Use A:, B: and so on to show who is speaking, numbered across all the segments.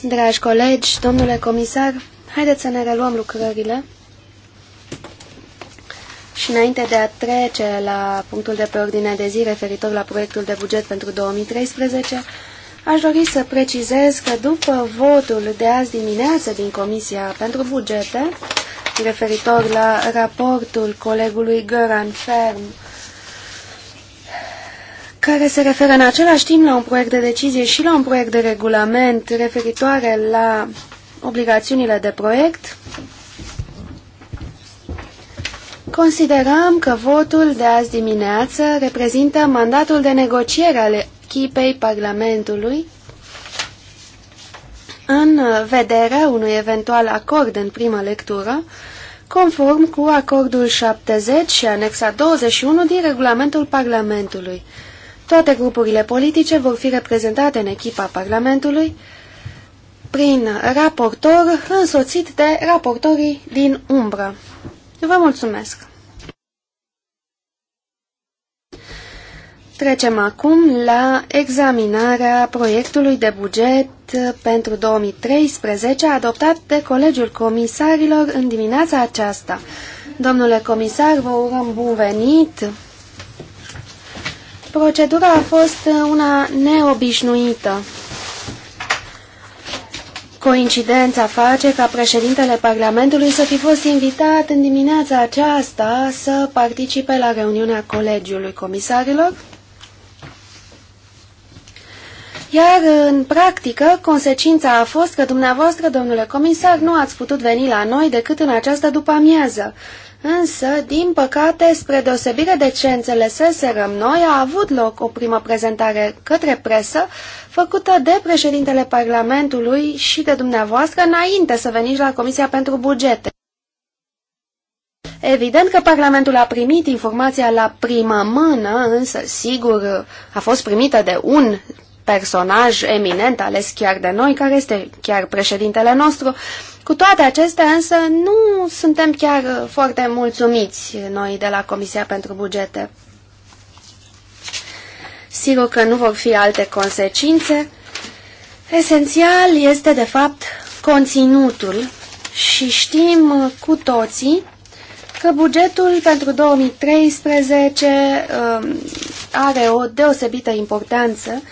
A: Dragi colegi, domnule comisar, haideți să ne reluăm lucrările. Și înainte de a trece la punctul de pe ordinea de zi referitor la proiectul de buget pentru 2013, aș dori să precizez că după votul de azi dimineață din Comisia pentru Bugete, referitor la raportul colegului Göran Ferm care se referă în același timp la un proiect de decizie și la un proiect de regulament referitoare la obligațiunile de proiect, considerăm că votul de azi dimineață reprezintă mandatul de negociere al echipei Parlamentului în vederea unui eventual acord în prima lectură, conform cu acordul 70 și anexa 21 din regulamentul Parlamentului, toate grupurile politice vor fi reprezentate în echipa Parlamentului prin raportor însoțit de raportorii din umbră. Vă mulțumesc! Trecem acum la examinarea proiectului de buget pentru 2013 adoptat de Colegiul Comisarilor în dimineața aceasta. Domnule comisar, vă urăm bun venit! Procedura a fost uh, una neobișnuită. Coincidența face ca președintele Parlamentului să fi fost invitat în dimineața aceasta să participe la reuniunea Colegiului Comisarilor iar, în practică, consecința a fost că dumneavoastră, domnule comisar, nu ați putut veni la noi decât în această după-amiază. Însă, din păcate, spre deosebire de ce înțeleseserăm noi, a avut loc o primă prezentare către presă, făcută de președintele Parlamentului și de dumneavoastră înainte să veniți la Comisia pentru Bugete. Evident că Parlamentul a primit informația la prima mână, însă, sigur, a fost primită de un personaj eminent ales chiar de noi, care este chiar președintele nostru. Cu toate acestea, însă, nu suntem chiar uh, foarte mulțumiți noi de la Comisia pentru Bugete. Sigur că nu vor fi alte consecințe. Esențial este, de fapt, conținutul și știm uh, cu toții că bugetul pentru 2013 uh, are o deosebită importanță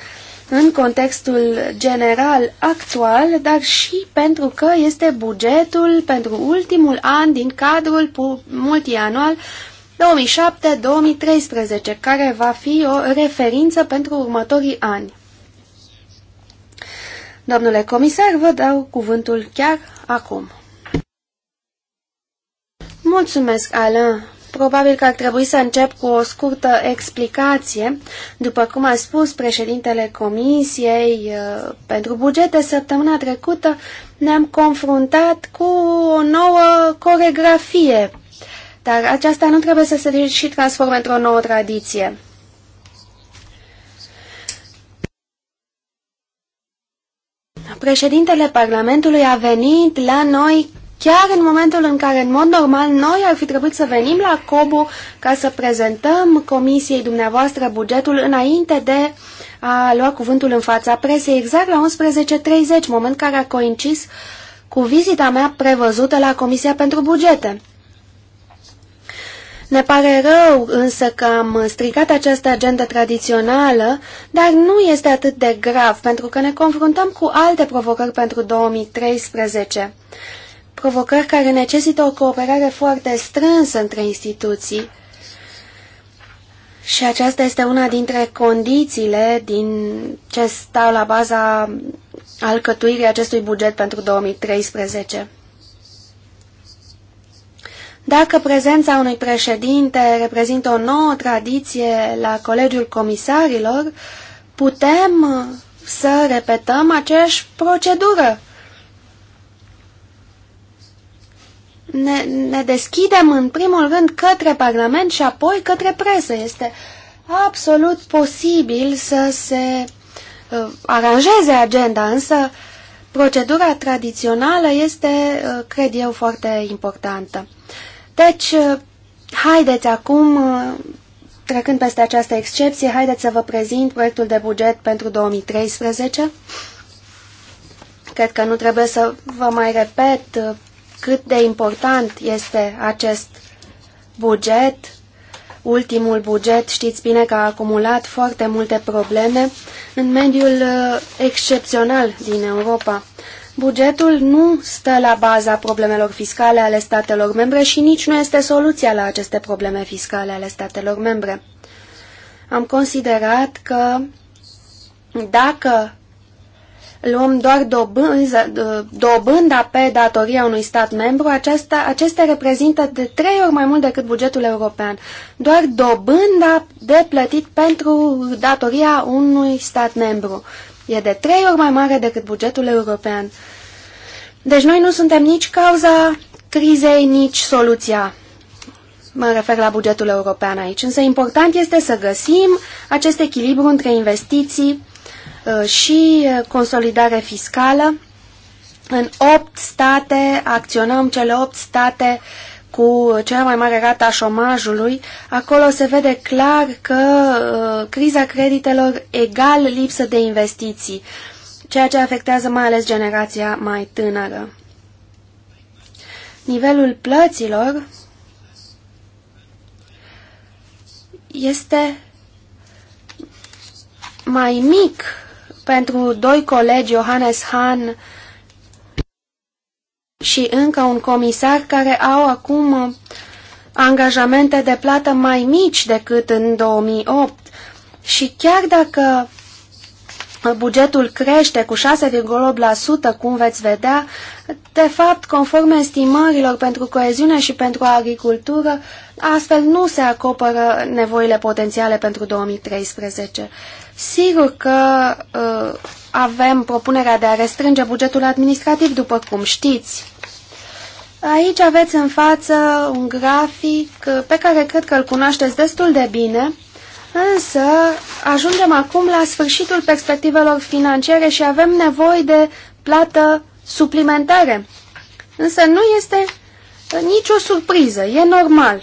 A: în contextul general actual, dar și pentru că este bugetul pentru ultimul an din cadrul multianual 2007-2013, care va fi o referință pentru următorii ani. Domnule comisar, vă dau cuvântul chiar acum. Mulțumesc, Alain, Probabil că ar trebui să încep cu o scurtă explicație. După cum a spus președintele Comisiei uh, pentru bugete, săptămâna trecută ne-am confruntat cu o nouă coregrafie, dar aceasta nu trebuie să se și transforme într-o nouă tradiție. Președintele Parlamentului a venit la noi chiar în momentul în care, în mod normal, noi ar fi trebuit să venim la COBU ca să prezentăm comisiei dumneavoastră bugetul înainte de a lua cuvântul în fața presei, exact la 11.30, moment care a coincis cu vizita mea prevăzută la Comisia pentru Bugete. Ne pare rău însă că am stricat această agendă tradițională, dar nu este atât de grav, pentru că ne confruntăm cu alte provocări pentru 2013 provocări care necesită o cooperare foarte strânsă între instituții și aceasta este una dintre condițiile din ce stau la baza alcătuirii acestui buget pentru 2013. Dacă prezența unui președinte reprezintă o nouă tradiție la Colegiul Comisarilor, putem să repetăm aceeași procedură ne, ne deschidem în primul rând către Parlament și apoi către presă. Este absolut posibil să se uh, aranjeze agenda, însă procedura tradițională este, uh, cred eu, foarte importantă. Deci, uh, haideți acum, uh, trecând peste această excepție, haideți să vă prezint proiectul de buget pentru 2013. Cred că nu trebuie să vă mai repet uh, cât de important este acest buget. Ultimul buget știți bine că a acumulat foarte multe probleme în mediul uh, excepțional din Europa. Bugetul nu stă la baza problemelor fiscale ale statelor membre și nici nu este soluția la aceste probleme fiscale ale statelor membre. Am considerat că dacă luăm doar dobânda pe datoria unui stat membru, aceasta, acestea reprezintă de trei ori mai mult decât bugetul european. Doar dobânda de plătit pentru datoria unui stat membru e de trei ori mai mare decât bugetul european. Deci noi nu suntem nici cauza crizei, nici soluția. Mă refer la bugetul european aici, însă important este să găsim acest echilibru între investiții Uh, și uh, consolidare fiscală. În 8 state acționăm, cele 8 state cu cea mai mare rată a șomajului, acolo se vede clar că uh, criza creditelor egal lipsă de investiții, ceea ce afectează mai ales generația mai tânără. Nivelul plăților este mai mic pentru doi colegi, Johannes Hahn și încă un comisar, care au acum angajamente de plată mai mici decât în 2008. Și chiar dacă bugetul crește cu 6,8%, cum veți vedea, de fapt, conform estimărilor pentru coeziune și pentru agricultură, astfel nu se acoperă nevoile potențiale pentru 2013. Sigur că uh, avem propunerea de a restrânge bugetul administrativ, după cum știți. Aici aveți în față un grafic uh, pe care cred că îl cunoașteți destul de bine, însă ajungem acum la sfârșitul perspectivelor financiare și avem nevoie de plată suplimentare. Însă nu este uh, nicio surpriză, e normal.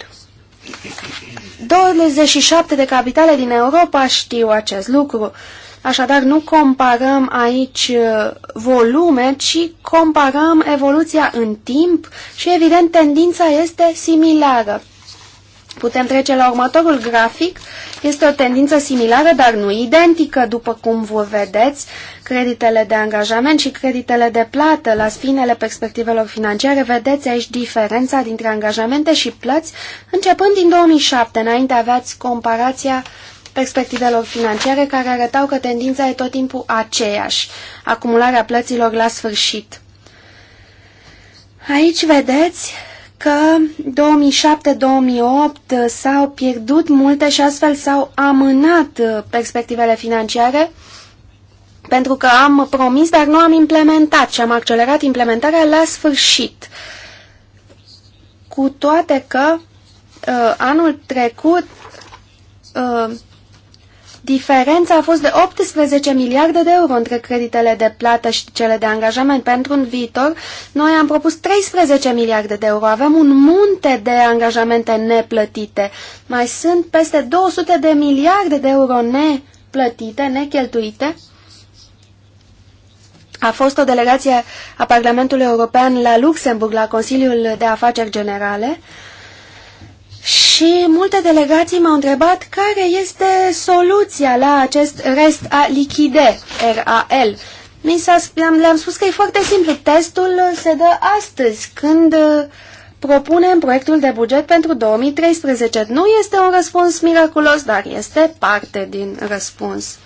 A: 27 de capitale din Europa știu acest lucru. Așadar, nu comparăm aici uh, volume, ci comparăm evoluția în timp și, evident, tendința este similară. Putem trece la următorul grafic. Este o tendință similară, dar nu identică, după cum vă vedeți. Creditele de angajament și creditele de plată la sfinele perspectivelor financiare, vedeți aici diferența dintre angajamente și plăți. Începând din 2007, înainte aveați comparația perspectivelor financiare care arătau că tendința e tot timpul aceeași, acumularea plăților la sfârșit. Aici vedeți că 2007-2008 s-au pierdut multe și astfel s-au amânat uh, perspectivele financiare pentru că am promis, dar nu am implementat și am accelerat implementarea la sfârșit. Cu toate că uh, anul trecut uh, Diferența a fost de 18 miliarde de euro între creditele de plată și cele de angajament pentru un viitor. Noi am propus 13 miliarde de euro. Avem un munte de angajamente neplătite. Mai sunt peste 200 de miliarde de euro neplătite, necheltuite. A fost o delegație a Parlamentului European la Luxemburg, la Consiliul de Afaceri Generale. Uh, și multe delegații m-au întrebat care este soluția la acest rest a lichide, RAL. Mi le-am spus că e foarte simplu. Testul se dă astăzi, când uh, propunem proiectul de buget pentru 2013. Nu este un răspuns miraculos, dar este parte din răspuns.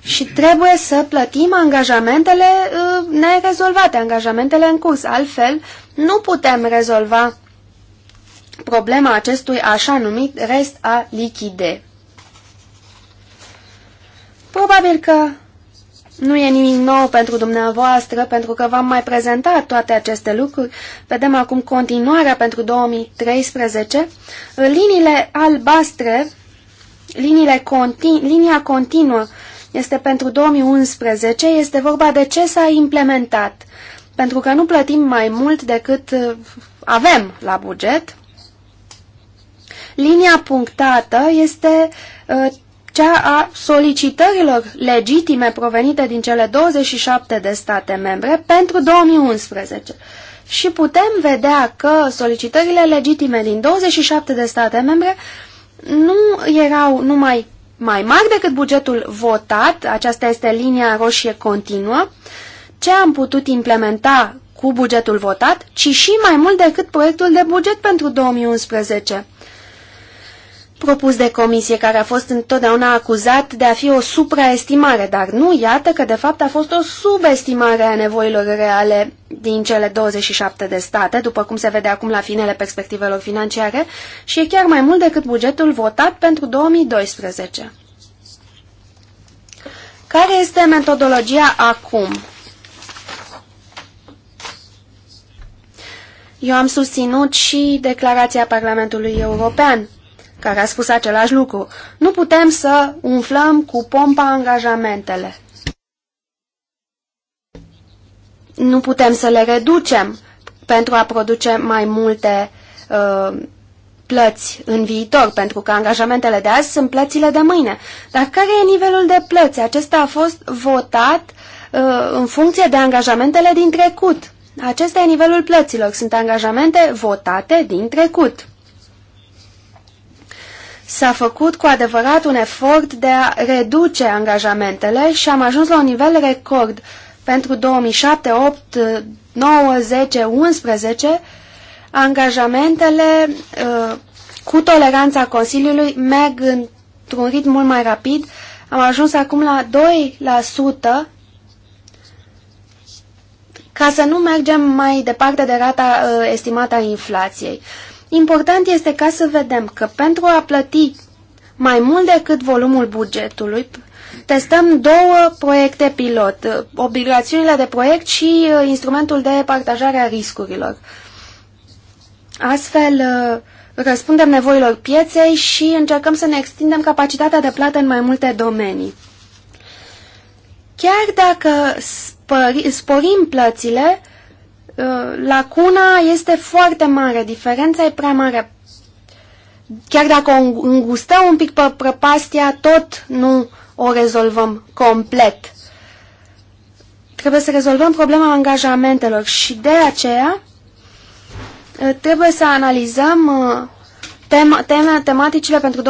A: Și trebuie să plătim angajamentele uh, nerezolvate, angajamentele în curs. Altfel, nu putem rezolva problema acestui așa numit rest a lichide. Probabil că nu e nimic nou pentru dumneavoastră, pentru că v-am mai prezentat toate aceste lucruri. Vedem acum continuarea pentru 2013. Liniile albastre, liniile continu, linia continuă este pentru 2011, este vorba de ce s-a implementat. Pentru că nu plătim mai mult decât uh, avem la buget Linia punctată este ă, cea a solicitărilor legitime provenite din cele 27 de state membre pentru 2011. Și putem vedea că solicitările legitime din 27 de state membre nu erau numai mai mari decât bugetul votat, aceasta este linia roșie continuă, ce am putut implementa cu bugetul votat, ci și mai mult decât proiectul de buget pentru 2011 propus de comisie, care a fost întotdeauna acuzat de a fi o supraestimare, dar nu iată că de fapt a fost o subestimare a nevoilor reale din cele 27 de state, după cum se vede acum la finele perspectivelor financiare, și e chiar mai mult decât bugetul votat pentru 2012. Care este metodologia acum? Eu am susținut și declarația Parlamentului European care a spus același lucru. Nu putem să umflăm cu pompa angajamentele. Nu putem să le reducem pentru a produce mai multe uh, plăți în viitor, pentru că angajamentele de azi sunt plățile de mâine. Dar care e nivelul de plăți? Acesta a fost votat uh, în funcție de angajamentele din trecut. Acesta e nivelul plăților. Sunt angajamente votate din trecut. S-a făcut cu adevărat un efort de a reduce angajamentele și am ajuns la un nivel record pentru 2007, 8, 9, 10, 11. Angajamentele uh, cu toleranța Consiliului merg într-un ritm mult mai rapid. Am ajuns acum la 2% ca să nu mergem mai departe de rata uh, estimată a inflației. Important este ca să vedem că pentru a plăti mai mult decât volumul bugetului, testăm două proiecte pilot, obligațiunile de proiect și uh, instrumentul de partajare a riscurilor. Astfel, uh, răspundem nevoilor pieței și încercăm să ne extindem capacitatea de plată în mai multe domenii. Chiar dacă sporim plățile, Uh, lacuna este foarte mare, diferența e prea mare. Chiar dacă o îngustăm un pic pe prăpastia, tot nu o rezolvăm complet. Trebuie să rezolvăm problema angajamentelor și de aceea uh, trebuie să analizăm uh, tema, teme tematicile pentru 2014-2015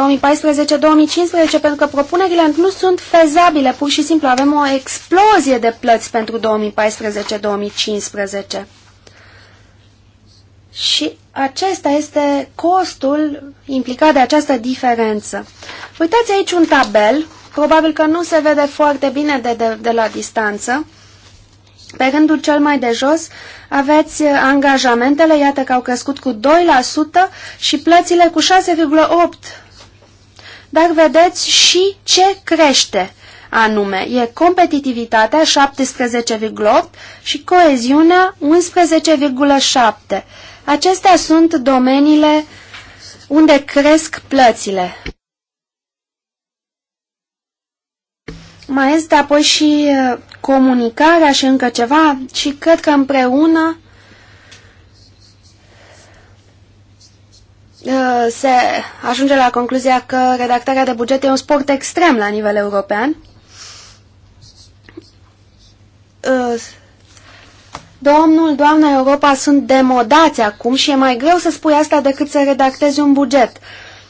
A: pentru că propunerile nu sunt fezabile, pur și simplu avem o explozie de plăți pentru 2014-2015. Și acesta este costul implicat de această diferență. Uitați aici un tabel, probabil că nu se vede foarte bine de, de, de la distanță, pe rândul cel mai de jos aveți uh, angajamentele, iată că au crescut cu 2% și plățile cu 6,8%. Dar vedeți și ce crește anume. E competitivitatea 17,8% și coeziunea 11,7%. Acestea sunt domeniile unde cresc plățile. Mai este apoi și uh, comunicarea și încă ceva și cred că împreună uh, se ajunge la concluzia că redactarea de buget e un sport extrem la nivel european. Uh, domnul, doamna Europa sunt demodați acum și e mai greu să spui asta decât să redactezi un buget.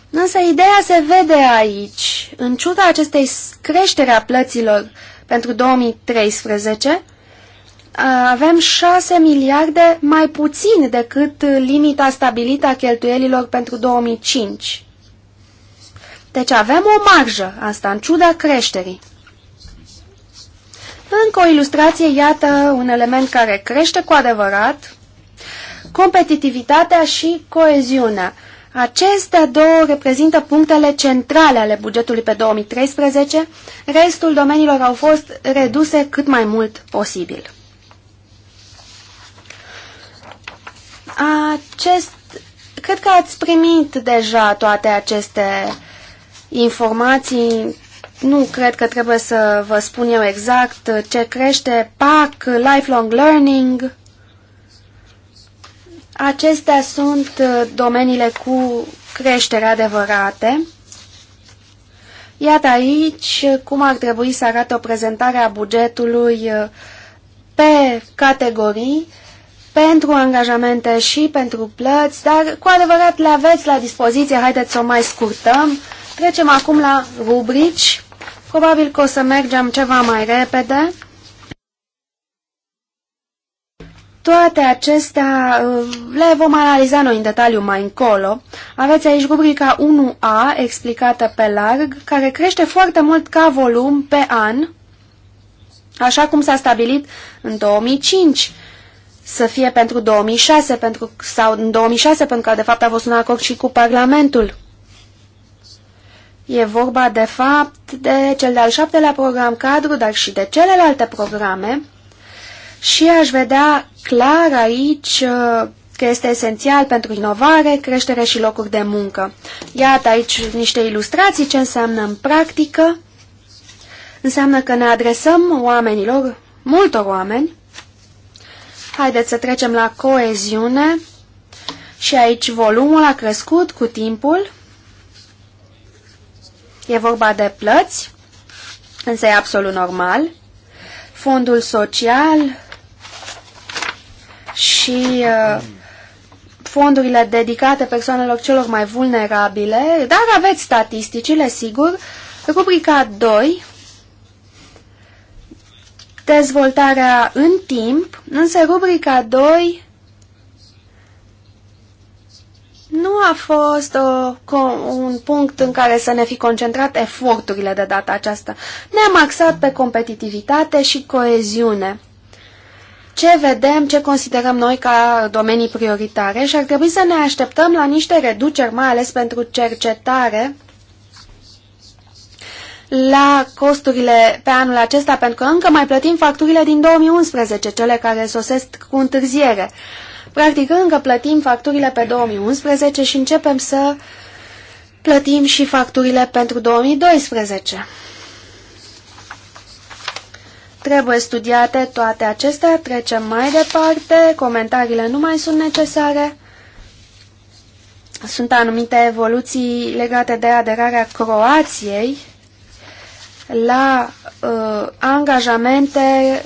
A: Însă ideea se vede aici. În ciuda acestei creșteri a plăților pentru 2013, avem 6 miliarde mai puțin decât limita stabilită a cheltuielilor pentru 2005. Deci avem o marjă, asta în ciuda creșterii. Încă o ilustrație, iată un element care crește cu adevărat, competitivitatea și coeziunea. Acestea două reprezintă punctele centrale ale bugetului pe 2013, restul domeniilor au fost reduse cât mai mult posibil. Acest, cred că ați primit deja toate aceste informații. Nu cred că trebuie să vă spun eu exact ce crește PAC, Lifelong Learning, Acestea sunt uh, domeniile cu creștere adevărate. Iată aici cum ar trebui să arate o prezentare a bugetului uh, pe categorii, pentru angajamente și pentru plăți, dar cu adevărat le aveți la dispoziție, haideți să o mai scurtăm. Trecem acum la rubrici. Probabil că o să mergem ceva mai repede. Toate acestea uh, le vom analiza noi în detaliu mai încolo. Aveți aici rubrica 1A, explicată pe larg, care crește foarte mult ca volum pe an, așa cum s-a stabilit în 2005 să fie pentru 2006 pentru, sau în 2006 pentru că de fapt a fost un acord și cu Parlamentul. E vorba de fapt de cel de-al șaptelea program cadru, dar și de celelalte programe și aș vedea clar aici uh, că este esențial pentru inovare, creștere și locuri de muncă. Iată aici niște ilustrații ce înseamnă în practică. Înseamnă că ne adresăm oamenilor, multor oameni. Haideți să trecem la coeziune. Și aici volumul a crescut cu timpul. E vorba de plăți, însă e absolut normal. Fondul social și uh, fondurile dedicate persoanelor celor mai vulnerabile, dar aveți statisticile, sigur. Rubrica 2, dezvoltarea în timp, însă rubrica 2 nu a fost uh, o, un punct în care să ne fi concentrat eforturile de data aceasta. Ne-am axat pe competitivitate și coeziune ce vedem, ce considerăm noi ca domenii prioritare și ar trebui să ne așteptăm la niște reduceri, mai ales pentru cercetare, la costurile pe anul acesta, pentru că încă mai plătim facturile din 2011, cele care sosesc cu întârziere. Practic, încă plătim facturile pe 2011 și începem să plătim și facturile pentru 2012. Trebuie studiate toate acestea, trecem mai departe, comentariile nu mai sunt necesare. Sunt anumite evoluții legate de aderarea Croației la uh, angajamente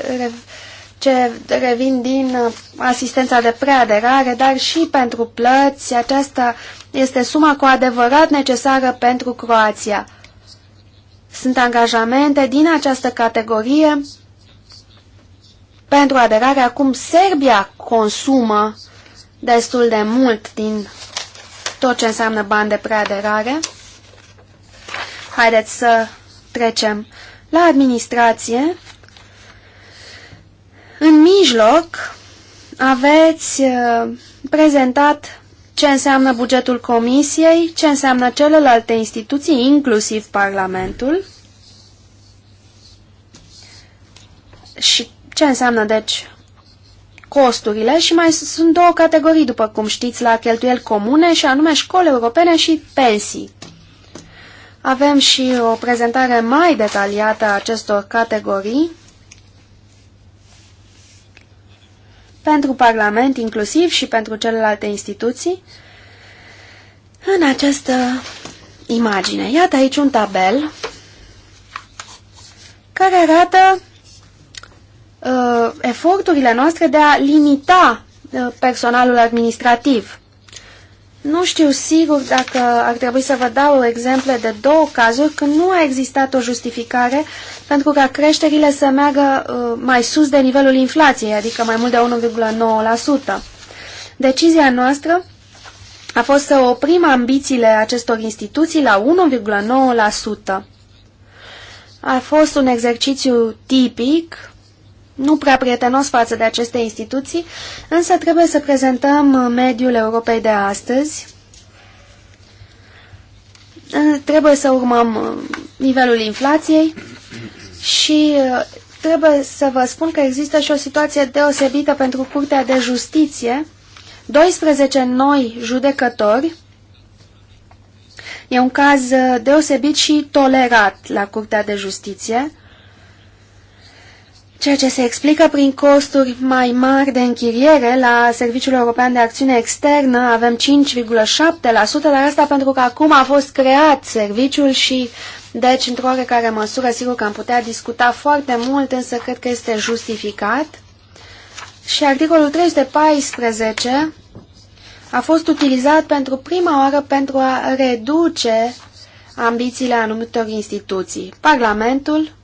A: ce revin din asistența de preaderare, dar și pentru plăți. Aceasta este suma cu adevărat necesară pentru Croația. Sunt angajamente din această categorie pentru aderare. Acum Serbia consumă destul de mult din tot ce înseamnă bani de preaderare. Haideți să trecem la administrație. În mijloc aveți uh, prezentat ce înseamnă bugetul comisiei, ce înseamnă celelalte instituții, inclusiv Parlamentul, și ce înseamnă, deci, costurile și mai sunt două categorii, după cum știți, la cheltuieli comune și anume școli europene și pensii. Avem și o prezentare mai detaliată a acestor categorii pentru Parlament inclusiv și pentru celelalte instituții în această imagine. Iată aici un tabel care arată uh, eforturile noastre de a limita uh, personalul administrativ. Nu știu sigur dacă ar trebui să vă dau exemple de două cazuri când nu a existat o justificare pentru ca creșterile să meargă uh, mai sus de nivelul inflației, adică mai mult de 1,9%. Decizia noastră a fost să oprim ambițiile acestor instituții la 1,9%. A fost un exercițiu tipic nu prea prietenos față de aceste instituții, însă trebuie să prezentăm mediul Europei de astăzi. Trebuie să urmăm uh, nivelul inflației și uh, trebuie să vă spun că există și o situație deosebită pentru Curtea de Justiție. 12 noi judecători E un caz uh, deosebit și tolerat la Curtea de Justiție ceea ce se explică prin costuri mai mari de închiriere. La Serviciul European de Acțiune Externă avem 5,7%, dar asta pentru că acum a fost creat serviciul și, deci, într-o oarecare măsură, sigur că am putea discuta foarte mult, însă cred că este justificat. Și articolul 314 a fost utilizat pentru prima oară pentru a reduce ambițiile anumitor instituții. Parlamentul,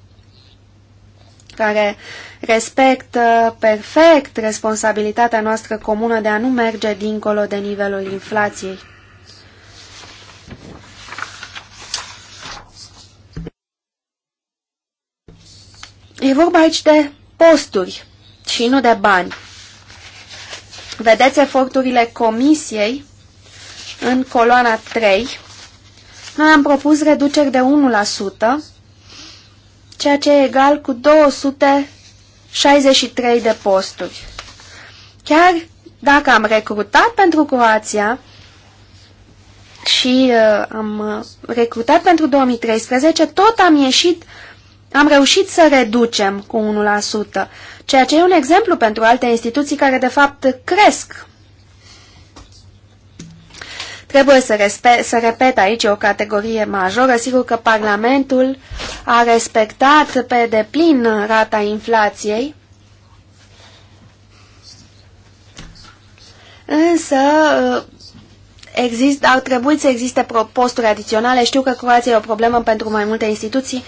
A: care respectă perfect responsabilitatea noastră comună de a nu merge dincolo de nivelul inflației. E vorba aici de posturi și nu de bani. Vedeți eforturile comisiei în coloana 3. Noi am propus reduceri de ceea ce e egal cu 263 de posturi. Chiar dacă am recrutat pentru Croația și uh, am uh, recrutat pentru 2013, tot am ieșit, am reușit să reducem cu 1%, ceea ce e un exemplu pentru alte instituții care de fapt cresc Trebuie să, respect, să repet aici o categorie majoră. Sigur că Parlamentul a respectat pe deplin rata inflației, însă uh, exist, ar trebui să existe posturi adiționale. Știu că Croația e o problemă pentru mai multe instituții,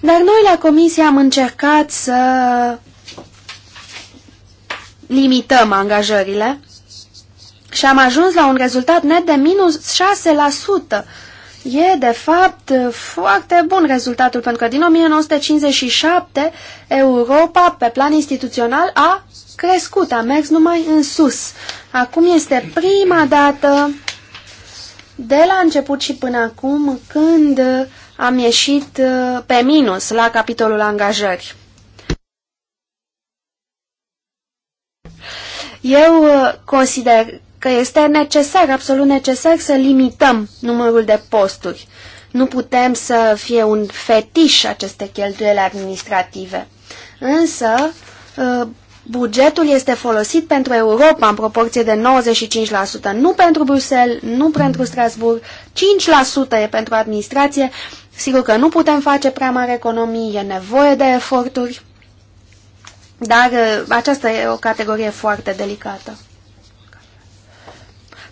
A: dar noi la Comisie am încercat să limităm angajările și am ajuns la un rezultat net de minus 6%. E, de fapt, foarte bun rezultatul, pentru că din 1957 Europa, pe plan instituțional, a crescut, a mers numai în sus. Acum este prima dată de la început și până acum când am ieșit uh, pe minus la capitolul angajări. Eu uh, consider că este necesar, absolut necesar să limităm numărul de posturi. Nu putem să fie un fetiș aceste cheltuieli administrative. Însă, ă, bugetul este folosit pentru Europa în proporție de 95%, nu pentru Bruxelles, nu pentru Strasburg, 5% e pentru administrație. Sigur că nu putem face prea mare economii, e nevoie de eforturi, dar ă, aceasta e o categorie foarte delicată.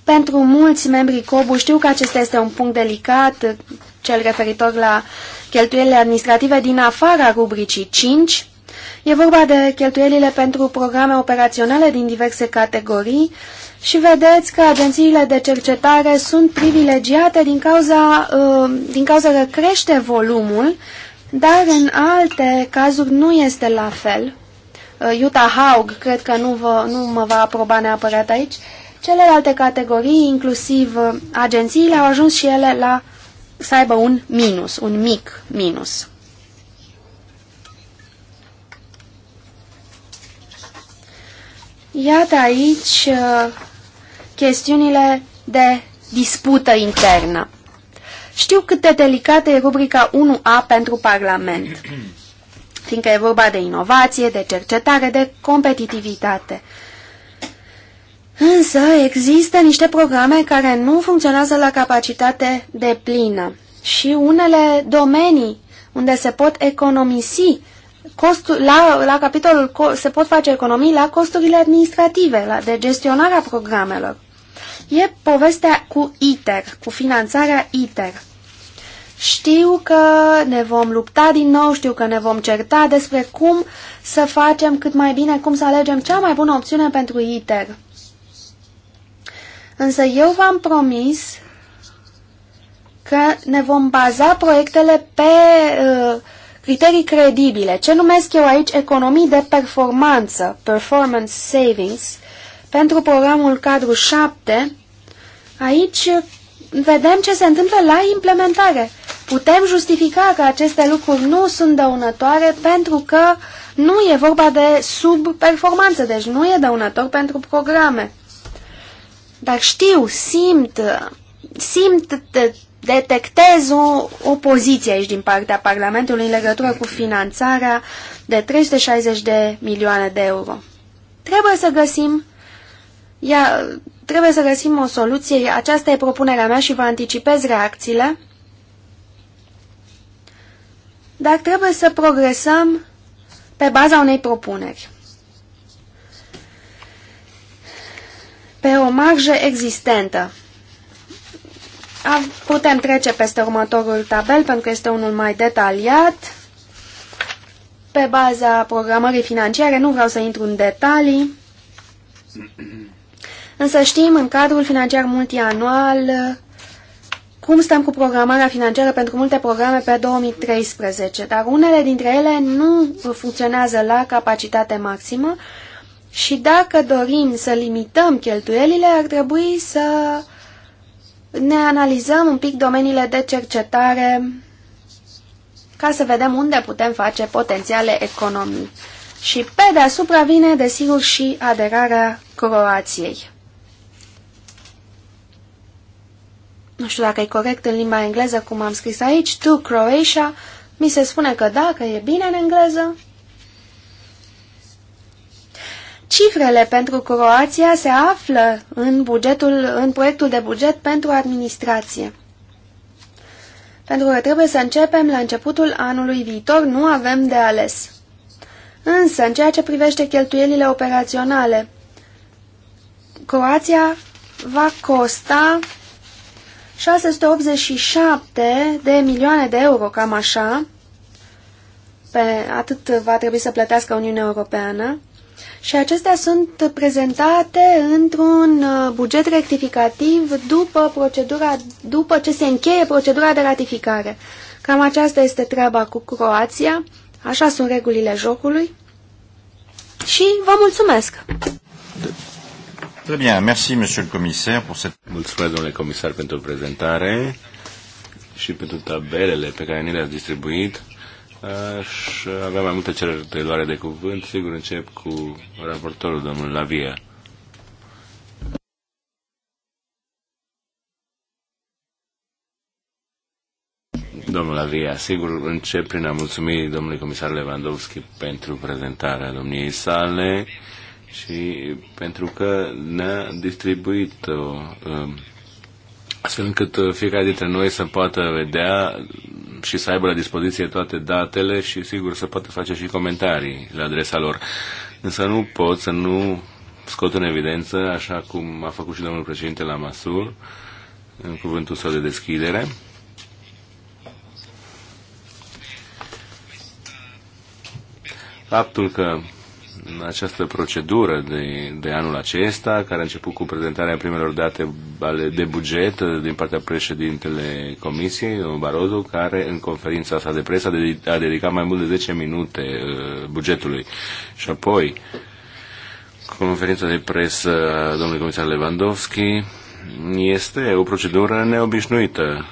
A: Pentru mulți membrii COBU știu că acesta este un punct delicat, cel referitor la cheltuielile administrative din afara rubricii 5. E vorba de cheltuielile pentru programe operaționale din diverse categorii și vedeți că agențiile de cercetare sunt privilegiate din cauza, uh, din cauza că crește volumul, dar în alte cazuri nu este la fel. Uh, Utah Haug, cred că nu, vă, nu mă va aproba neapărat aici, uh, Celelalte categorii, inclusiv uh, agențiile, au ajuns și ele la să aibă un minus, un mic minus. Iată aici uh, chestiunile de dispută internă. Știu cât de delicată e rubrica 1A pentru Parlament, fiindcă e vorba de inovație, de cercetare, de competitivitate. Însă există niște programe care nu funcționează la capacitate de plină și unele domenii unde se pot economisi costul, la, la capitolul se pot face economii la costurile administrative, la, de gestionarea programelor. E povestea cu ITER, cu finanțarea ITER. Știu că ne vom lupta din nou, știu că ne vom certa despre cum să facem cât mai bine, cum să alegem cea mai bună opțiune pentru ITER. Însă eu v-am promis că ne vom baza proiectele pe uh, criterii credibile. Ce numesc eu aici economii de performanță, performance savings, pentru programul cadru 7. Aici uh, vedem ce se întâmplă la implementare. Putem justifica că aceste lucruri nu sunt dăunătoare pentru că nu e vorba de subperformanță, deci nu e dăunător pentru programe. Dar știu, simt, simt, detectez o opoziție aici din partea Parlamentului în legătură cu finanțarea de 360 de milioane de euro. Trebuie să găsim ia, trebuie să găsim o soluție. Aceasta e propunerea mea și vă anticipez reacțiile. Dar trebuie să progresăm pe baza unei propuneri. pe o marjă existentă. Putem trece peste următorul tabel pentru că este unul mai detaliat. Pe baza programării financiare nu vreau să intru în detalii, însă știm în cadrul financiar multianual cum stăm cu programarea financiară pentru multe programe pe 2013, dar unele dintre ele nu funcționează la capacitate maximă și dacă dorim să limităm cheltuielile, ar trebui să ne analizăm un pic domeniile de cercetare ca să vedem unde putem face potențiale economii. Și pe deasupra vine, desigur, și aderarea Croației. Nu știu dacă e corect în limba engleză cum am scris aici, to Croatia, mi se spune că da, că e bine în engleză, Cifrele pentru Croația se află în, bugetul, în proiectul de buget pentru administrație. Pentru că trebuie să începem la începutul anului viitor, nu avem de ales. Însă, în ceea ce privește cheltuielile operaționale, Croația va costa 687 de milioane de euro, cam așa, pe atât va trebui să plătească Uniunea Europeană, și acestea sunt prezentate într-un uh, buget rectificativ după, procedura, după ce se încheie procedura de ratificare. Cam aceasta este treaba cu Croația, așa sunt regulile jocului și vă mulțumesc!
B: Très merci monsieur le cette... Mulțumesc, domnule comisar, pentru prezentare și pentru tabelele pe care ni le-ați distribuit. Aș avea mai multe cereri de luare de cuvânt. Sigur, încep cu raportorul, domnul Lavia. Domnul Avia, sigur, încep prin a mulțumi domnului comisar Lewandowski pentru prezentarea domniei sale și pentru că ne-a distribuit-o um, astfel încât uh, fiecare dintre noi să poată vedea și să aibă la dispoziție toate datele și sigur să poată face și comentarii la adresa lor. Însă nu pot să nu scot în evidență, așa cum a făcut și domnul președinte la Masur, în cuvântul său de deschidere, faptul că această procedură de, de anul acesta, care a început cu prezentarea primelor date ale de buget din partea președintele Comisiei, domnul Barozu, care în conferința sa de presă a, a dedicat mai mult de 10 minute uh, bugetului. Și apoi, conferința de presă a domnului comisar Lewandowski este o procedură neobișnuită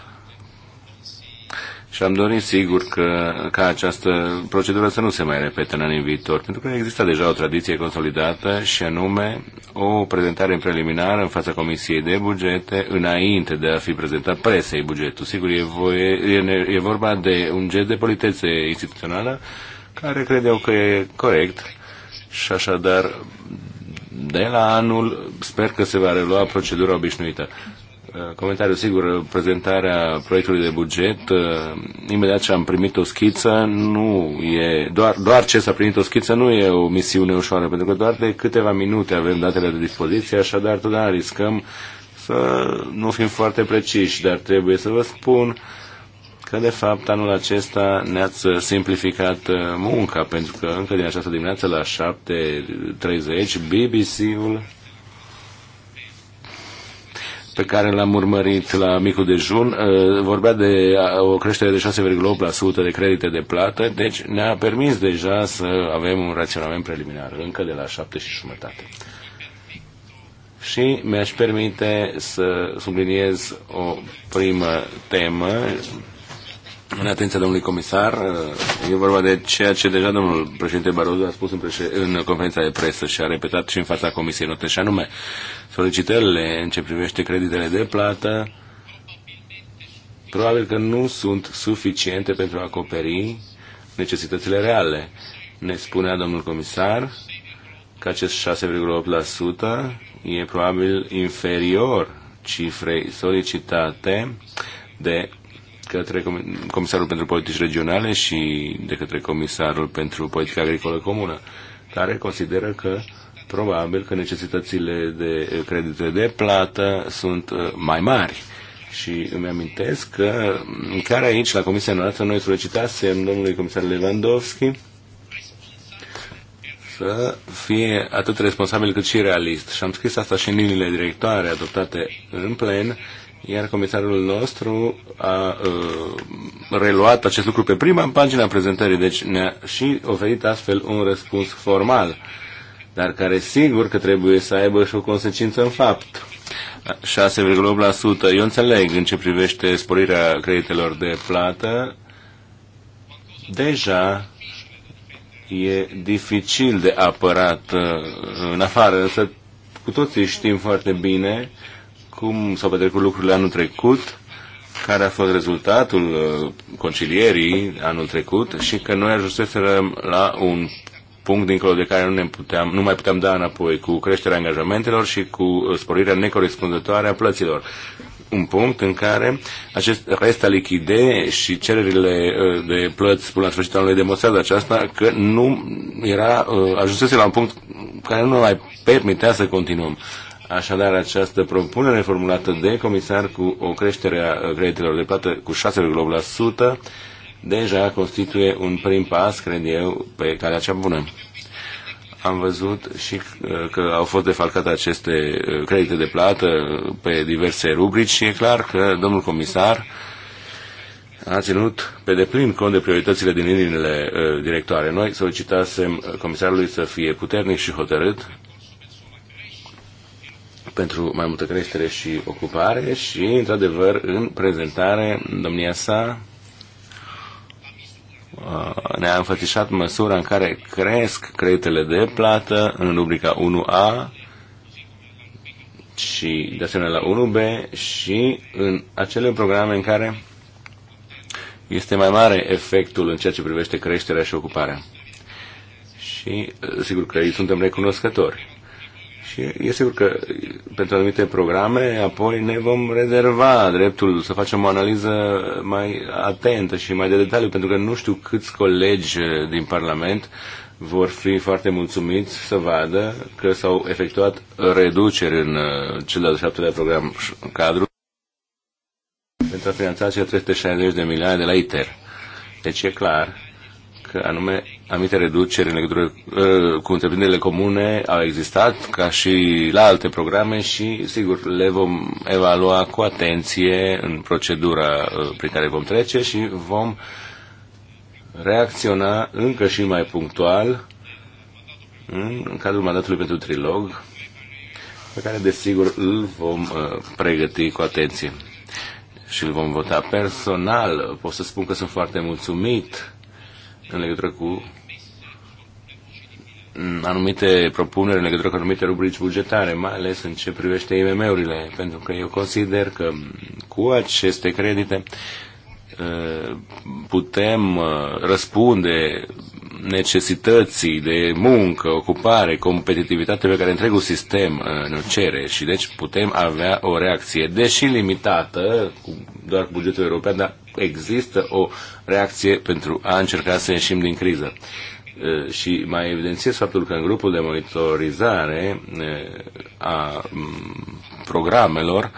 B: și am dorit sigur că ca această procedură să nu se mai repete în anii viitor, pentru că există deja o tradiție consolidată și anume o prezentare în preliminară în fața Comisiei de Bugete înainte de a fi prezentat presei bugetul. Sigur, e, voie, e, e vorba de un gest de politețe instituțională care cred eu că e corect și așadar de la anul sper că se va relua procedura obișnuită. Uh, comentariu. Sigur, prezentarea proiectului de buget, uh, imediat ce am primit o schiță, nu e, doar, doar ce s-a primit o schiță nu e o misiune ușoară, pentru că doar de câteva minute avem datele de dispoziție, așadar totdeauna riscăm să nu fim foarte preciși, dar trebuie să vă spun că de fapt anul acesta ne-ați simplificat uh, munca, pentru că încă din această dimineață la 7.30 BBC-ul pe care l-am urmărit la micul dejun uh, vorbea de uh, o creștere de 6,8% de credite de plată, deci ne-a permis deja să avem un raționament preliminar, încă de la 7 și jumătate. Și mi-aș permite să subliniez o primă temă în atenția domnului comisar. Uh, e vorba de ceea ce deja domnul președinte Barozu a spus în, președ... în conferința de presă și a repetat și în fața comisiei note, și anume solicitările în ce privește creditele de plată probabil că nu sunt suficiente pentru a acoperi necesitățile reale. Ne spunea domnul comisar că acest 6,8% e probabil inferior cifrei solicitate de către Comisarul pentru Politici Regionale și de către Comisarul pentru Politica Agricolă Comună, care consideră că probabil că necesitățile de credite de plată sunt uh, mai mari. Și îmi amintesc că mm, care aici, la Comisia noastră, noi solicitasem domnului comisar Lewandowski să fie atât responsabil cât și realist. Și am scris asta și în liniile directoare adoptate în plen, iar comisarul nostru a uh, reluat acest lucru pe prima pagina prezentării, deci ne-a și oferit astfel un răspuns formal. Uh, dar care sigur că trebuie să aibă și o consecință în fapt. 6,8%. Eu înțeleg în ce privește sporirea creditelor de plată. Deja e dificil de apărat uh, în afară, însă cu toții știm foarte bine cum s-au petrecut lucrurile anul trecut, care a fost rezultatul uh, concilierii anul trecut și că noi ajunseserăm la un punct dincolo de care nu, ne puteam, nu mai puteam da înapoi cu creșterea angajamentelor și cu uh, sporirea necorespunzătoare a plăților. Un punct în care acest al lichide și cererile uh, de plăți până la sfârșitul anului demonstrează aceasta că nu era, uh, ajunsese la un punct care nu mai permitea să continuăm. Așadar, această propunere formulată de comisar cu o creștere a creditelor de plată cu 6,8% deja constituie un prim pas, cred eu, pe calea cea bună. Am văzut și uh, că au fost defalcate aceste uh, credite de plată uh, pe diverse rubrici și e clar că domnul comisar a ținut pe deplin cont de prioritățile din liniile directoare. Noi solicitasem comisarului să fie puternic și hotărât pentru mai multă creștere și ocupare și, într-adevăr, în prezentare, domnia sa Uh, ne-a înfățișat măsura în care cresc creditele de plată în rubrica 1A și de asemenea la 1B și în acele programe în care este mai mare efectul în ceea ce privește creșterea și ocuparea. Și, uh, sigur, că îi suntem recunoscători. Și e sigur că pentru anumite programe apoi ne vom rezerva dreptul să facem o analiză mai atentă și mai de detaliu, pentru că nu știu câți colegi din Parlament vor fi foarte mulțumiți să vadă că s-au efectuat reduceri în uh, cel de-al șaptelea program cadru pentru a finanța cele 360 de milioane de la ITER. Deci e clar anume anumite reduceri în legătură uh, cu întreprinderile comune au existat ca și la alte programe și sigur le vom evalua cu atenție în procedura uh, prin care vom trece și vom reacționa încă și mai punctual în cadrul mandatului pentru trilog pe care desigur îl vom uh, pregăti cu atenție și îl vom vota personal. Pot să spun că sunt foarte mulțumit în legătură cu anumite propuneri în legătură cu anumite rubrici bugetare, mai ales în ce privește IMM-urile, pentru că eu consider că cu aceste credite uh, putem uh, răspunde necesității de muncă, ocupare, competitivitate pe care întregul sistem uh, ne cere și deci putem avea o reacție, deși limitată, cu, doar cu bugetul european, dar există o reacție pentru a încerca să ieșim din criză. Uh, și mai evidențiez faptul că în grupul de monitorizare uh, a programelor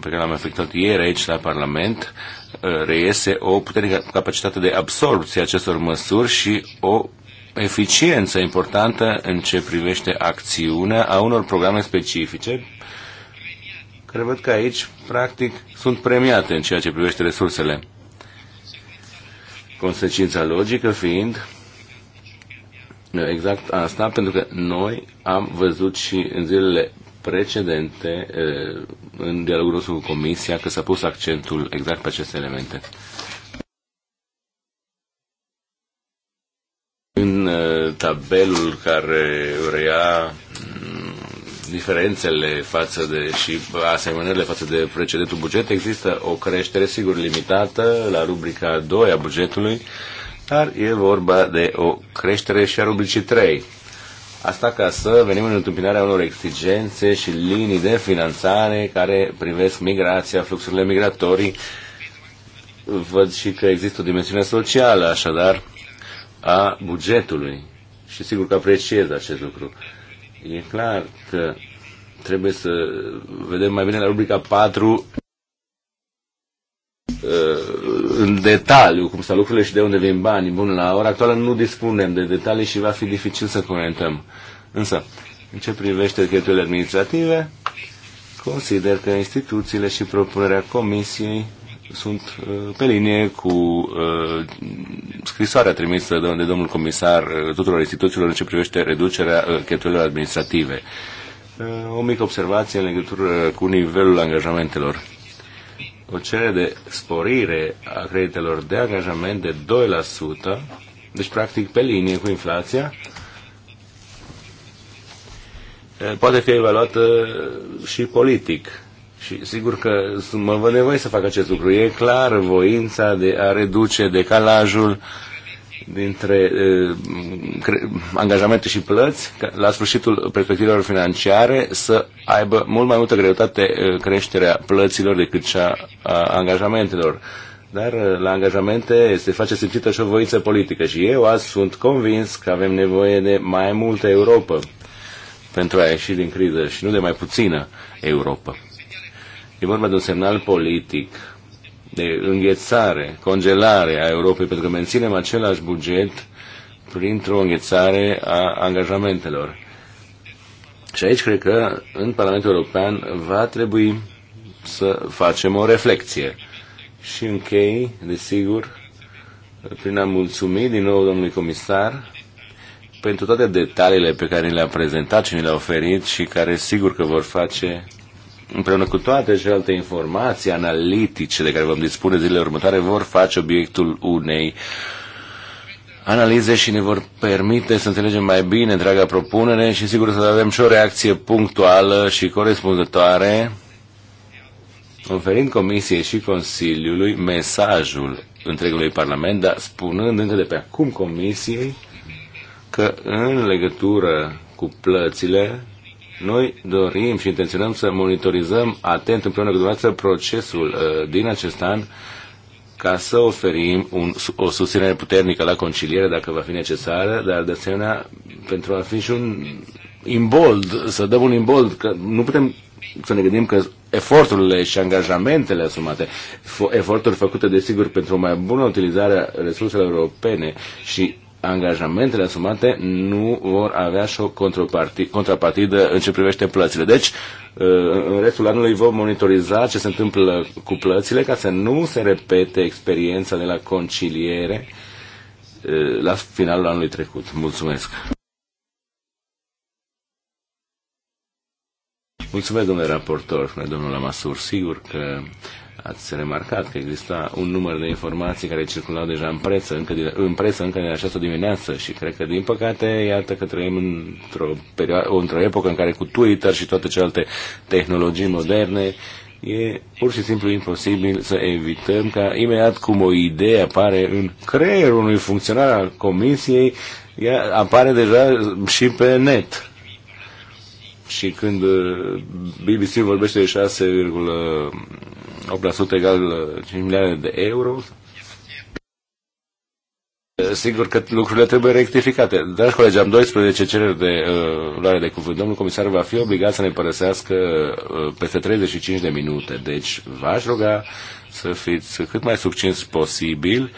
B: pe care l-am efectuat ieri aici la Parlament, Uh, reiese o puternică capacitate de absorbție acestor măsuri și o eficiență importantă în ce privește acțiunea a unor programe specifice care văd că aici, practic, sunt premiate în ceea ce privește resursele. Consecința logică fiind uh, exact asta, pentru că noi am văzut și în zilele precedente uh, în dialogul nostru cu Comisia că s-a pus accentul exact pe aceste elemente. În uh, tabelul care rea mm, diferențele față de și asemănările față de precedentul buget, există o creștere sigur limitată la rubrica 2 a bugetului, dar e vorba de o creștere și a rubricii 3 Asta ca să venim în întâmpinarea unor exigențe și linii de finanțare care privesc migrația, fluxurile migratorii. Văd și că există o dimensiune socială, așadar, a bugetului. Și sigur că apreciez acest lucru. E clar că trebuie să vedem mai bine la rubrica 4 Uh, în detaliu cum stau lucrurile și de unde vin banii. Bun, la ora actuală nu dispunem de detalii și va fi dificil să comentăm. Însă, în ce privește cheltuielile administrative, consider că instituțiile și propunerea comisiei sunt uh, pe linie cu uh, scrisoarea trimisă de domnul comisar tuturor instituțiilor în ce privește reducerea cheltuielilor administrative. O mică observație în legătură cu nivelul angajamentelor o cerere de sporire a creditelor de angajament de 2%, deci practic pe linie cu inflația, poate fi evaluată și politic. Și sigur că mă văd nevoie să fac acest lucru. E clar voința de a reduce decalajul dintre uh, angajamente și plăți, la sfârșitul perspectivelor financiare, să aibă mult mai multă greutate uh, creșterea plăților decât cea a angajamentelor. Dar uh, la angajamente se face simțită și o voință politică și eu azi sunt convins că avem nevoie de mai multă Europa pentru a ieși din criză și nu de mai puțină Europa. E vorba de un semnal politic de înghețare, congelare a Europei, pentru că menținem același buget printr-o înghețare a angajamentelor. Și aici cred că în Parlamentul European va trebui să facem o reflexie. Și închei, desigur, prin a mulțumi din nou domnului comisar pentru toate detaliile pe care le-a prezentat și ne le-a oferit și care sigur că vor face împreună cu toate celelalte informații analitice de care vom dispune zilele următoare, vor face obiectul unei analize și ne vor permite să înțelegem mai bine întreaga propunere și sigur să avem și o reacție punctuală și corespunzătoare, oferind Comisiei și Consiliului mesajul întregului Parlament, dar spunând încă de pe acum Comisiei că în legătură cu plățile noi dorim și intenționăm să monitorizăm atent împreună cu dumneavoastră procesul uh, din acest an ca să oferim un, o susținere puternică la conciliere dacă va fi necesară, dar de asemenea pentru a fi și un imbold, să dăm un imbold, că nu putem să ne gândim că eforturile și angajamentele asumate, eforturi făcute, desigur, pentru o mai bună utilizare a resurselor europene și angajamentele asumate nu vor avea și o contrapartidă în ce privește plățile. Deci, uh, în restul anului vom monitoriza ce se întâmplă cu plățile ca să nu se repete experiența de la conciliere uh, la finalul anului trecut. Mulțumesc! Mulțumesc, domnule raportor, domnul Masur, Sigur că ați remarcat că exista un număr de informații care circulau deja în presă încă din, în presă încă din această dimineață și cred că, din păcate, iată că trăim într-o, perioadă, într-o epocă în care cu Twitter și toate celelalte tehnologii moderne e pur și simplu imposibil să evităm ca imediat cum o idee apare în creierul unui funcționar al comisiei, ea apare deja și pe net și când uh, BBC vorbește de 6,8% egal 5 uh, milioane de euro, uh, Sigur că lucrurile trebuie rectificate. Dragi colegi, am 12 cereri de uh, luare de cuvânt. Domnul comisar va fi obligat să ne părăsească uh, peste 35 de minute. Deci v-aș ruga să fiți cât mai succinți posibil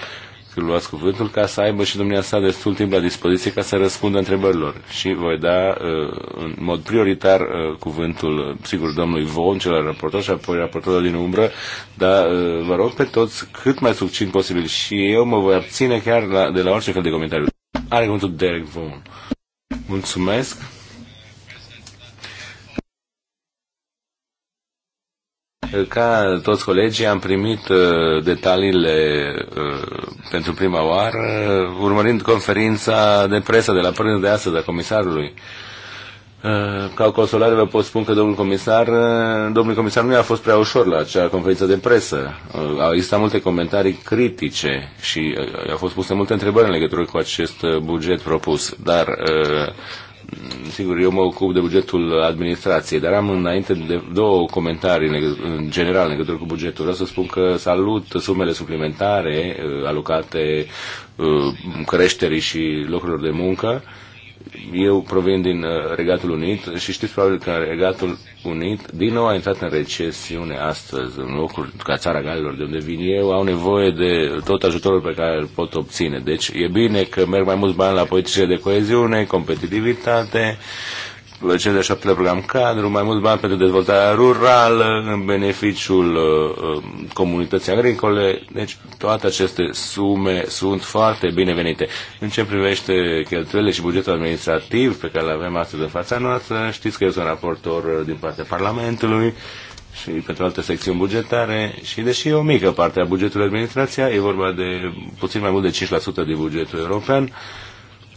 B: că luați cuvântul ca să aibă și dumneavoastră destul timp la dispoziție ca să răspundă întrebărilor. Și voi da uh, în mod prioritar uh, cuvântul, uh, sigur, domnului Von, cel raportor și apoi raportorul din umbră, dar vă rog pe toți cât mai succint posibil și eu mă voi abține chiar la, de la orice fel de comentariu. Are cuvântul Derek Von. Mulțumesc! Ca toți colegii am primit uh, detaliile uh, pentru prima oară urmărind conferința de presă de la prânz de astăzi a comisarului. Uh, ca o consolare vă pot spune că domnul comisar, domnul comisar nu a fost prea ușor la acea conferință de presă. Au existat multe comentarii critice și au fost puse multe întrebări în legătură cu acest buget propus, dar sigur, eu mă ocup de bugetul administrației, dar am înainte de două comentarii în general în legătură cu bugetul. Vreau să spun că salut sumele suplimentare uh, alocate uh, creșterii și locurilor de muncă eu provin din uh, Regatul Unit și știți probabil că Regatul Unit din nou a intrat în recesiune astăzi în locuri ca țara Galilor de unde vin eu, au nevoie de tot ajutorul pe care îl pot obține. Deci e bine că merg mai mulți bani la politicile de coeziune, competitivitate, cel de șaptele program cadru, mai mulți bani pentru dezvoltarea rurală, în beneficiul uh, uh, comunității agricole. Deci toate aceste sume sunt foarte binevenite. În ce privește cheltuielile și bugetul administrativ pe care le avem astăzi în fața noastră, știți că eu sunt raportor uh, din partea Parlamentului și pentru alte secțiuni bugetare și deși e o mică parte a bugetului administrația, e vorba de puțin mai mult de 5% din bugetul european, uh,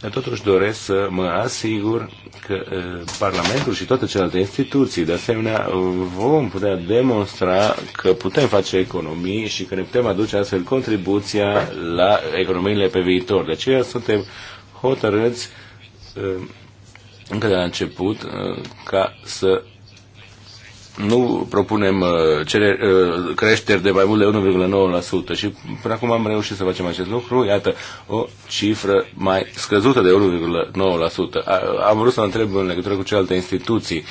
B: Totuși doresc să mă asigur că Parlamentul și toate celelalte instituții, de asemenea, vom putea demonstra că putem face economii și că ne putem aduce astfel contribuția la economiile pe viitor. De aceea suntem hotărâți încă de la început ca să nu propunem uh, cere, uh, creșteri de mai mult de 1,9% și până acum am reușit să facem acest lucru, iată, o cifră mai scăzută de 1,9%. Am vrut să întreb în legătură cu celelalte instituții,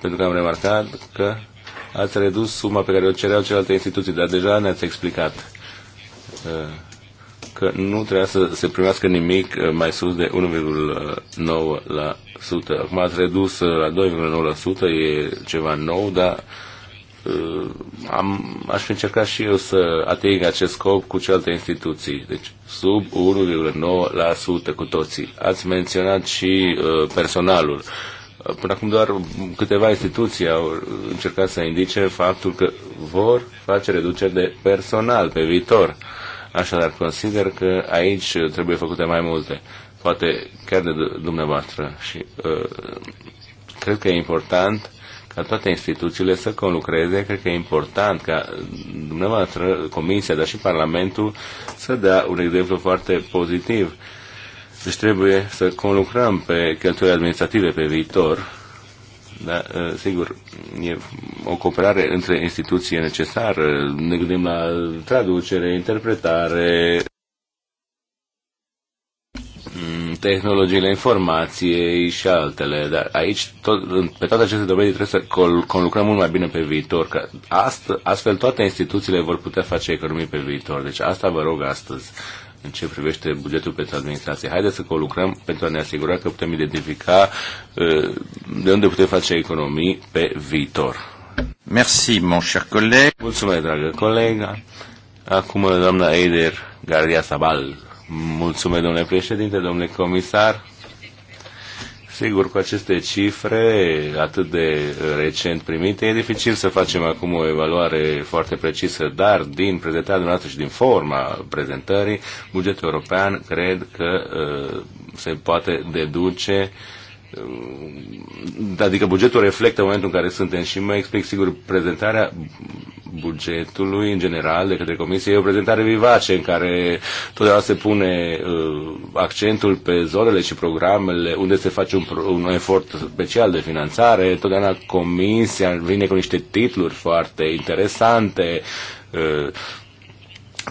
B: pentru că am remarcat că ați redus suma pe care o cereau celelalte instituții, dar deja ne-ați explicat uh, că nu trebuia să se primească nimic eh, mai sus de 1,9%. Acum ați redus eh, la 2,9%, e ceva nou, dar eh, am, aș fi încercat și eu să ating acest scop cu celelalte instituții. Deci sub 1,9% cu toții. Ați menționat și personalul. Până acum doar câteva instituții au încercat să indice faptul că vor face reduceri de personal pe viitor. Așadar, consider că aici trebuie făcute mai multe, poate chiar de dumneavoastră. Și uh, cred că e important ca toate instituțiile să conlucreze. Cred că e important ca dumneavoastră, Comisia, dar și Parlamentul să dea un exemplu foarte pozitiv. Deci trebuie să conlucrăm pe cheltuieli administrative pe viitor da, ă, sigur, e o cooperare între instituții necesară. Ne gândim la traducere, interpretare, mm, tehnologiile informației și altele, dar aici, tot, pe toate aceste domenii, trebuie să conlucrăm mult mai bine pe viitor, că ast, astfel toate instituțiile vor putea face economii pe viitor. Deci asta vă rog astăzi în ce privește bugetul pentru administrație. Haideți să colucrăm pentru a ne asigura că putem identifica uh, de unde putem face economii pe viitor. Merci, mon cher coleg. Mulțumesc, dragă colega. Acum, doamna Eider Garia Sabal. Mulțumesc, domnule președinte, domnule comisar. Sigur, cu aceste cifre atât de uh, recent primite, e dificil să facem acum o evaluare foarte precisă, dar din prezentarea dumneavoastră și din forma prezentării, bugetul european cred că uh, se poate deduce uh, Ehm, adică bugetul reflectă momentul în care suntem și mă explic sigur prezentarea bugetului în general de către comisie e o prezentare vivace în care totdeauna se pune uh, accentul pe zonele și programele unde se face un, un efort special de finanțare, totdeauna comisia vine cu niște titluri foarte interesante uh,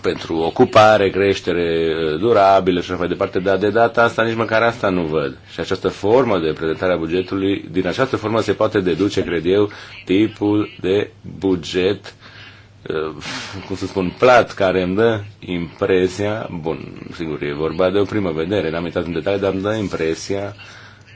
B: pentru ocupare, creștere uh, durabilă și așa mai departe, dar de data asta nici măcar asta nu văd. Și această formă de prezentare a bugetului, din această formă se poate deduce, cred eu, tipul de buget, uh, cum să spun, plat, care îmi dă impresia, bun, sigur, e vorba de o primă vedere, n-am uitat în detalii, dar îmi dă impresia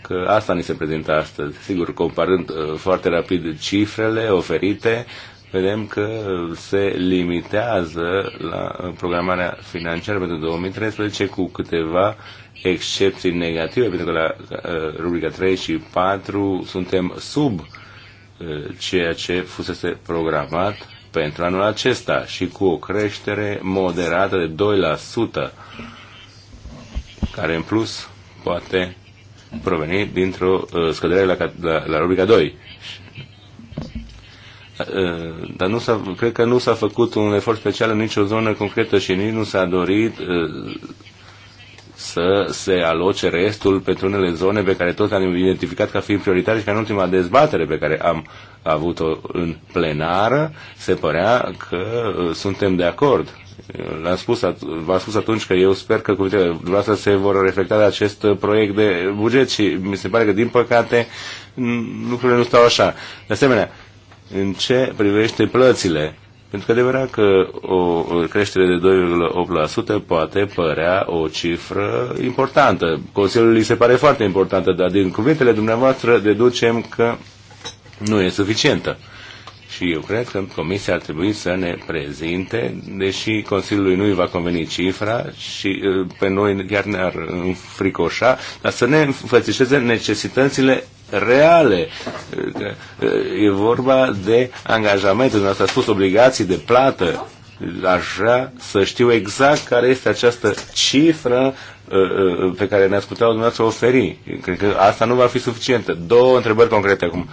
B: că asta ni se prezintă astăzi. Sigur, comparând uh, foarte rapid cifrele oferite, vedem că se limitează la programarea financiară pentru 2013 cu câteva excepții negative, pentru că la uh, rubrica 3 și 4 suntem sub uh, ceea ce fusese programat pentru anul acesta și cu o creștere moderată de 2%, care în plus poate proveni dintr-o uh, scădere la, la, la rubrica 2 Eh, dar nu s-a, cred că nu s-a făcut un efort special în nicio zonă concretă și nici nu s-a dorit eh, să se aloce restul pentru unele zone pe care tot am identificat ca fiind prioritare și ca în ultima dezbatere pe care am avut-o în plenară, se părea că eh, suntem de acord. L-am spus, v-am spus atunci că eu sper că cuvintele dumneavoastră se vor reflecta de acest proiect de buget și mi se pare că, din păcate, lucrurile nu stau așa. De asemenea, în ce privește plățile. Pentru că adevărat că o creștere de 2,8% poate părea o cifră importantă. Consiliul li se pare foarte importantă, dar din cuvintele dumneavoastră deducem că nu e suficientă. Și eu cred că Comisia ar trebui să ne prezinte, deși Consiliului nu îi va conveni cifra și eh, pe noi chiar ne-ar înfricoșa, dar să ne înfățișeze necesitățile reale. E vorba de angajamente, dumneavoastră a spus obligații de plată. Aș vrea să știu exact care este această cifră uh, uh, pe care ne-ați putea dumneavoastră oferi. Cred că asta nu va fi suficientă. Două întrebări concrete acum.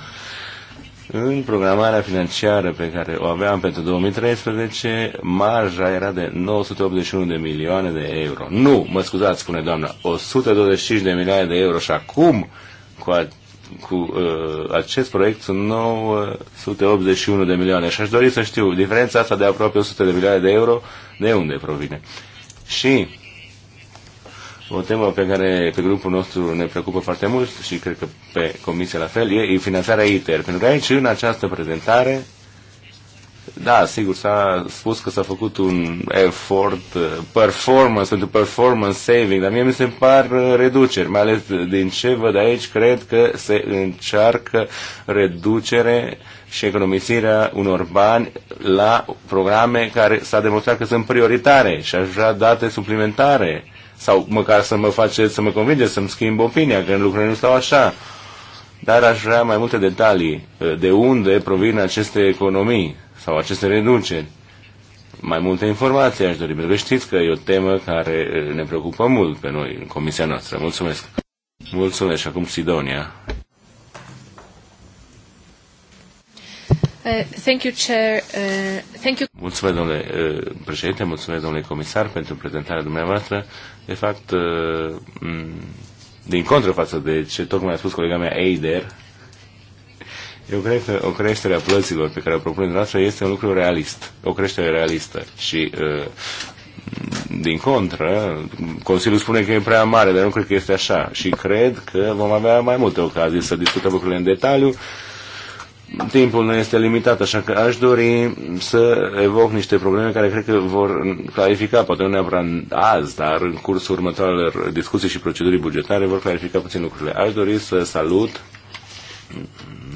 B: În programarea financiară pe care o aveam pentru 2013, marja era de 981 de milioane de euro. Nu, mă scuzați, spune doamna, 125 de milioane de euro și acum, cu cu uh, acest proiect sunt 981 uh, de milioane și aș dori să știu diferența asta de aproape 100 de milioane de euro de unde provine. Și o temă pe care pe grupul nostru ne preocupă foarte mult și cred că pe comisie la fel e finanțarea ITER. Pentru că aici, în această prezentare, da, sigur, s-a spus că s-a făcut un efort uh, performance, pentru performance saving, dar mie mi se par uh, reduceri, mai ales din ce văd aici, cred că se încearcă reducere și economisirea unor bani la programe care s-a demonstrat că sunt prioritare și aș vrea date suplimentare sau măcar să mă faceți, să mă convinge să-mi schimb opinia, că lucrurile nu stau așa. Dar aș vrea mai multe detalii uh, de unde provin aceste economii sau aceste reduceri. Mai multe informații aș dori, pentru că știți că e o temă care ne preocupă mult pe noi, în comisia noastră. Mulțumesc! Mulțumesc și acum Sidonia.
C: Uh, thank you, Chair. Uh, thank you.
B: Mulțumesc, domnule uh, președinte, mulțumesc, domnule comisar, pentru prezentarea dumneavoastră. De fapt, uh, din contră față de ce tocmai a spus colega mea Eider, eu cred că o creștere a plăților pe care o propune dumneavoastră este un lucru realist, o creștere realistă și uh, din contră, Consiliul spune că e prea mare, dar nu cred că este așa. Și cred că vom avea mai multe ocazii să discutăm lucrurile în detaliu. Timpul nu este limitat, așa că aș dori să evoc niște probleme care cred că vor clarifica, poate nu neapărat azi, dar în cursul următoarelor discuții și procedurii bugetare vor clarifica puțin lucrurile. Aș dori să salut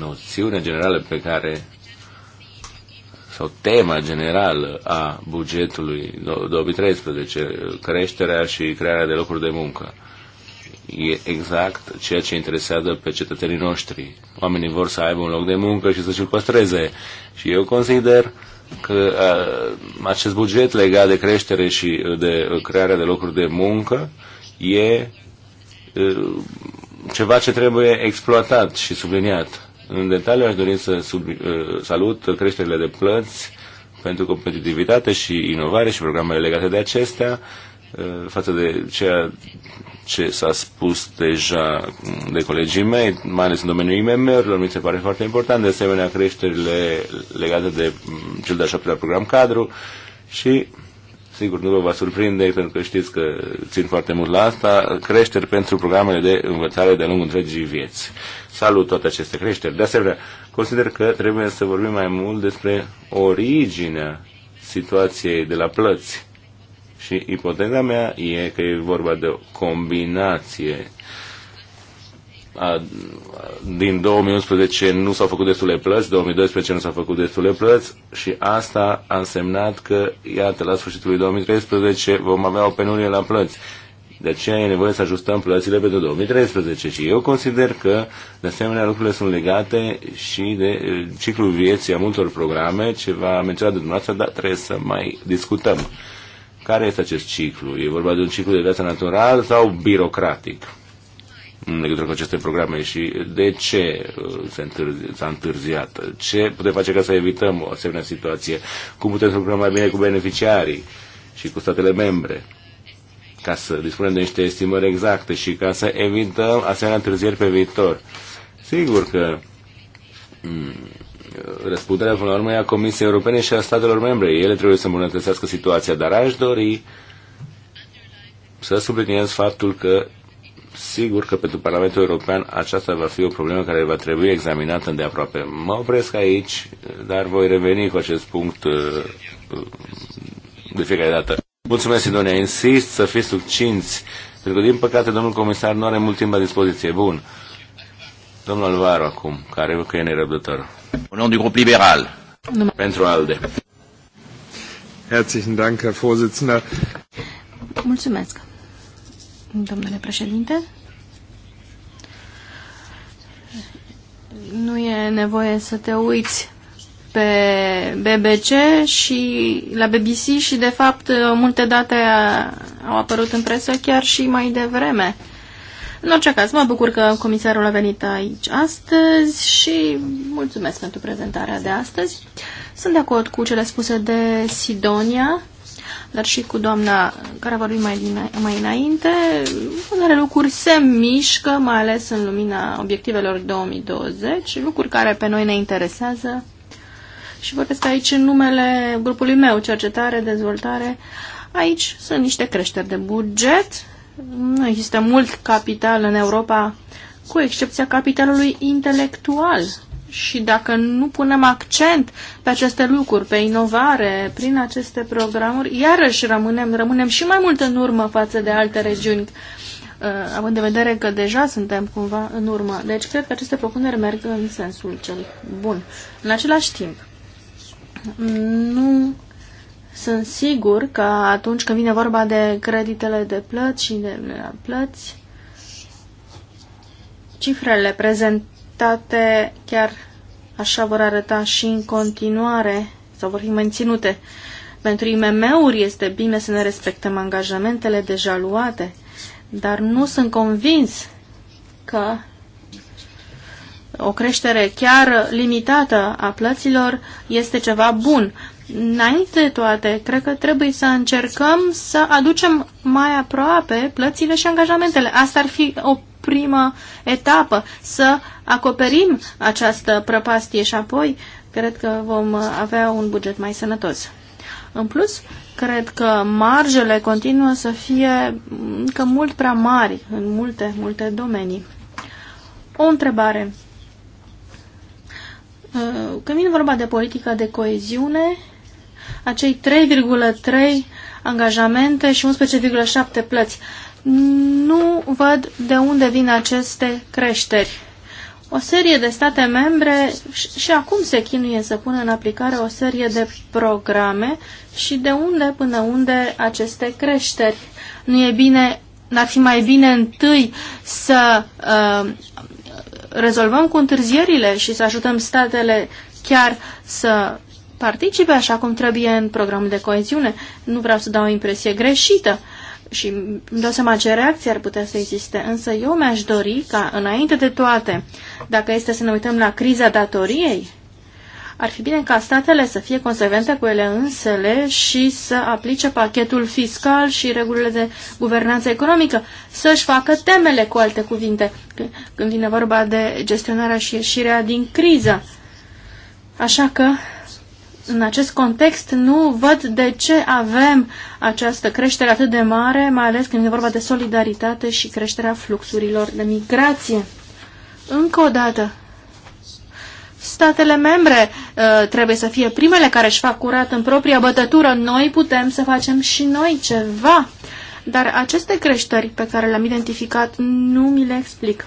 B: noțiune generală pe care sau tema generală a bugetului 2013, creșterea și crearea de locuri de muncă. E exact ceea ce interesează pe cetățenii noștri. Oamenii vor să aibă un loc de muncă și să și-l păstreze. Și eu consider că acest buget legat de creștere și de crearea de locuri de muncă e ceva ce trebuie exploatat și subliniat în detaliu aș dori să sub, uh, salut creșterile de plăți pentru competitivitate și inovare și programele legate de acestea uh, față de ceea ce s-a spus deja de colegii mei, mai ales în domeniul IMM-urilor, mi se pare foarte important, de asemenea creșterile legate de mm, cel de a șaptelea program cadru și Sigur, nu vă va surprinde, pentru că știți că țin foarte mult la asta, creșteri pentru programele de învățare de-a lungul întregii vieți. Salut toate aceste creșteri. De asemenea, consider că trebuie să vorbim mai mult despre originea situației de la plăți. Și ipoteza mea e că e vorba de o combinație din 2011 nu s-au făcut destule plăți, 2012 nu s-au făcut destule plăți și asta a însemnat că, iată, la sfârșitul lui 2013 vom avea o penurie la plăți. De aceea e nevoie să ajustăm plățile pentru 2013 și eu consider că, de asemenea, lucrurile sunt legate și de ciclul vieții a multor programe, ceva menționa de dumneavoastră, dar trebuie să mai discutăm. Care este acest ciclu? E vorba de un ciclu de viață natural sau birocratic? în legătură cu aceste programe și de ce uh, s-a întârziat? Ce putem face ca să evităm o asemenea situație? Cum putem să lucrăm mai bine cu beneficiarii și cu statele membre? ca să dispunem de niște estimări exacte și ca să evităm asemenea întârzieri pe viitor. Sigur că mm, răspunderea până la urmă e a Comisiei Europene și a statelor membre. Ele trebuie să îmbunătățească situația, dar aș dori să subliniez faptul că Sigur că pentru Parlamentul European aceasta va fi o problemă care va trebui examinată aproape. Mă opresc aici, dar voi reveni cu acest punct uh, uh, de fiecare dată. Mulțumesc, Sidonia. Insist să fiți succinți, pentru că, din păcate, domnul comisar nu are mult timp la dispoziție. Bun. Domnul Alvaro acum, care că e nerăbdător. În nom du grup liberal. Pentru ALDE.
A: Herzlichen Dank, Herr Vorsitzender.
C: Mulțumesc domnule președinte. Nu e nevoie să te uiți pe BBC și la BBC și, de fapt, multe date au apărut în presă chiar și mai devreme. În orice caz, mă bucur că comisarul a venit aici astăzi și mulțumesc pentru prezentarea de astăzi. Sunt de acord cu cele spuse de Sidonia dar și cu doamna care a vorbit mai, din, mai înainte, unele lucruri se mișcă, mai ales în lumina obiectivelor 2020, lucruri care pe noi ne interesează. Și vorbesc aici în numele grupului meu, cercetare, dezvoltare. Aici sunt niște creșteri de buget. Nu există mult capital în Europa, cu excepția capitalului intelectual și dacă nu punem accent pe aceste lucruri, pe inovare, prin aceste programuri, iarăși rămânem, rămânem și mai mult în urmă față de alte regiuni, uh, având în vedere că deja suntem cumva în urmă. Deci cred că aceste propuneri merg în sensul cel bun. În același timp, nu sunt sigur că atunci când vine vorba de creditele de plăți și de plăți, cifrele prezentate dreptate chiar așa vor arăta și în continuare sau vor fi menținute. Pentru IMM-uri este bine să ne respectăm angajamentele deja luate, dar nu sunt convins că o creștere chiar limitată a plăților este ceva bun. Înainte de toate, cred că trebuie să încercăm să aducem mai aproape plățile și angajamentele. Asta ar fi o primă etapă, să acoperim această prăpastie și apoi cred că vom avea un buget mai sănătos. În plus, cred că marjele continuă să fie încă mult prea mari în multe, multe domenii. O întrebare. Uh, când vine vorba de politica de coeziune, acei 3,3 angajamente și 11,7 plăți nu văd de unde vin aceste creșteri. O serie de state membre și acum se chinuie să pună în aplicare o serie de programe și de unde până unde aceste creșteri. Nu e bine, n-ar fi mai bine întâi să uh, rezolvăm cu întârzierile și să ajutăm statele chiar să participe așa cum trebuie în programul de coeziune. Nu vreau să dau o impresie greșită. Uh, și îmi dau seama ce reacție ar putea să existe, însă eu mi-aș dori ca, înainte de toate, dacă este să ne uităm la criza datoriei, ar fi bine ca statele să fie consecvente cu ele însele și să aplice pachetul fiscal și regulile de guvernanță economică, să-și facă temele, cu alte cuvinte, când vine vorba de gestionarea și ieșirea din criză. Așa că în acest context nu văd de ce avem această creștere atât de mare, mai ales când e vorba de solidaritate și creșterea fluxurilor de migrație. Încă o dată, statele membre uh, trebuie să fie primele care își fac curat în propria bătătură. Noi putem să facem și noi ceva. Dar aceste creșteri pe care le-am identificat nu mi le explic.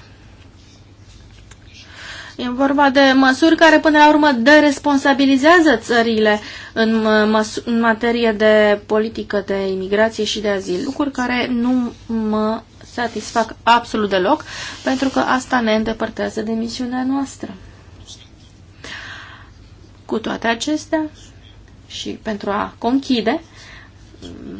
C: E vorba de măsuri care până la urmă deresponsabilizează țările în, în materie de politică de imigrație și de azil, lucruri care nu mă satisfac absolut deloc, pentru că asta ne îndepărtează de misiunea noastră. Cu toate acestea și pentru a conchide,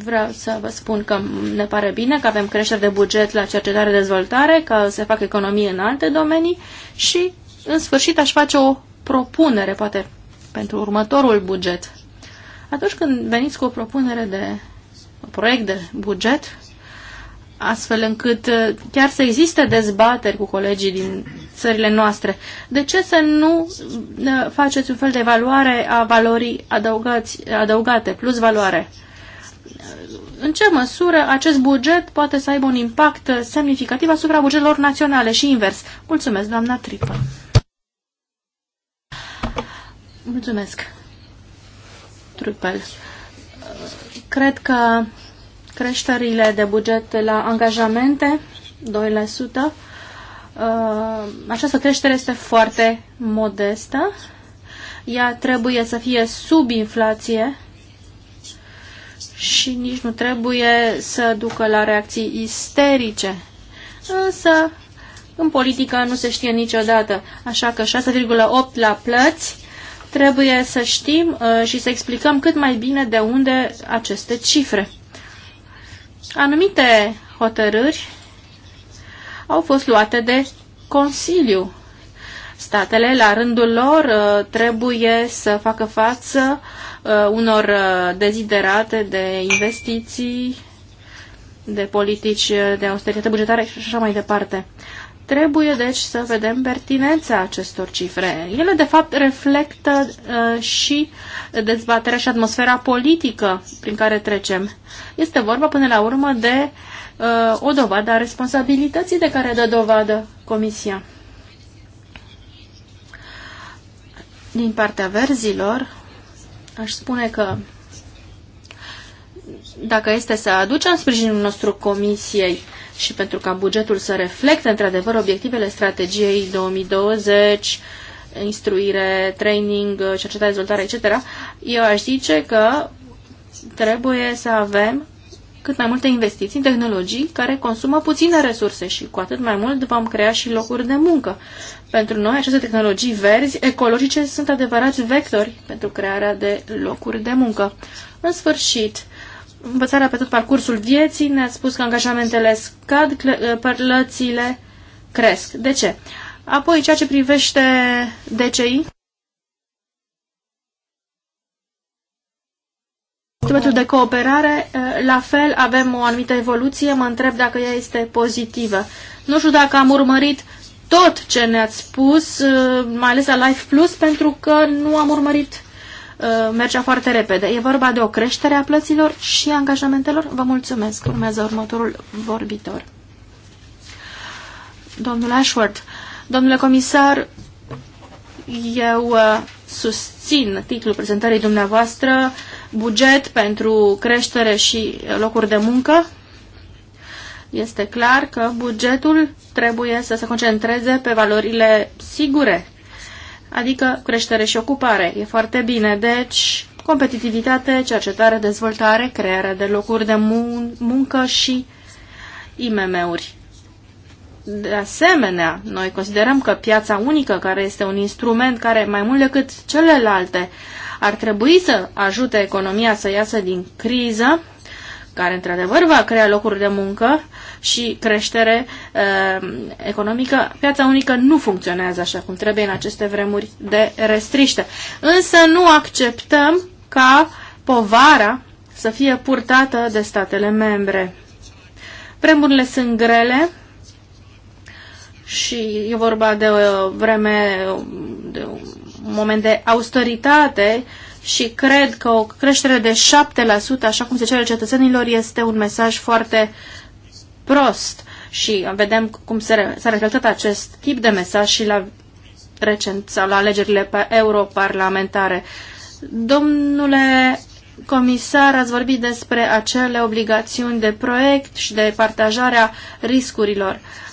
C: vreau să vă spun că ne pare bine că avem creșteri de buget la cercetare-dezvoltare, că se fac economie în alte domenii și în sfârșit aș face o propunere, poate, pentru următorul buget. Atunci când veniți cu o propunere de un proiect de buget, astfel încât uh, chiar să existe dezbateri cu colegii din țările noastre. De ce să nu uh, faceți un fel de evaluare a valorii adăugați, adăugate, plus valoare? Uh, în ce măsură acest buget poate să aibă un impact semnificativ asupra bugetelor naționale și invers? Mulțumesc, doamna Tripă. Mulțumesc, Trupel. Cred că creșterile de buget la angajamente, 2%, uh, această creștere este foarte modestă. Ea trebuie să fie sub inflație și nici nu trebuie să ducă la reacții isterice. Însă, în politică nu se știe niciodată, așa că 6,8 la plăți Trebuie să știm uh, și să explicăm cât mai bine de unde aceste cifre. Anumite hotărâri au fost luate de Consiliu. Statele, la rândul lor, uh, trebuie să facă față uh, unor deziderate de investiții, de politici de austeritate bugetară și așa mai departe. Trebuie, deci, să vedem pertinența acestor cifre. Ele, de fapt, reflectă uh, și dezbaterea și atmosfera politică prin care trecem. Este vorba, până la urmă, de uh, o dovadă a responsabilității de care dă dovadă Comisia. Din partea verzilor, aș spune că dacă este să aducem sprijinul nostru Comisiei, uh, și pentru ca bugetul să reflecte într-adevăr obiectivele strategiei 2020, instruire, training, cercetare, dezvoltare, etc., eu aș zice că trebuie să avem cât mai multe investiții în tehnologii care consumă puține resurse și cu atât mai mult vom crea și locuri de muncă. Pentru noi, aceste tehnologii verzi, ecologice, sunt adevărați vectori pentru crearea de locuri de muncă. În sfârșit, învățarea pe tot parcursul vieții, ne-ați spus că angajamentele scad, eh, plățile cresc. De ce? Apoi, ceea ce privește DCI, instrumentul de cooperare, eh, la fel avem o anumită evoluție, mă întreb dacă ea este pozitivă. Nu știu dacă am urmărit tot ce ne-ați spus, eh, mai ales la Life Plus, pentru că nu am urmărit Uh, mergea foarte repede. E vorba de o creștere a plăților și a angajamentelor? Vă mulțumesc. Urmează următorul vorbitor. Domnul Ashworth, domnule comisar, eu uh, susțin titlul prezentării dumneavoastră, buget pentru creștere și locuri de muncă. Este clar că bugetul trebuie să se concentreze pe valorile sigure adică creștere și ocupare. E foarte bine, deci competitivitate, cercetare, dezvoltare, crearea de locuri de mun muncă și IMM-uri. De asemenea, noi considerăm că piața unică, care este un instrument care, mai mult decât celelalte, ar trebui să ajute economia să iasă din criză, care într-adevăr va crea locuri de muncă și creștere uh, economică, piața unică nu funcționează așa cum trebuie în aceste vremuri de restriște. Însă nu acceptăm ca povara să fie purtată de statele membre. Vremurile sunt grele și e vorba de o vreme, de un moment de austeritate uh, și cred că o creștere de 7%, așa cum se cere cetățenilor, este un mesaj foarte prost și vedem cum s-a reflectat acest tip de mesaj și la recent sau la alegerile europarlamentare. Domnule comisar, ați vorbit despre acele obligațiuni de proiect și de partajarea riscurilor. Uh,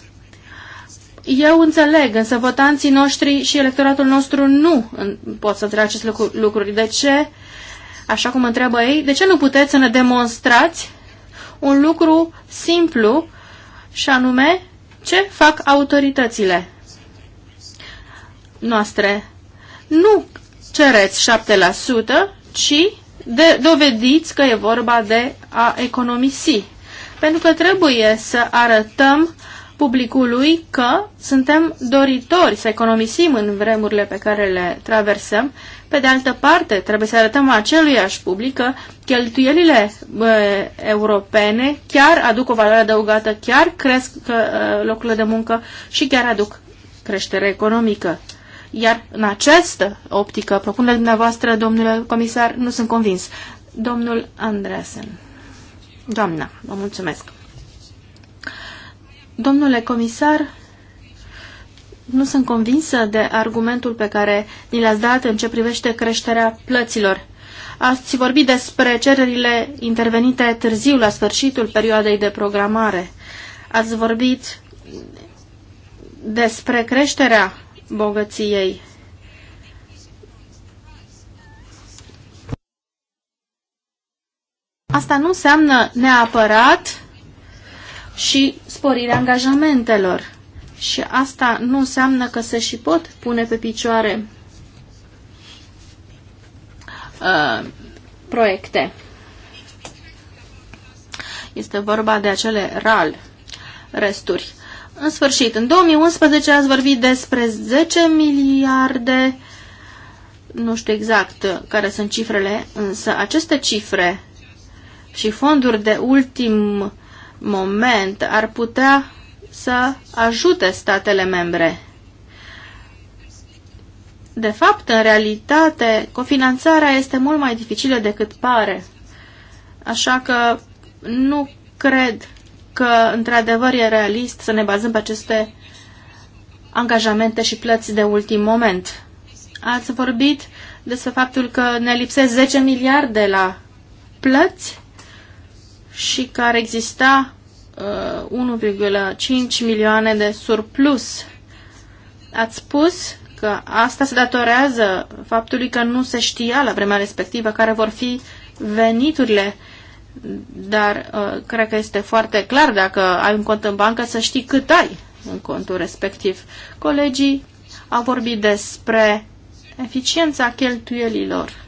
C: eu înțeleg, însă votanții noștri și electoratul nostru nu pot să înțeleagă aceste lucruri. De ce, așa cum întreabă ei, de ce nu puteți să ne demonstrați un lucru simplu și anume ce fac autoritățile noastre? Nu cereți 7%, ci de, dovediți că e vorba de a economisi. Pentru că trebuie să arătăm uh, publicului că suntem doritori să economisim în vremurile pe care le traversăm. Pe de altă parte, trebuie să arătăm aceluiași public că cheltuielile bă, europene chiar aduc o valoare adăugată, chiar cresc că, ă, locurile de muncă și chiar aduc creștere economică. Iar în această optică, propunerea dumneavoastră, domnule comisar, nu sunt convins. Domnul Andreasen. Doamna, vă mulțumesc. Domnule comisar, nu sunt convinsă de argumentul pe care ni l-ați dat în ce privește creșterea plăților. Ați vorbit despre cererile intervenite târziu la sfârșitul perioadei de programare. Ați vorbit despre creșterea bogăției. Asta nu înseamnă neapărat și sporirea angajamentelor. Și asta nu înseamnă că se și pot pune pe picioare uh, proiecte. Este vorba de acele RAL, resturi. În sfârșit, în 2011 ați vorbit despre 10 miliarde, nu știu exact care sunt cifrele, însă aceste cifre și fonduri de ultim moment ar putea să ajute statele membre. De fapt, în realitate, cofinanțarea este mult mai dificilă decât pare. Așa că nu cred că într-adevăr e realist să ne bazăm pe aceste angajamente și plăți de ultim moment. Ați vorbit despre faptul că ne lipsesc 10 miliarde la plăți și că ar exista uh, 1,5 milioane de surplus. Ați spus că asta se datorează faptului că nu se știa la vremea respectivă care vor fi veniturile, dar uh, cred că este foarte clar dacă ai un cont în bancă să știi cât ai în contul respectiv. Colegii au vorbit despre eficiența cheltuielilor.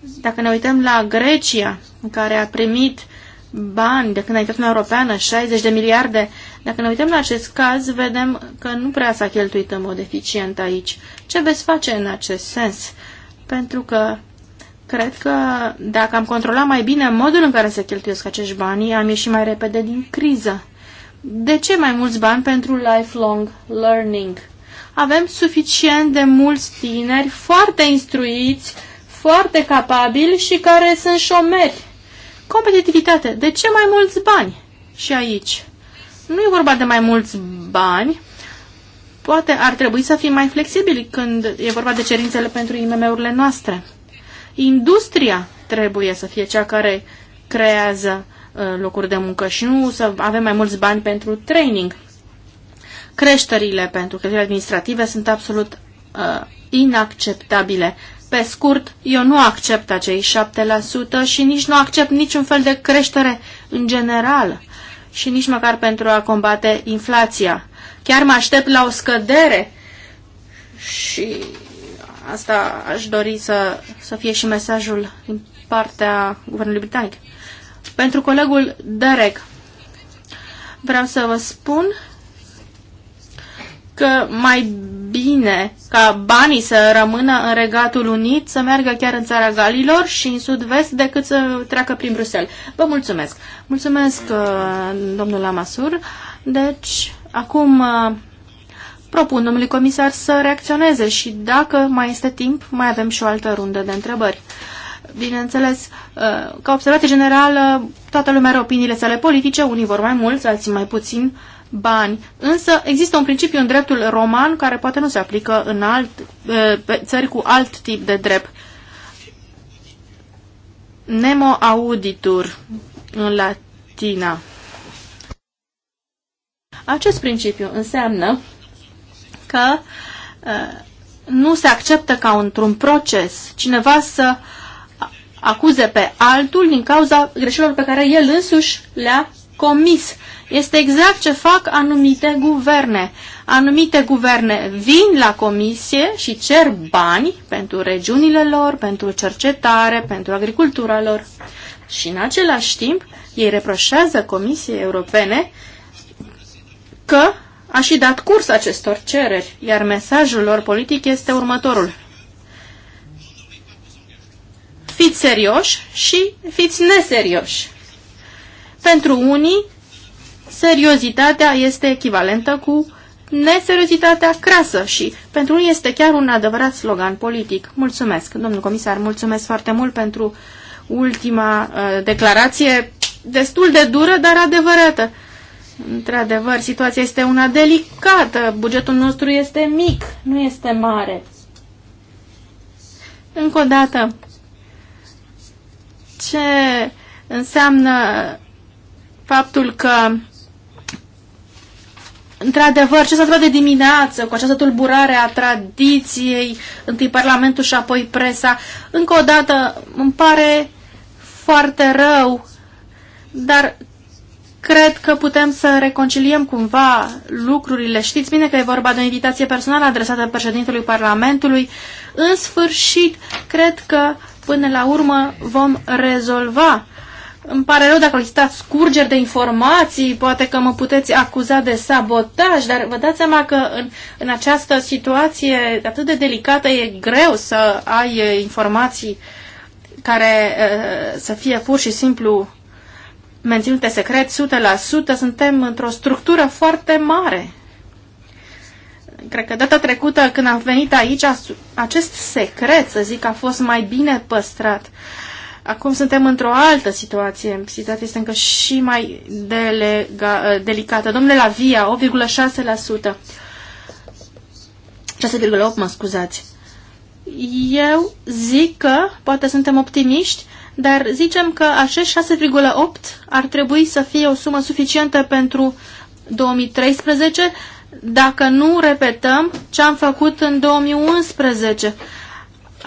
C: Dacă ne uităm la Grecia, în care a primit uh, bani de când a intrat în Europeană, 60 de miliarde. Dacă ne uităm la acest caz, vedem că nu prea s-a cheltuit în mod eficient aici. Ce veți face în acest sens? Pentru că cred că dacă am controlat mai bine modul în care se cheltuiesc acești bani, am ieșit mai repede din criză. De ce mai mulți bani pentru lifelong learning? Avem suficient de mulți tineri foarte instruiți, foarte capabili și care sunt șomeri Competitivitate. De ce mai mulți bani? Și aici. Nu e vorba de mai mulți bani. Poate ar trebui să fim mai flexibili când e vorba de cerințele pentru IMM-urile noastre. Industria trebuie să fie cea care creează uh, locuri de muncă și nu să avem mai mulți bani pentru training. Creșterile pentru cheltuielile administrative sunt absolut uh, inacceptabile. Pe scurt, eu nu accept acei 7% și nici nu accept niciun fel de creștere în general și nici măcar pentru a combate inflația. Chiar mă aștept la o scădere și asta aș dori să, să fie și mesajul din partea Guvernului Britanic. Pentru colegul Derek, vreau să vă spun că mai bine ca banii să rămână în Regatul Unit, să meargă chiar în țara Galilor și în sud-vest, decât să treacă prin Bruxelles. Vă mulțumesc! Mulțumesc, uh, domnul Lamasur. Deci, acum uh, propun domnului comisar să reacționeze și dacă mai este timp, mai avem și o altă rundă de întrebări. Bineînțeles, uh, ca observație generală, toată lumea are opiniile sale politice, unii vor mai mult, alții mai puțin, bani. Însă există un principiu în dreptul roman care poate nu se aplică în alt, eh, pe țări cu alt tip de drept. Nemo auditur în latina. Acest principiu înseamnă că eh, nu se acceptă ca într-un proces cineva să acuze pe altul din cauza greșelilor pe care el însuși le-a comis. Este exact ce fac anumite guverne. Anumite guverne vin la comisie și cer bani pentru regiunile lor, pentru cercetare, pentru agricultura lor. Și în același timp, ei reproșează Comisiei Europene că a și dat curs acestor cereri, iar mesajul lor politic este următorul. Fiți serioși și fiți neserioși. Pentru unii, seriozitatea este echivalentă cu neseriozitatea crasă și pentru unii este chiar un adevărat slogan politic. Mulțumesc, domnul comisar, mulțumesc foarte mult pentru ultima uh, declarație destul de dură, dar adevărată. Într-adevăr, situația este una delicată. Bugetul nostru este mic, nu este mare. Încă o dată, ce înseamnă faptul că Într-adevăr, ce s-a întâmplat de dimineață cu această tulburare a tradiției, întâi Parlamentul și apoi presa, încă o dată îmi pare foarte rău, dar cred că putem să reconciliem cumva lucrurile. Știți bine că e vorba de o invitație personală adresată președintelui Parlamentului. În sfârșit, cred că până la urmă vom rezolva îmi pare rău dacă listați scurgeri de informații, poate că mă puteți acuza de sabotaj, dar vă dați seama că în, în această situație atât de delicată e greu să ai informații care să fie pur și simplu menținute secret 100%. Suntem într-o structură foarte mare. Cred că data trecută când am venit aici, acest secret, să zic, a fost mai bine păstrat. Uh, Acum suntem într-o altă situație. Situația este încă și mai delega, delicată. Domnule via, 8,6%. 6,8, mă scuzați. Eu zic că, poate suntem optimiști, dar zicem că acești 6,8 ar trebui să fie o sumă suficientă pentru 2013 dacă nu repetăm ce am făcut în 2011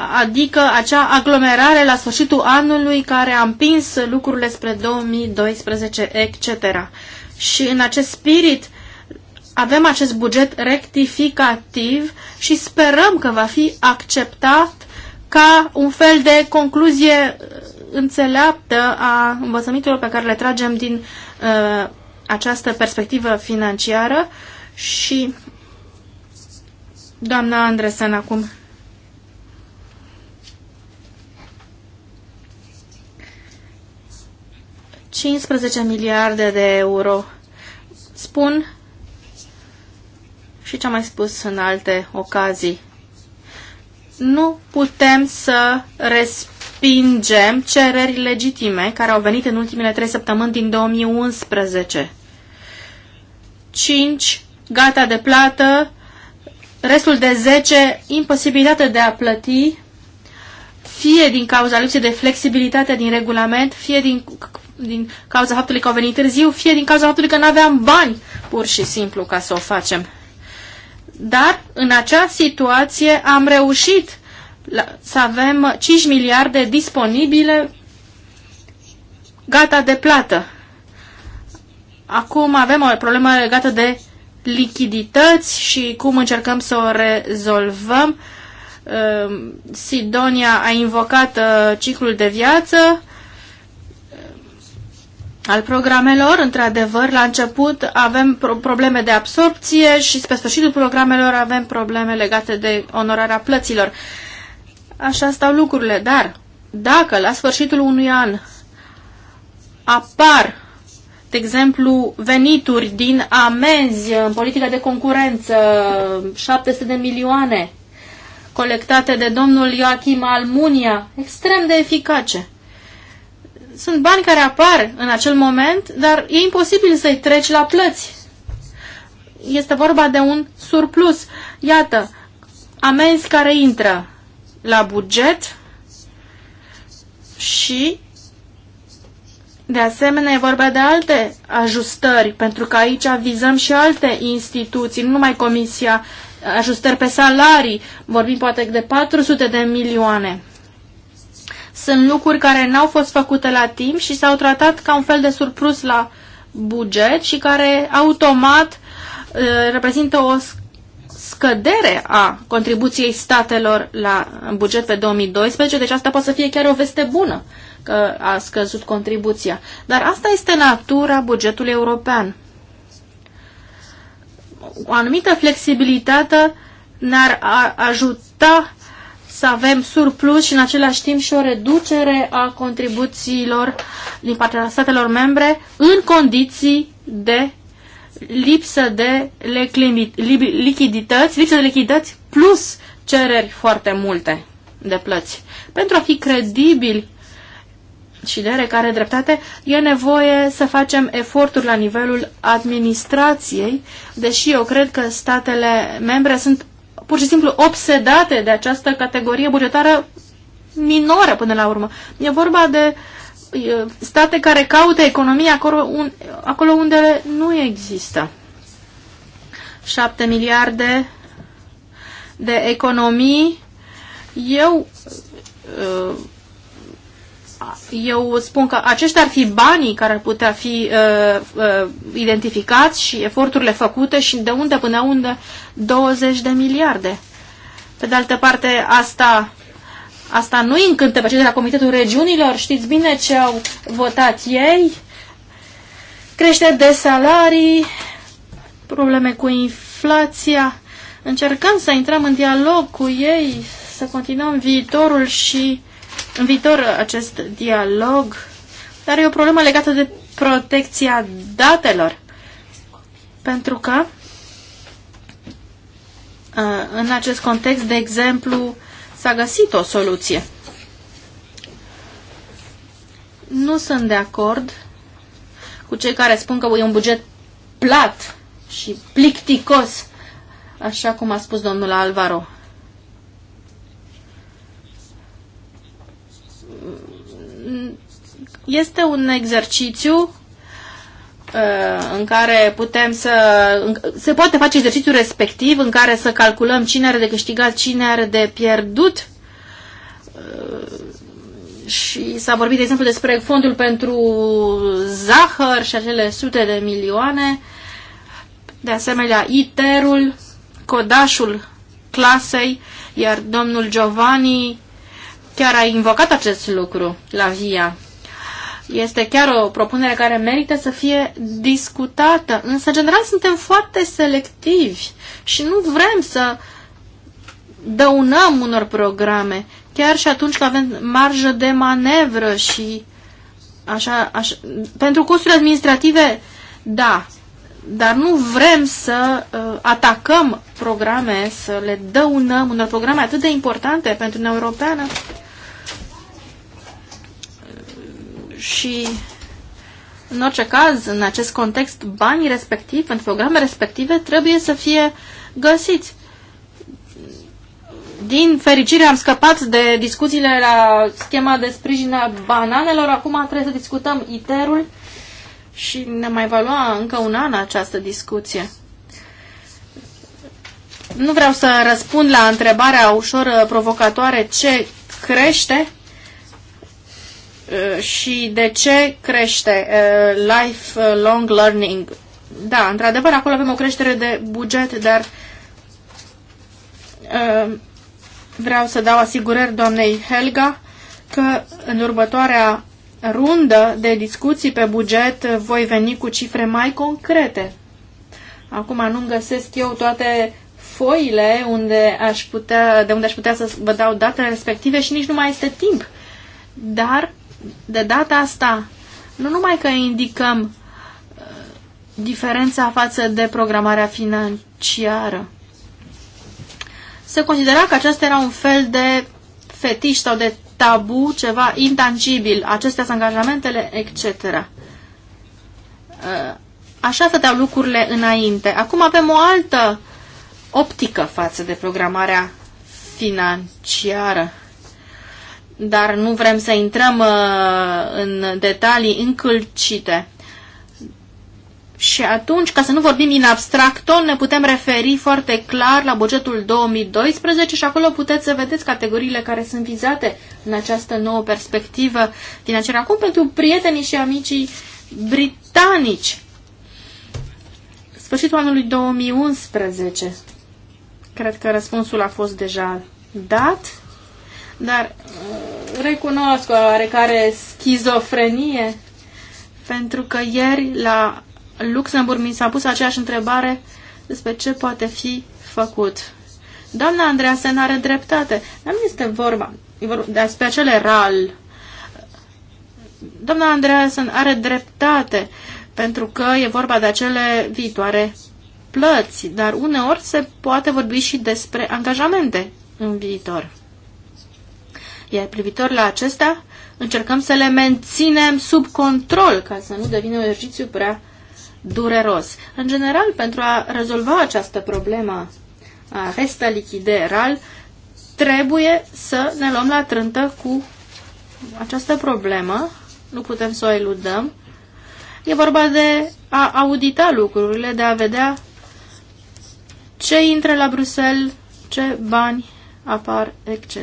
C: adică acea aglomerare la sfârșitul anului care a împins lucrurile spre 2012, etc. Și în acest spirit avem acest buget rectificativ și sperăm că va fi acceptat ca un fel de concluzie înțeleaptă a învățămintelor pe care le tragem din uh, această perspectivă financiară și doamna Andresen acum 15 miliarde de euro. Spun și ce am mai spus în alte ocazii. Nu putem să respingem cereri legitime care au venit în ultimele trei săptămâni din 2011. 5 gata de plată, restul de 10 imposibilitate de a plăti, fie din cauza lipsei de flexibilitate din regulament, fie din din cauza faptului că au venit târziu, fie din cauza faptului că nu aveam bani, pur și simplu, ca să o facem. Dar, în acea situație, am reușit la, să avem 5 miliarde disponibile gata de plată. Acum avem o problemă legată de lichidități și cum încercăm să o rezolvăm. Ehm, Sidonia a invocat uh, ciclul de viață al programelor. Într-adevăr, la început avem pro probleme de absorpție și spre sfârșitul programelor avem probleme legate de onorarea plăților. Așa stau lucrurile, dar dacă la sfârșitul unui an apar, de exemplu, venituri din amenzi în politica de concurență, 700 de milioane colectate de domnul Joachim Almunia, extrem de eficace sunt bani care apar în acel moment, dar e imposibil să-i treci la plăți. Este vorba de un surplus. Iată, amenzi care intră la buget și de asemenea, e vorba de alte ajustări, pentru că aici vizăm și alte instituții, nu numai Comisia, ajustări pe salarii, vorbim poate de 400 de milioane. Sunt lucruri care n-au fost făcute la timp și s-au tratat ca un fel de surplus la buget și care automat uh, reprezintă o scădere a contribuției statelor la buget pe 2012, deci asta poate să fie chiar o veste bună că a scăzut contribuția. Dar asta este natura bugetului european. O anumită flexibilitate ne-ar ajuta să avem surplus și în același timp și o reducere a contribuțiilor din partea statelor membre în condiții de lipsă de lichidități, lipsă de lichidități plus cereri foarte multe de plăți. Pentru a fi credibili și de recare dreptate, e nevoie să facem eforturi la nivelul administrației, deși eu cred că statele membre sunt pur și simplu obsedate de această categorie bugetară minoră până la urmă. E vorba de state care caută economia acolo, un, acolo unde nu există. 7 miliarde de economii. Eu eu spun că aceștia ar fi banii care ar putea fi uh, uh, identificați și eforturile făcute și de unde până unde 20 de miliarde. Pe de altă parte, asta, asta nu îi încântă pe cei de la Comitetul Regiunilor. Știți bine ce au votat ei? Creșteri de salarii, probleme cu inflația. Încercăm să intrăm în dialog cu ei, să continuăm viitorul și în viitor acest dialog, dar e o problemă legată de protecția datelor. Pentru că în acest context, de exemplu, s-a găsit o soluție. Nu sunt de acord cu cei care spun că e un buget plat și plicticos, așa cum a spus domnul Alvaro. este un exercițiu uh, în care putem să... Se poate face exercițiul respectiv în care să calculăm cine are de câștigat, cine are de pierdut uh, și s-a vorbit, de exemplu, despre fondul pentru zahăr și acele sute de milioane, de asemenea ITER-ul, codașul clasei, iar domnul Giovanni chiar a invocat acest lucru la VIA. Este chiar o propunere care merită să fie discutată, însă general suntem foarte selectivi și nu vrem să dăunăm unor programe, chiar și atunci când avem marjă de manevră și așa, așa. Pentru costurile administrative, da, dar nu vrem să uh, atacăm programe, să le dăunăm unor programe atât de importante pentru Uniunea Europeană. și în orice caz, în acest context, banii respectivi, în programe respective, trebuie să fie găsiți. Din fericire am scăpat de discuțiile la schema de sprijin a bananelor, acum trebuie să discutăm ITER-ul și ne mai va lua încă un an această discuție. Nu vreau să răspund la întrebarea ușor provocatoare ce crește, Uh, și de ce crește uh, life long learning. Da, într-adevăr, acolo avem o creștere de buget, dar uh, vreau să dau asigurări doamnei Helga că în următoarea rundă de discuții pe buget voi veni cu cifre mai concrete. Acum nu găsesc eu toate foile unde aș putea, de unde aș putea să vă dau datele respective și nici nu mai este timp. Dar de data asta nu numai că indicăm uh, diferența față de programarea financiară. Se considera că acesta era un fel de fetiș sau de tabu, ceva intangibil, acestea sunt angajamentele, etc. Uh, așa stăteau lucrurile înainte. Acum avem o altă optică față de programarea financiară dar nu vrem să intrăm uh, în detalii încălcite. Și atunci, ca să nu vorbim în abstracto, ne putem referi foarte clar la bugetul 2012 și acolo puteți să vedeți categoriile care sunt vizate în această nouă perspectivă financiară. Acum, pentru prietenii și amicii britanici, sfârșitul anului 2011, cred că răspunsul a fost deja dat. Dar uh, recunosc o oarecare schizofrenie, pentru că ieri la Luxemburg mi s-a pus aceeași întrebare despre ce poate fi făcut. Doamna se are dreptate. Nu este vorba despre acele ral. Doamna Andreasen are dreptate pentru că e vorba de acele viitoare plăți, dar uneori se poate vorbi și despre angajamente în viitor. Iar privitor la acesta, încercăm să le menținem sub control ca să nu devină un exercițiu prea dureros. În general, pentru a rezolva această problemă a resta lichideral, trebuie să ne luăm la trântă cu această problemă, nu putem să o eludăm. E vorba de a audita lucrurile, de a vedea ce intră la Bruxelles, ce bani apar, etc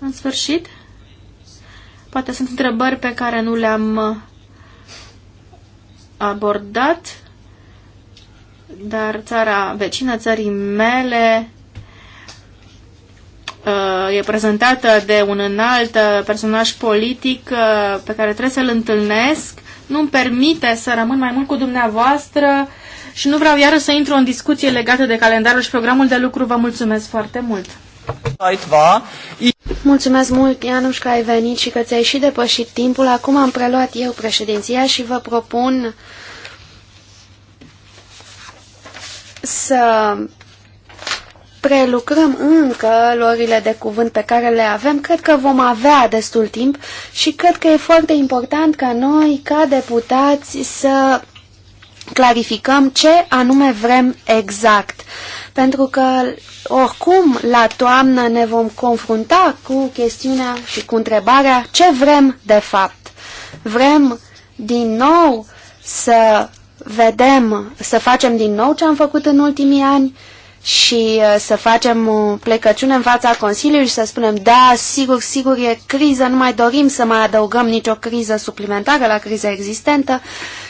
C: în sfârșit? Poate sunt întrebări pe care nu le-am uh, abordat, dar țara vecină țării mele uh, e prezentată de un înalt uh, personaj politic pe care trebuie să-l întâlnesc, nu-mi permite să rămân mai mult cu dumneavoastră și nu vreau iară să intru în discuție legată de calendarul și programul de lucru. Vă mulțumesc foarte mult!
A: Mulțumesc mult, Ianuș, că ai venit și că ți-ai și depășit timpul. Acum am preluat eu președinția și vă propun să prelucrăm încă lorile de cuvânt pe care le avem, cred că vom avea destul timp și cred că e foarte important ca noi, ca deputați, să clarificăm ce anume vrem exact pentru că oricum la toamnă ne vom confrunta cu chestiunea și cu întrebarea ce vrem de fapt. Vrem din nou să vedem, să facem din nou ce am făcut în ultimii ani și uh, să facem o uh, plecăciune în fața Consiliului și să spunem da, sigur, sigur, e criză, nu mai dorim să mai adăugăm nicio criză suplimentară la criza existentă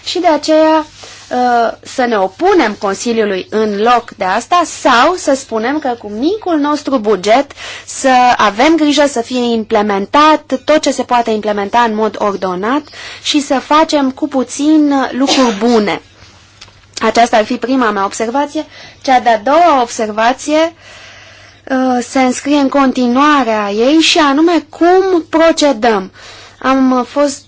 A: și de aceea Uh, să ne opunem Consiliului în loc de asta sau să spunem că cu micul nostru buget să avem grijă să fie implementat tot ce se poate implementa în mod ordonat și să facem cu puțin lucruri bune. Aceasta ar fi prima mea observație. Cea de-a doua observație uh, se înscrie în continuarea ei și anume cum procedăm. Am fost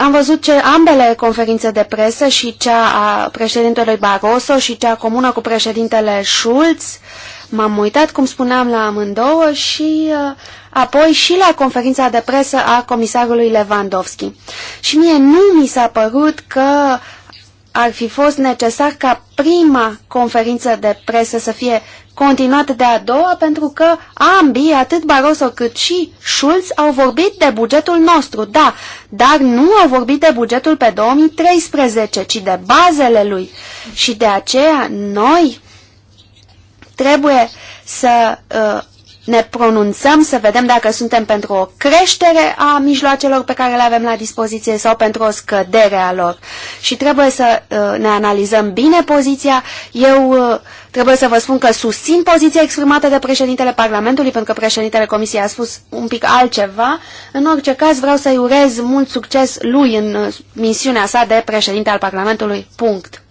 A: am văzut ce ambele conferințe de presă și cea a președintelui Barroso și cea comună cu președintele Schulz. M-am uitat, cum spuneam, la amândouă și uh, apoi și la conferința de presă a comisarului Lewandowski. Și mie nu mi s-a părut că ar fi fost necesar ca prima conferință de presă să fie continuată de a doua, pentru că ambii, atât Barroso cât și Schulz, au vorbit de bugetul nostru, da, dar nu au vorbit de bugetul pe 2013, ci de bazele lui. Și de aceea noi trebuie să uh, ne pronunțăm, să vedem dacă suntem pentru o creștere a mijloacelor pe care le avem la dispoziție sau pentru o scădere a lor. Și trebuie să uh, ne analizăm bine poziția. Eu uh, trebuie să vă spun că susțin poziția exprimată de președintele Parlamentului, pentru că președintele Comisiei a spus un pic altceva. În orice caz, vreau să-i urez mult succes lui în uh, misiunea sa de președinte al Parlamentului. Punct.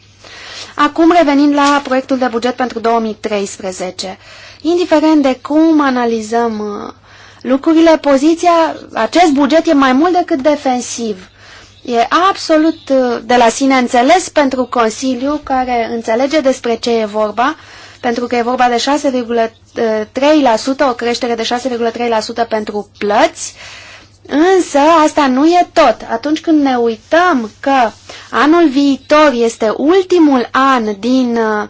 A: Acum revenind la proiectul de buget pentru 2013 indiferent de cum analizăm uh, lucrurile, poziția, acest buget e mai mult decât defensiv. E absolut uh, de la sine înțeles pentru Consiliu, care înțelege despre ce e vorba, pentru că e vorba de 6,3%, uh, o creștere de 6,3% pentru plăți, însă asta nu e tot. Atunci când ne uităm că anul viitor este ultimul an din uh,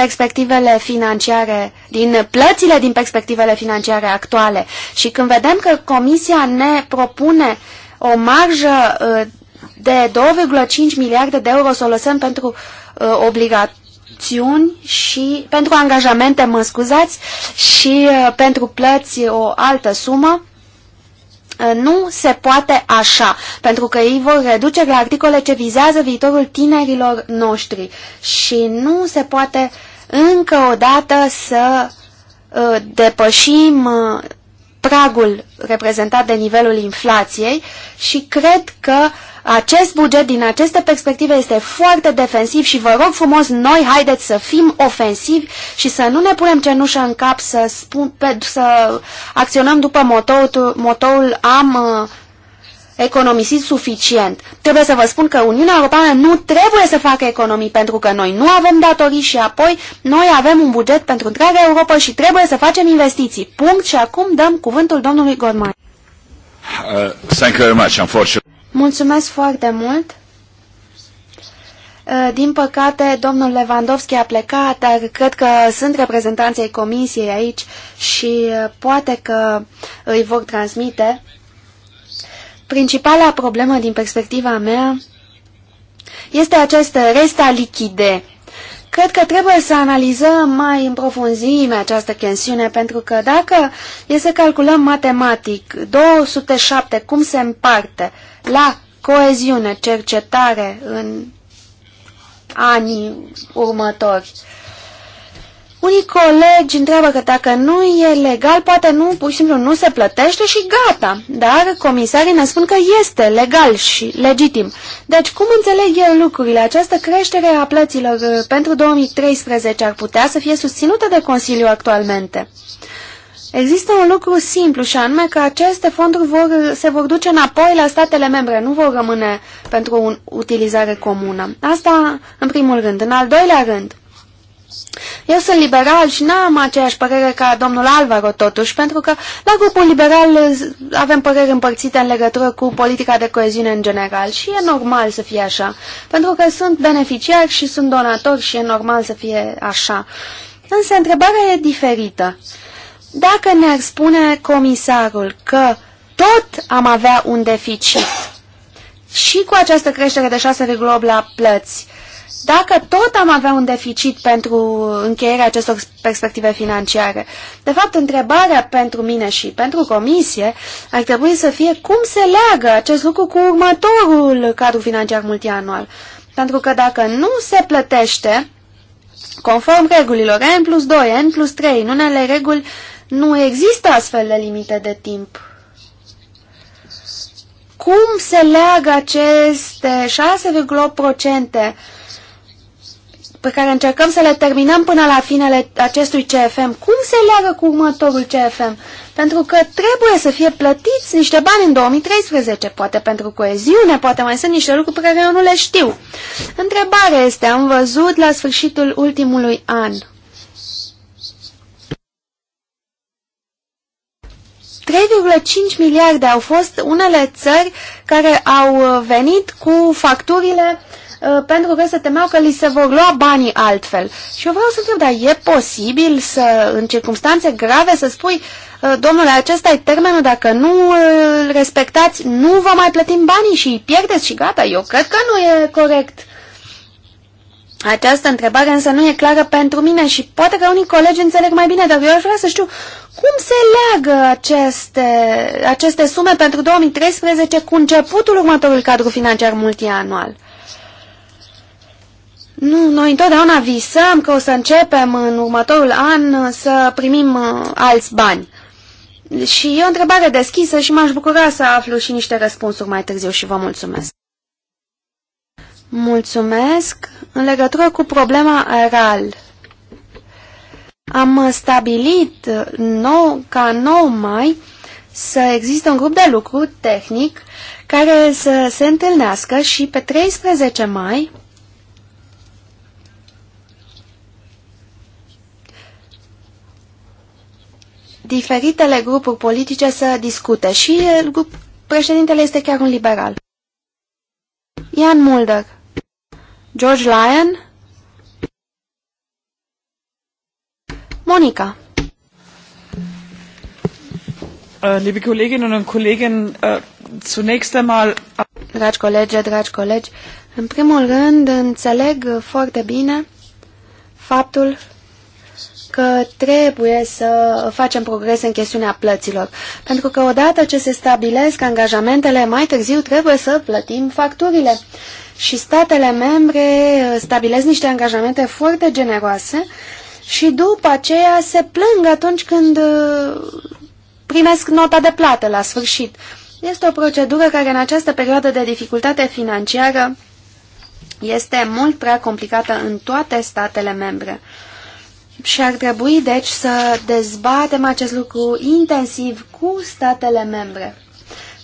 A: perspectivele financiare, din plățile din perspectivele financiare actuale. Și când vedem că Comisia ne propune o marjă uh, de 2,5 miliarde de euro să o lăsăm pentru uh, obligațiuni și pentru angajamente, mă scuzați, și uh, pentru plăți o altă sumă, nu se poate așa, pentru că ei vor reduce la articole ce vizează viitorul tinerilor noștri și nu se poate uh, încă o dată să ă, depășim ă, pragul reprezentat de nivelul inflației și cred că acest buget din aceste perspective este foarte defensiv și vă rog frumos, noi haideți să fim ofensivi și să nu ne punem cenușă în cap să, spun, pe, să acționăm după motoul, motoul am ă, Economisit suficient. Trebuie să vă spun că Uniunea Europeană nu trebuie să facă economii pentru că noi nu avem datorii și apoi noi avem un buget pentru întreaga Europa și trebuie să facem investiții. Punct și acum dăm cuvântul domnului Gormai.
B: Uh, thank you
A: Mulțumesc foarte mult. Uh, din păcate, domnul Lewandowski a plecat, dar cred că sunt reprezentanții comisiei aici și uh, poate că îi vor transmite. Principala problemă din perspectiva mea este această resta lichide. Cred că trebuie să analizăm mai în profunzime această chestiune, pentru că dacă e să calculăm matematic 207, cum se împarte la coeziune, cercetare în anii următori, unii colegi întreabă că dacă nu e legal, poate nu, pur și simplu nu se plătește și gata. Dar comisarii ne spun că este legal și legitim. Deci cum înțeleg eu lucrurile? Această creștere a plăților uh, pentru 2013 ar putea să fie susținută de Consiliu actualmente. Există un lucru simplu și anume că aceste fonduri vor, uh, se vor duce înapoi la statele membre, nu vor rămâne pentru o utilizare comună. Asta în primul rând. În al doilea rând, eu sunt liberal și n-am aceeași părere ca domnul Alvaro, totuși, pentru că la grupul liberal avem păreri împărțite în legătură cu politica de coeziune în general și e normal să fie așa, pentru că sunt beneficiari și sunt donatori și e normal să fie așa. Însă întrebarea e diferită. Dacă ne-ar spune comisarul că tot am avea un deficit și cu această creștere de 6,8 la plăți, dacă tot am avea un deficit pentru încheierea acestor perspective financiare. De fapt, întrebarea pentru mine și pentru comisie ar trebui să fie cum se leagă acest lucru cu următorul cadru financiar multianual. Pentru că dacă nu se plătește, conform regulilor N plus 2, N plus 3, în unele reguli nu există astfel de limite de timp cum se leagă aceste 6,8% pe care încercăm să le terminăm până la finele acestui CFM, cum se leagă cu următorul CFM? Pentru că trebuie să fie plătiți niște bani în 2013, poate pentru coeziune, poate mai sunt niște lucruri pe care eu nu le știu. Întrebarea este, am văzut la sfârșitul ultimului an. 3,5 miliarde au fost unele țări care au venit cu facturile Uh, pentru că se temeau că li se vor lua banii altfel. Și eu vreau să întreb, dar e posibil să, în circunstanțe grave, să spui, uh, domnule, acesta e termenul, dacă nu îl respectați, nu vă mai plătim banii și îi pierdeți și gata? Eu cred că nu e corect. Această întrebare însă nu e clară pentru mine și poate că unii colegi înțeleg mai bine, dar eu aș vrea să știu cum se leagă aceste, aceste sume pentru 2013 cu începutul următorului cadru financiar multianual. Nu, noi întotdeauna visăm că o să începem în următorul an să primim uh, alți bani. Și e o întrebare deschisă și m-aș bucura să aflu și niște răspunsuri mai târziu și vă mulțumesc. Mulțumesc. În legătură cu problema RAL, am stabilit nou, ca 9 mai să existe un grup de lucru tehnic care să se întâlnească și pe 13 mai diferitele grupuri politice să discute și grup, președintele este chiar un liberal. Ian Mulder, George Lyon, Monica. Äh, liebe Kolleginnen und Kollegen, äh, zunächst einmal... Dragi colegi, dragi colegi, în primul rând înțeleg foarte bine faptul că trebuie să facem progres în chestiunea plăților, pentru că odată ce se stabilesc angajamentele, mai târziu trebuie să plătim facturile. Și statele membre stabilesc niște angajamente foarte generoase și după aceea se plâng atunci când uh, primesc nota de plată la sfârșit. Este o procedură care în această perioadă de dificultate financiară este mult prea complicată în toate statele membre. Și ar trebui, deci, să dezbatem acest lucru intensiv cu statele membre.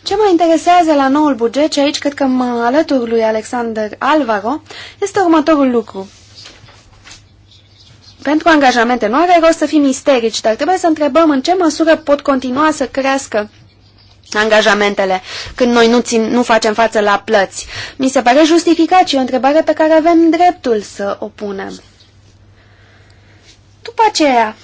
A: Ce mă interesează la noul buget, și aici cred că mă alătur lui Alexander Alvaro, este următorul lucru. Pentru angajamente nu are rost să fim isterici, dar trebuie să întrebăm în ce măsură pot continua să crească angajamentele când noi nu, țin, nu facem față la plăți. Mi se pare justificat și o întrebare pe care avem dreptul să o punem. După aceea,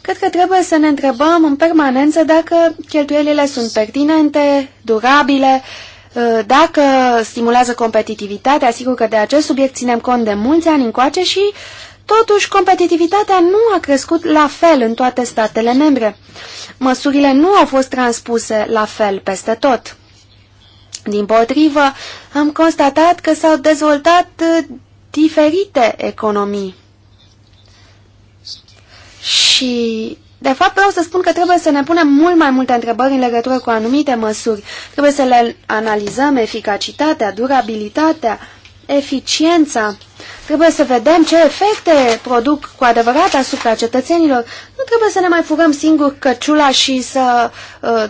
A: cred că trebuie să ne întrebăm în permanență dacă cheltuielile sunt pertinente, durabile, uh, dacă stimulează competitivitatea, sigur că de acest subiect ținem cont de mulți ani încoace și Totuși, competitivitatea nu a crescut la fel în toate statele membre. Măsurile nu au fost transpuse la fel peste tot. Din potrivă, am constatat că s-au dezvoltat uh, diferite economii. Și, de fapt, vreau să spun că trebuie să ne punem mult mai multe întrebări în legătură cu anumite măsuri. Trebuie să le analizăm eficacitatea, durabilitatea, eficiența Trebuie să vedem ce efecte produc cu adevărat asupra cetățenilor. Nu trebuie să ne mai furăm singur căciula și să uh,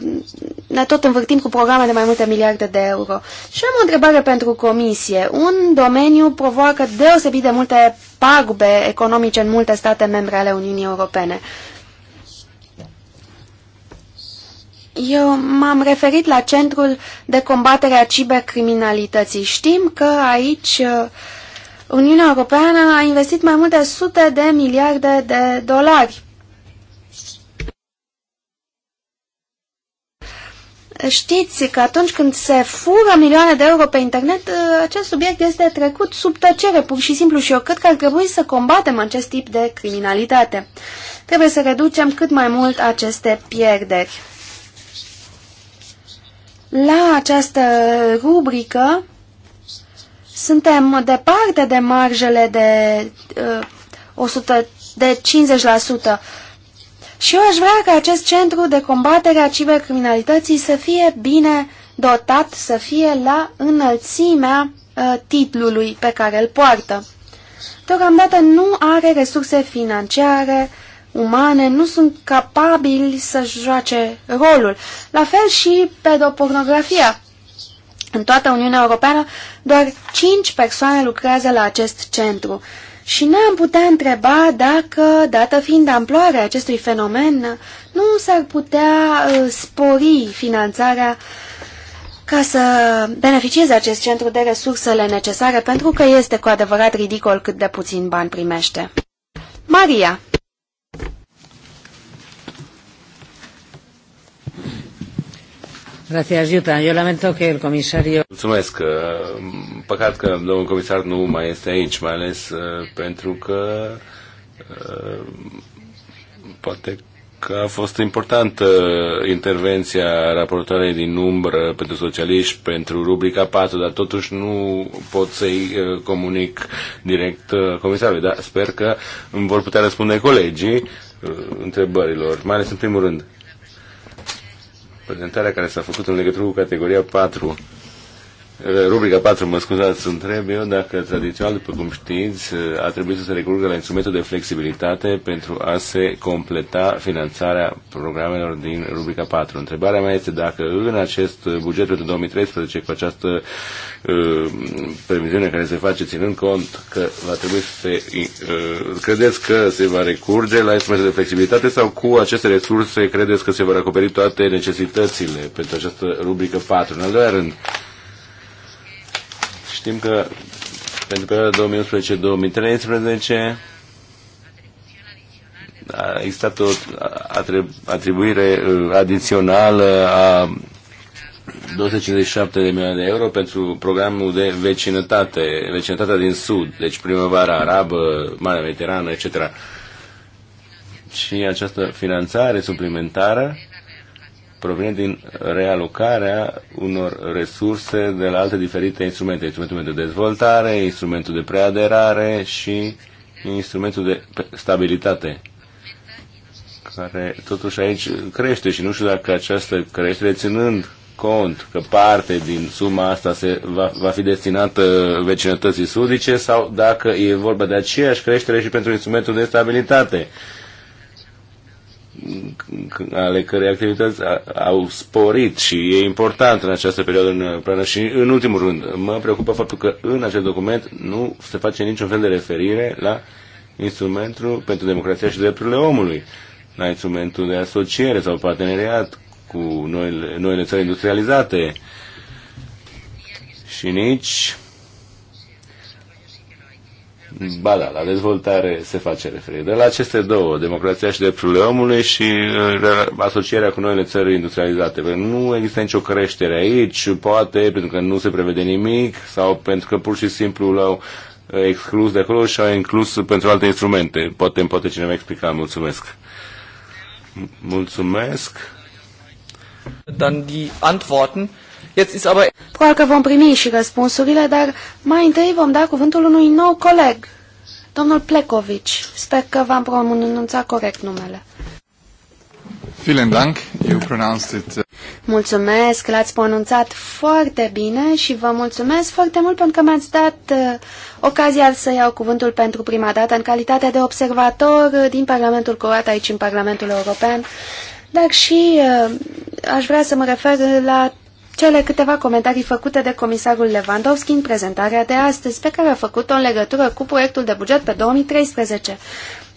A: ne tot învârtim cu programe de mai multe miliarde de euro. Și am o întrebare pentru comisie. Un domeniu provoacă deosebit de multe pagube economice în multe state membre ale Uniunii Europene. Eu m-am referit la Centrul de Combatere a Cibercriminalității. Știm că aici uh, Uniunea Europeană a investit mai multe sute de miliarde de dolari. Știți că atunci când se fură milioane de euro pe internet, ă, acest subiect este trecut sub tăcere, pur și simplu, și eu cred că ar trebui să combatem acest tip de criminalitate. Trebuie să reducem cât mai mult aceste pierderi. La această rubrică suntem departe de marjele de, uh, 100, de 50%. Și eu aș vrea ca acest centru de combatere a cibercriminalității să fie bine dotat, să fie la înălțimea uh, titlului pe care îl poartă. Deocamdată nu are resurse financiare, umane, nu sunt capabili să joace rolul. La fel și pedopornografia. În toată Uniunea Europeană, doar 5 persoane lucrează la acest centru. Și ne-am putea întreba dacă, dată fiind amploarea acestui fenomen, nu s-ar putea uh, spori finanțarea ca să beneficieze acest centru de resursele necesare, pentru că este cu adevărat ridicol cât de puțin bani primește. Maria
C: Gracias, Iuta. Eu lamento că el
B: comisario... Mulțumesc. Păcat că domnul comisar nu mai este aici, mai ales uh, pentru că uh, poate că a fost importantă intervenția raportoarei din umbră pentru socialiști, pentru rubrica 4, dar totuși nu pot să-i uh, comunic direct comisarului, dar sper că îmi vor putea răspunde colegii întrebărilor, mai ales în primul rând prezentarea care s-a făcut în legătură cu categoria 4 rubrica 4, mă scuzați, întreb eu dacă tradițional, după cum știți, a trebuit să se recurgă la instrumentul de flexibilitate pentru a se completa finanțarea programelor din rubrica 4. Întrebarea mea este dacă în acest buget pentru 2013, cu această uh, previziune care se face ținând cont că va trebui să se, uh, credeți că se va recurge la instrumentul de flexibilitate sau cu aceste resurse credeți că se vor acoperi toate necesitățile pentru această rubrică 4. În al doilea rând, Știm că pentru perioada 2011-2013 a existat o atribuire uh, adițională a 257 de milioane de euro pentru programul de vecinătate, vecinătatea din Sud, deci primăvara arabă, Marea Mediterană, etc. Și această finanțare suplimentară provine din realocarea unor resurse de la alte diferite instrumente, instrumentul de dezvoltare, instrumentul de preaderare și instrumentul de stabilitate, care totuși aici crește și nu știu dacă această creștere, ținând cont că parte din suma asta se va, va fi destinată vecinătății sudice sau dacă e vorba de aceeași creștere și pentru instrumentul de stabilitate ale cărei activități au sporit și e important în această perioadă în plană și în ultimul rând mă preocupă faptul că în acest document nu se face niciun fel de referire la instrumentul pentru democrația și drepturile omului, la instrumentul de asociere sau parteneriat cu noile, noile țări industrializate și nici Ba da, la dezvoltare se face referire. la aceste două, democrația și drepturile omului și uh, asocierea cu noile țări industrializate. Pentru păi că nu există nicio creștere aici, poate pentru că nu se prevede nimic sau pentru că pur și simplu l-au uh, exclus de acolo și au inclus pentru alte instrumente. Poate poate cineva explica. Mulțumesc. Mulțumesc.
C: Dann die Antworten.
A: Probabil că vom primi și răspunsurile, dar mai întâi vom da cuvântul unui nou coleg, domnul Plecovici. Sper că v-am pronunțat corect numele. Uh, mulțumesc, l-ați pronunțat foarte bine și vă mulțumesc foarte mult pentru că mi-ați dat uh, ocazia să iau cuvântul pentru prima dată în calitate de observator uh, din Parlamentul Croat aici în Parlamentul European, dar și uh, aș vrea să mă refer la cele câteva comentarii făcute de comisarul Lewandowski în prezentarea de astăzi, pe care a făcut-o în legătură cu proiectul de buget pe 2013.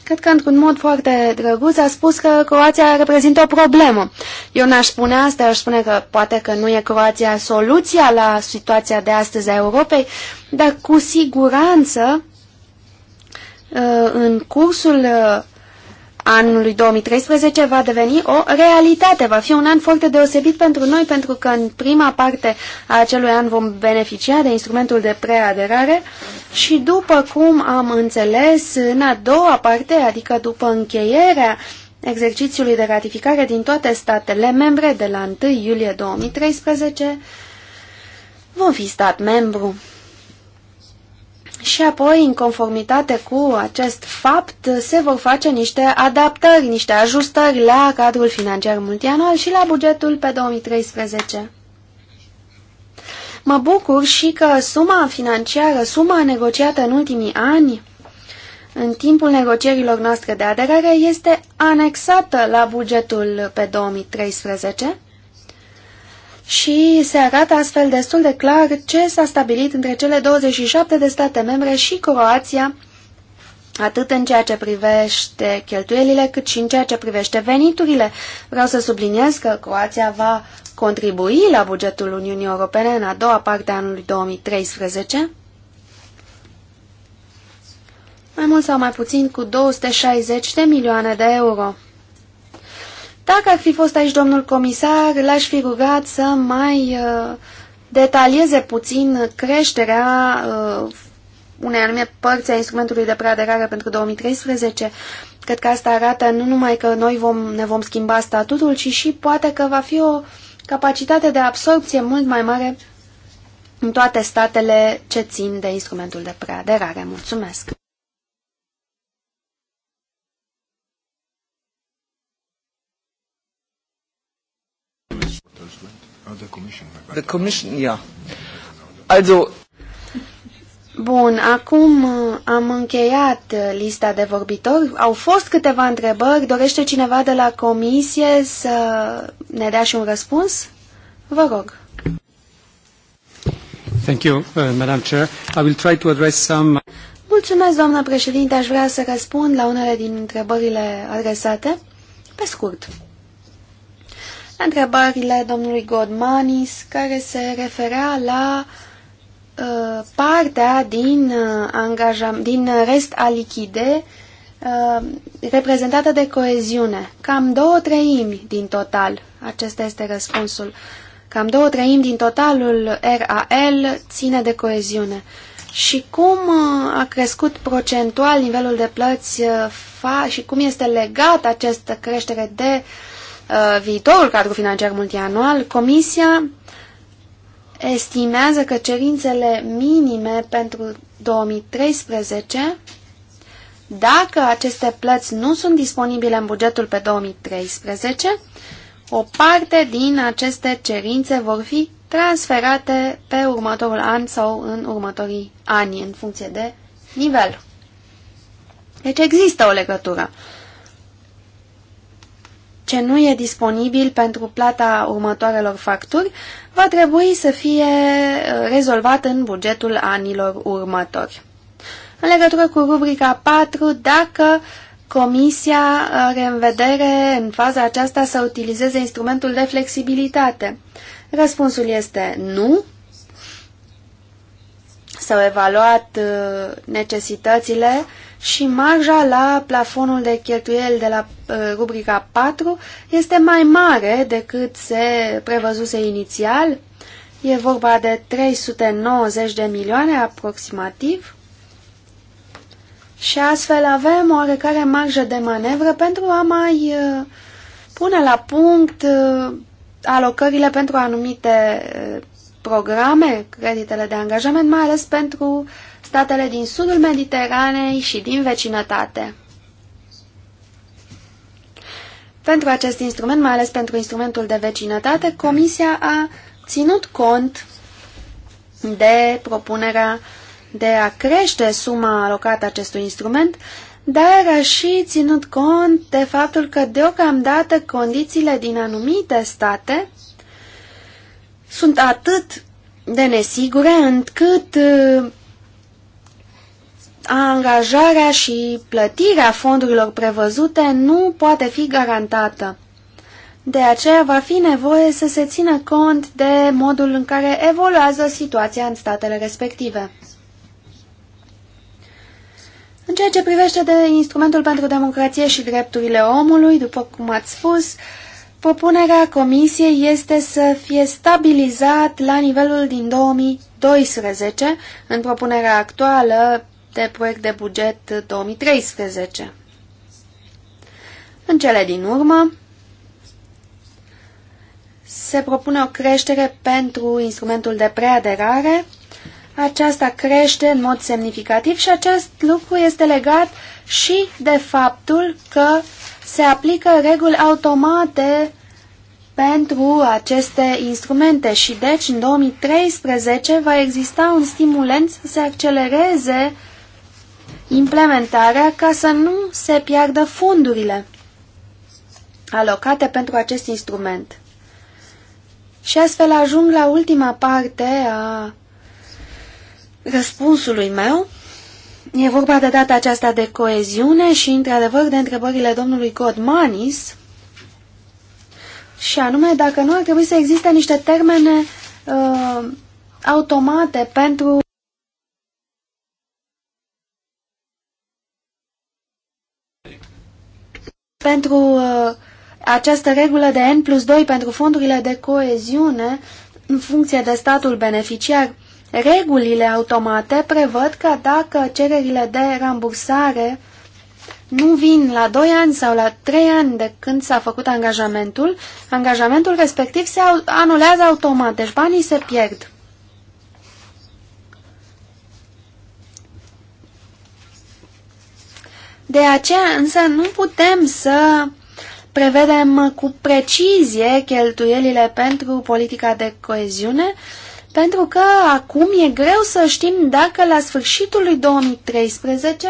A: Cred că într-un mod foarte drăguț a spus că Croația reprezintă o problemă. Eu n-aș spune asta, aș spune că poate că nu e Croația soluția la situația de astăzi a Europei, dar cu siguranță uh, în cursul uh, anului 2013 va deveni o realitate. Va fi un an foarte deosebit pentru noi, pentru că în prima parte a acelui an vom beneficia de instrumentul de preaderare și după cum am înțeles, în a doua parte, adică după încheierea exercițiului de ratificare din toate statele membre de la 1 iulie 2013, vom fi stat membru. Și apoi, în conformitate cu acest fapt, se vor face niște adaptări, niște ajustări la cadrul financiar multianual și la bugetul pe 2013. Mă bucur și că suma financiară, suma negociată în ultimii ani, în timpul negocierilor noastre de aderare, este anexată la bugetul pe 2013 și se arată astfel destul de clar ce s-a stabilit între cele 27 de state membre și Croația, atât în ceea ce privește cheltuielile, cât și în ceea ce privește veniturile. Vreau să subliniez că Croația va contribui la bugetul Uniunii Europene în a doua parte a anului 2013, mai mult sau mai puțin cu 260 de milioane de euro. Dacă ar fi fost aici domnul comisar, l-aș fi rugat să mai uh, detalieze puțin creșterea uh, unei anume părți a instrumentului de preaderare pentru 2013. Cred că asta arată nu numai că noi vom, ne vom schimba statutul, ci și poate că va fi o capacitate de absorpție mult mai mare în toate statele ce țin de instrumentul de preaderare. Mulțumesc!
C: the commission. The commission, yeah. Also...
A: Bun, acum uh, am încheiat uh, lista de vorbitori. Au fost câteva întrebări. Dorește cineva de la comisie să ne dea și un răspuns? Vă rog. Thank you, uh, Madam Chair. I will try to address some... Mulțumesc, doamnă președinte. Aș vrea să răspund la unele din întrebările adresate. Pe scurt întrebările domnului Godmanis, care se referea la uh, partea din, uh, angajam, din rest a lichide uh, reprezentată de coeziune. Cam două treimi din total, acesta este răspunsul. Cam două treimi din totalul RAL ține de coeziune. Și cum uh, a crescut procentual nivelul de plăți uh, fa și cum este legat această creștere de uh, Uh, viitorul cadru financiar multianual, Comisia estimează că cerințele minime pentru 2013, dacă aceste plăți nu sunt disponibile în bugetul pe 2013, o parte din aceste cerințe vor fi transferate pe următorul an sau în următorii ani, în funcție de nivel. Deci există o legătură ce nu e disponibil pentru plata următoarelor facturi va trebui să fie uh, rezolvat în bugetul anilor următori. În legătură cu rubrica 4, dacă Comisia are în vedere în faza aceasta să utilizeze instrumentul de flexibilitate, răspunsul este nu. S-au evaluat uh, necesitățile și marja la plafonul de cheltuieli de la uh, rubrica 4 este mai mare decât se prevăzuse inițial. E vorba de 390 de milioane aproximativ. Și astfel avem o oarecare marjă de manevră pentru a mai uh, pune la punct uh, alocările pentru anumite programe, creditele de angajament, mai ales pentru uh, statele din sudul Mediteranei și din vecinătate. Pentru acest instrument, mai ales pentru instrumentul de vecinătate, Comisia a ținut cont de propunerea de a crește suma alocată acestui instrument, dar a și ținut cont de faptul că deocamdată condițiile din anumite state sunt atât de nesigure încât uh, angajarea și plătirea fondurilor prevăzute nu poate fi garantată. De aceea va fi nevoie să se țină cont de modul în care evoluează situația în statele respective. În ceea ce privește de instrumentul pentru democrație și drepturile omului, după cum ați spus, propunerea Comisiei este să fie stabilizat la nivelul din 2012, în propunerea actuală de proiect de buget 2013. În cele din urmă, se propune o creștere pentru instrumentul de preaderare. Aceasta crește în mod semnificativ și acest lucru este legat și de faptul că se aplică reguli automate pentru aceste instrumente și deci în 2013 va exista un stimulent să se accelereze implementarea ca să nu se piardă fondurile alocate pentru acest instrument. Și astfel ajung la ultima parte a răspunsului meu. E vorba de data aceasta de coeziune și, într-adevăr, de întrebările domnului Godmanis, și anume dacă nu ar trebui să existe niște termene uh, automate pentru pentru uh, această regulă de N plus 2 pentru fondurile de coeziune în funcție de statul beneficiar. Regulile automate prevăd că dacă cererile de rambursare nu vin la 2 ani sau la 3 ani de când s-a făcut angajamentul, angajamentul respectiv se anulează automat, deci banii se pierd. De aceea însă nu putem să prevedem cu precizie cheltuielile pentru politica de coeziune, pentru că acum e greu să știm dacă la sfârșitul lui 2013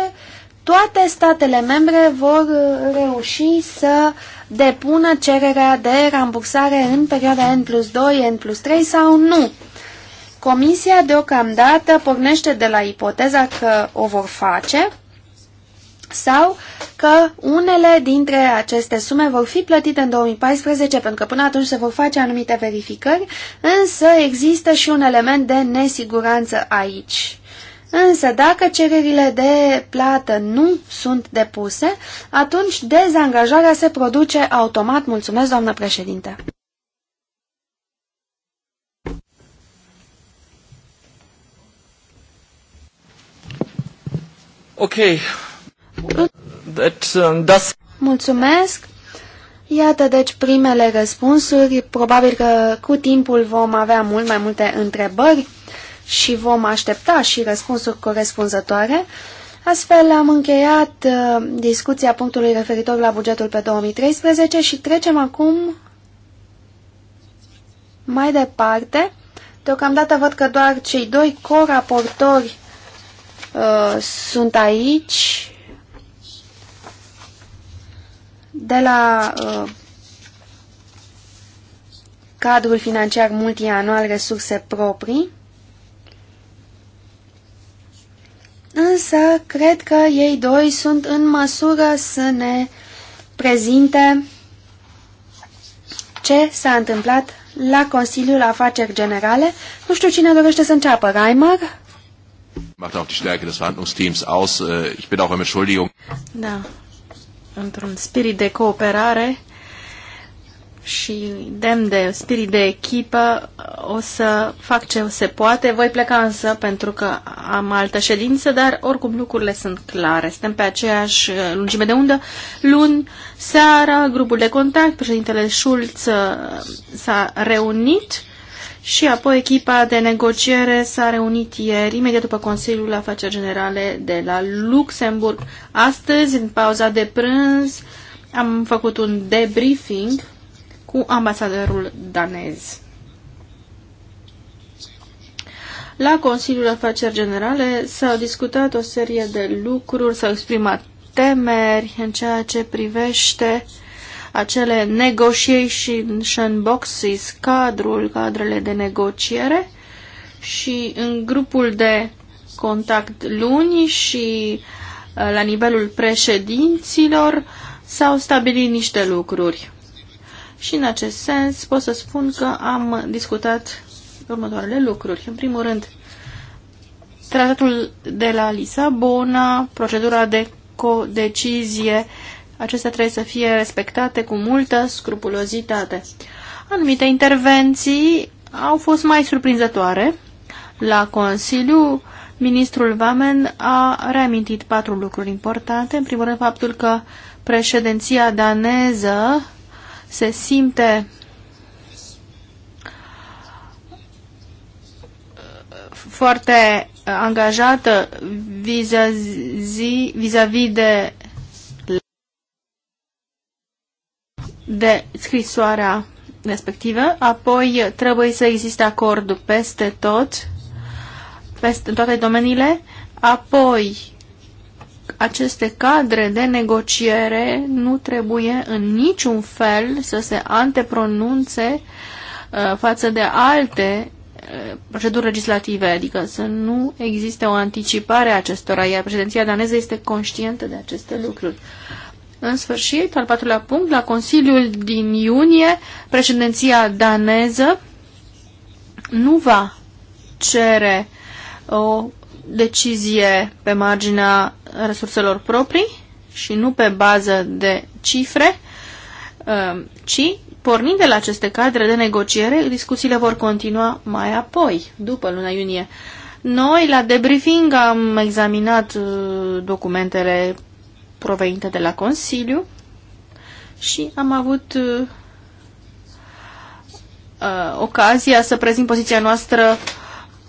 A: toate statele membre vor reuși să depună cererea de rambursare în perioada N plus 2, N plus 3 sau nu. Comisia deocamdată pornește de la ipoteza că o vor face, sau că unele dintre aceste sume vor fi plătite în 2014 pentru că până atunci se vor face anumite verificări, însă există și un element de nesiguranță aici. Însă dacă cererile de plată nu sunt depuse, atunci dezangajarea se produce automat. Mulțumesc, doamnă președinte!
C: Okay, Um,
A: Mulțumesc! Iată deci primele răspunsuri. Probabil că cu timpul vom avea mult mai multe întrebări și vom aștepta și răspunsuri corespunzătoare. Astfel am încheiat uh, discuția punctului referitor la bugetul pe 2013 și trecem acum mai departe. Deocamdată văd că doar cei doi coraportori uh, sunt aici de la uh, cadrul financiar multianual resurse proprii, însă cred că ei doi sunt în măsură să ne prezinte ce s-a întâmplat la Consiliul Afaceri Generale. Nu știu cine dorește să înceapă. Reimer?
B: Macht auch die Stärke des Verhandlungsteams aus. Äh, ich bin auch um Entschuldigung.
C: Da într-un spirit de cooperare și demn de spirit de echipă, o să fac ce se poate. Voi pleca însă pentru că am altă ședință, dar oricum lucrurile sunt clare. Suntem pe aceeași uh, lungime de undă. Luni, seara, grupul de contact, președintele Schulz uh, s-a reunit și apoi echipa de negociere s-a reunit ieri, imediat după Consiliul Afaceri Generale de la Luxemburg. Astăzi, în pauza de prânz, am făcut un debriefing cu ambasadorul danez. La Consiliul Afaceri Generale s-au discutat o serie de lucruri, s-au exprimat temeri în ceea ce privește uh, acele negotiation boxes, cadrul, cadrele de negociere și în grupul de contact luni și uh, la nivelul președinților s-au stabilit niște lucruri. Și în acest sens pot să spun că am discutat următoarele lucruri. În primul rând, tratatul de la Lisabona, procedura de codecizie Acestea trebuie să fie respectate cu multă scrupulozitate. Anumite intervenții au fost mai surprinzătoare. La Consiliu, ministrul Vamen a reamintit patru lucruri importante. În primul rând, faptul că președinția daneză se simte uh, foarte angajată vis-a-vis -vis, vis, -vis de de scrisoarea respectivă, apoi trebuie să existe acord peste tot, peste, în toate domeniile, apoi aceste cadre de negociere nu trebuie în niciun fel să se antepronunțe uh, față de alte uh, proceduri legislative, adică să nu existe o anticipare a acestora, iar președinția daneză este conștientă de aceste lucruri. În sfârșit, al patrulea punct, la Consiliul din iunie, președinția daneză nu va cere o decizie pe marginea resurselor proprii și nu pe bază de cifre, um, ci pornind de la aceste cadre de negociere, discuțiile vor continua mai apoi, după luna iunie. Noi, la debriefing, am examinat uh, documentele provenită de la Consiliu și am avut uh, uh, ocazia să prezint poziția noastră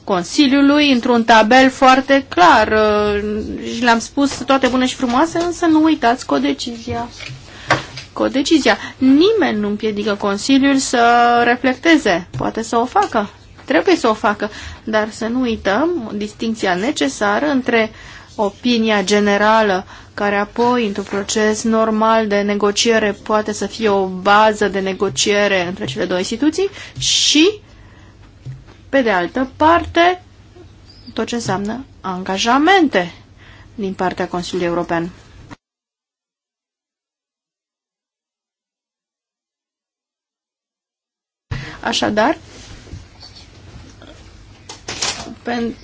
C: Consiliului într-un tabel foarte clar uh, și le-am spus toate bune și frumoase, însă nu uitați codecizia. Codecizia. Nimeni nu împiedică Consiliul să reflecteze. Poate să o facă. Trebuie să o facă. Dar să nu uităm distinția necesară între uh, opinia generală, care apoi, într-un proces normal de negociere, poate să fie o bază de negociere între cele două instituții și, pe de altă parte, tot ce înseamnă angajamente din partea Consiliului European. Așadar, pentru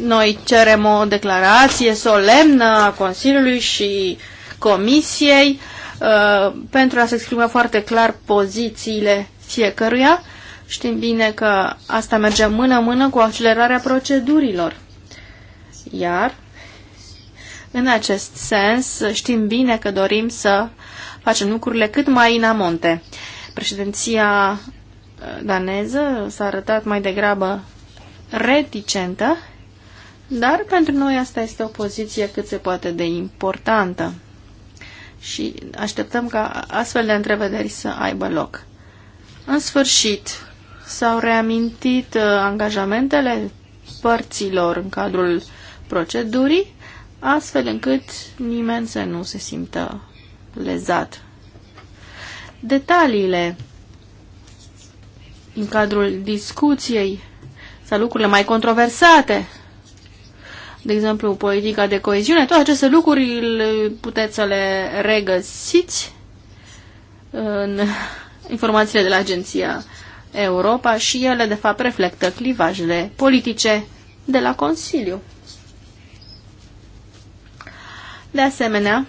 C: noi cerem o declarație solemnă a Consiliului și Comisiei uh, pentru a se exprima foarte clar pozițiile fiecăruia. Știm bine că asta merge mână-mână cu accelerarea procedurilor. Iar, în acest sens, știm bine că dorim să facem lucrurile cât mai în amonte. Președinția uh, daneză s-a arătat mai degrabă reticentă dar pentru noi asta este o poziție cât se poate de importantă și așteptăm ca astfel de întrevederi să aibă loc. În sfârșit, s-au reamintit uh, angajamentele părților în cadrul procedurii, astfel încât nimeni să nu se simtă lezat. Detaliile în cadrul discuției sau lucrurile mai controversate de exemplu, politica de coeziune, toate aceste lucruri puteți să le regăsiți în informațiile de la agenția Europa și ele, de fapt, reflectă clivajele politice de la Consiliu. De asemenea,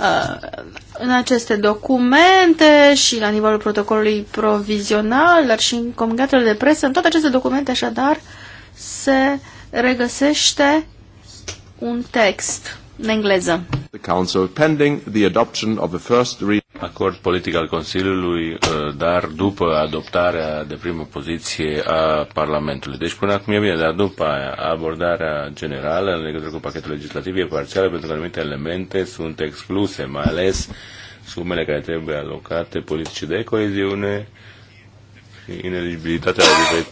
C: uh, în aceste documente și la nivelul protocolului provizional, dar și în comunicatele de presă, în toate aceste documente, așadar, se regăsește un text în engleză.
B: The Council pending the adoption of the first acord politic al Consiliului, uh, dar după adoptarea de primă poziție a Parlamentului. Deci până acum e bine, dar după aia, abordarea generală în legătură cu pachetul legislativ e parțială pentru că anumite elemente sunt excluse, mai ales sumele care trebuie alocate politicii de coeziune, fi ineligibilitatea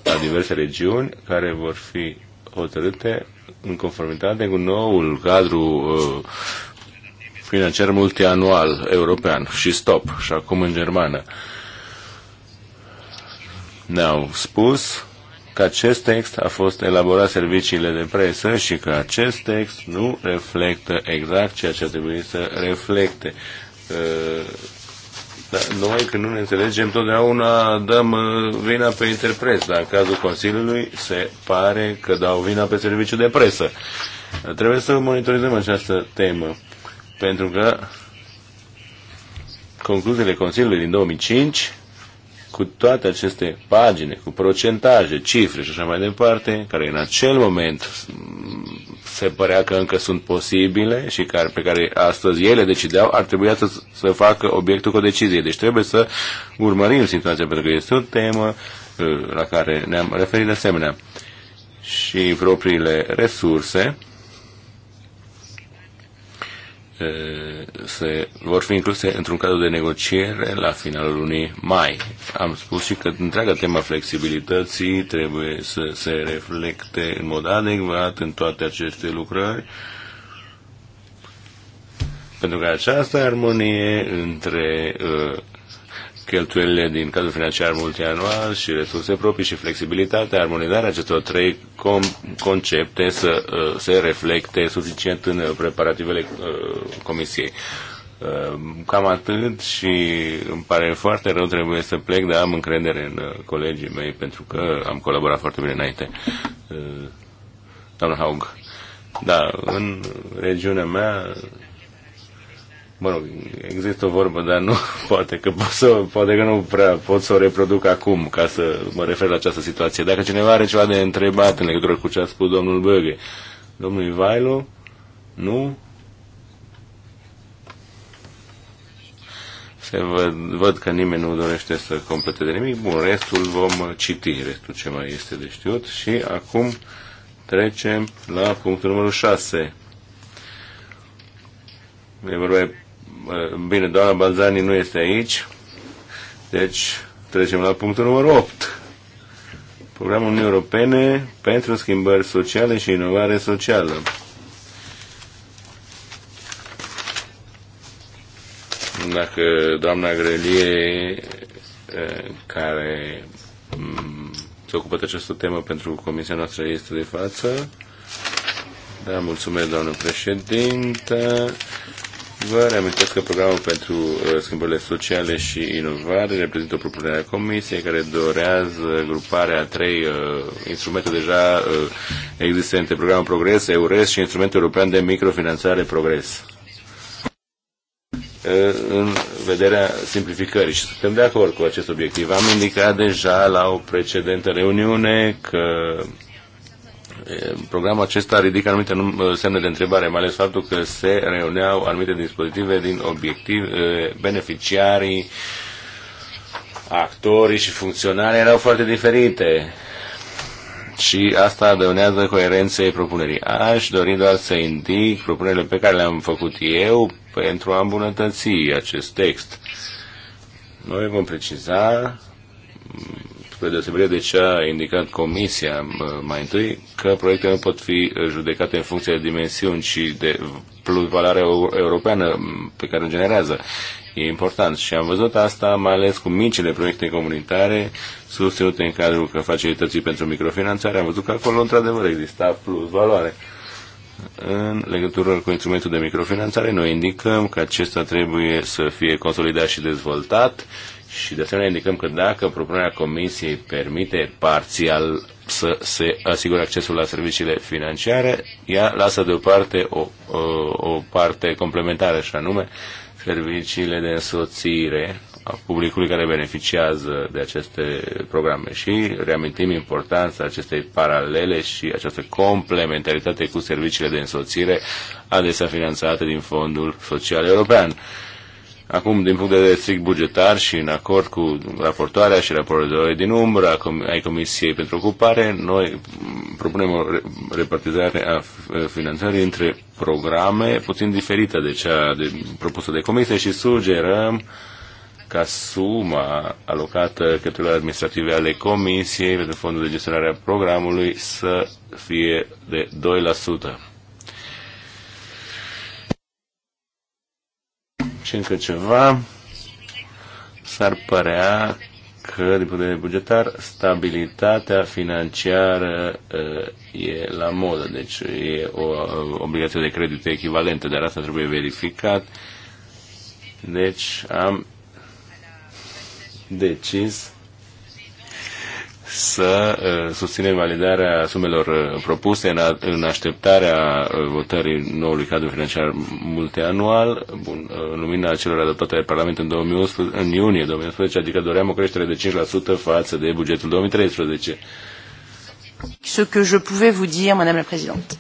B: la diverse regiuni care vor fi hotărâte în conformitate cu noul cadru uh, financiar multianual european și stop, și acum în germană. Ne-au spus că acest text a fost elaborat serviciile de presă și că acest text nu reflectă exact ceea ce trebuie să reflecte. Uh, da, noi, când nu ne înțelegem, totdeauna dăm uh, vina pe interpret. Dar în cazul Consiliului se pare că dau vina pe serviciu de presă. Trebuie să monitorizăm această temă. Pentru că concluziile Consiliului din 2005 cu toate aceste pagine, cu procentaje, cifre și așa mai departe, care în acel moment mm, se părea că încă sunt posibile și care, pe care astăzi ele decideau, ar trebui să, să facă obiectul cu o decizie. Deci trebuie să urmărim situația, pentru că este o temă uh, la care ne-am referit de asemenea. Și propriile resurse, se, vor fi incluse într-un cadru de negociere la finalul lunii mai. Am spus și că întreaga tema flexibilității trebuie să se reflecte în mod adecvat în toate aceste lucrări, pentru că această armonie între uh, cheltuielile din cadrul financiar multianual și resurse proprii și flexibilitatea, armonizarea acestor trei concepte să uh, se reflecte suficient în uh, preparativele uh, Comisiei. Cam atât și îmi pare foarte rău, trebuie să plec, dar am încredere în colegii mei pentru că am colaborat foarte bine înainte. Doamna Haug, da, în regiunea mea Mă rog, există o vorbă, dar nu, poate că, pot să, poate că nu prea pot să o reproduc acum, ca să mă refer la această situație. Dacă cineva are ceva de întrebat în legătură cu ce a spus domnul Böge, domnul Ivailo, nu? Se văd, văd că nimeni nu dorește să completeze nimic. Bun, restul vom citi, restul ce mai este de știut. Și acum trecem la punctul numărul 6. E vorba de Eh, bine, doamna Balzani nu este aici, deci trecem la punctul numărul 8. Programul Uniunii Europene pentru schimbări sociale și inovare socială. Dacă doamna Grelie, eh, care mm, se ocupă de această temă pentru comisia noastră, este de față, da, mulțumesc, doamnă președintă. Vă reamintesc că programul pentru uh, schimbările sociale și inovare reprezintă o propunere a Comisiei care dorează gruparea a trei uh, instrumente deja uh, existente, programul Progres, EURES și instrumentul european de microfinanțare Progres uh, în vederea simplificării și suntem de acord cu acest obiectiv. Am indicat deja la o precedentă reuniune că programul acesta ridică anumite semne de întrebare, mai ales faptul că se reuneau anumite dispozitive din obiectiv, beneficiarii, actorii și funcționarii erau foarte diferite. Și asta adăunează coerenței propunerii. Aș dori doar să indic propunerile pe care le-am făcut eu pentru a îmbunătăți acest text. Noi vom preciza spre deosebire de ce a indicat Comisia mai întâi, că proiectele nu pot fi judecate în funcție de dimensiuni, ci de plus valoarea europeană pe care o generează. E important și am văzut asta mai ales cu micile proiecte comunitare susținute în cadrul că facilității pentru microfinanțare. Am văzut că acolo într-adevăr exista plus valoare. În legătură cu instrumentul de microfinanțare, noi indicăm că acesta trebuie să fie consolidat și dezvoltat și de asemenea indicăm că dacă propunerea Comisiei permite parțial să se asigure accesul la serviciile financiare, ea lasă deoparte o, o, o parte complementară, și anume serviciile de însoțire a publicului care beneficiază de aceste programe și reamintim importanța acestei paralele și această complementaritate cu serviciile de însoțire adesea finanțate din Fondul Social European. Acum, din punct de vedere strict bugetar și în acord cu raportoarea și raportorii din umbră ai Comisiei pentru Ocupare, noi propunem o repartizare a finanțării între programe puțin diferită de cea de, propusă de Comisie și sugerăm ca suma alocată cheltuielor administrative ale Comisiei pentru fondul de gestionare a programului să fie de 2%. Și încă ceva, s-ar părea că, din punct de vedere bugetar, stabilitatea financiară uh, e la modă, deci e o uh, obligație de credit echivalentă, dar asta trebuie verificat. Deci am decis să uh, susținem validarea sumelor uh, propuse în, așteptarea uh, votării noului cadru financiar multianual, bun, în lumina celor adoptate de Parlament în, 2011, în iunie 2011, adică doream o creștere de 5% față de bugetul 2013.
C: Ce que je pouvais vous dire, Madame la Présidente.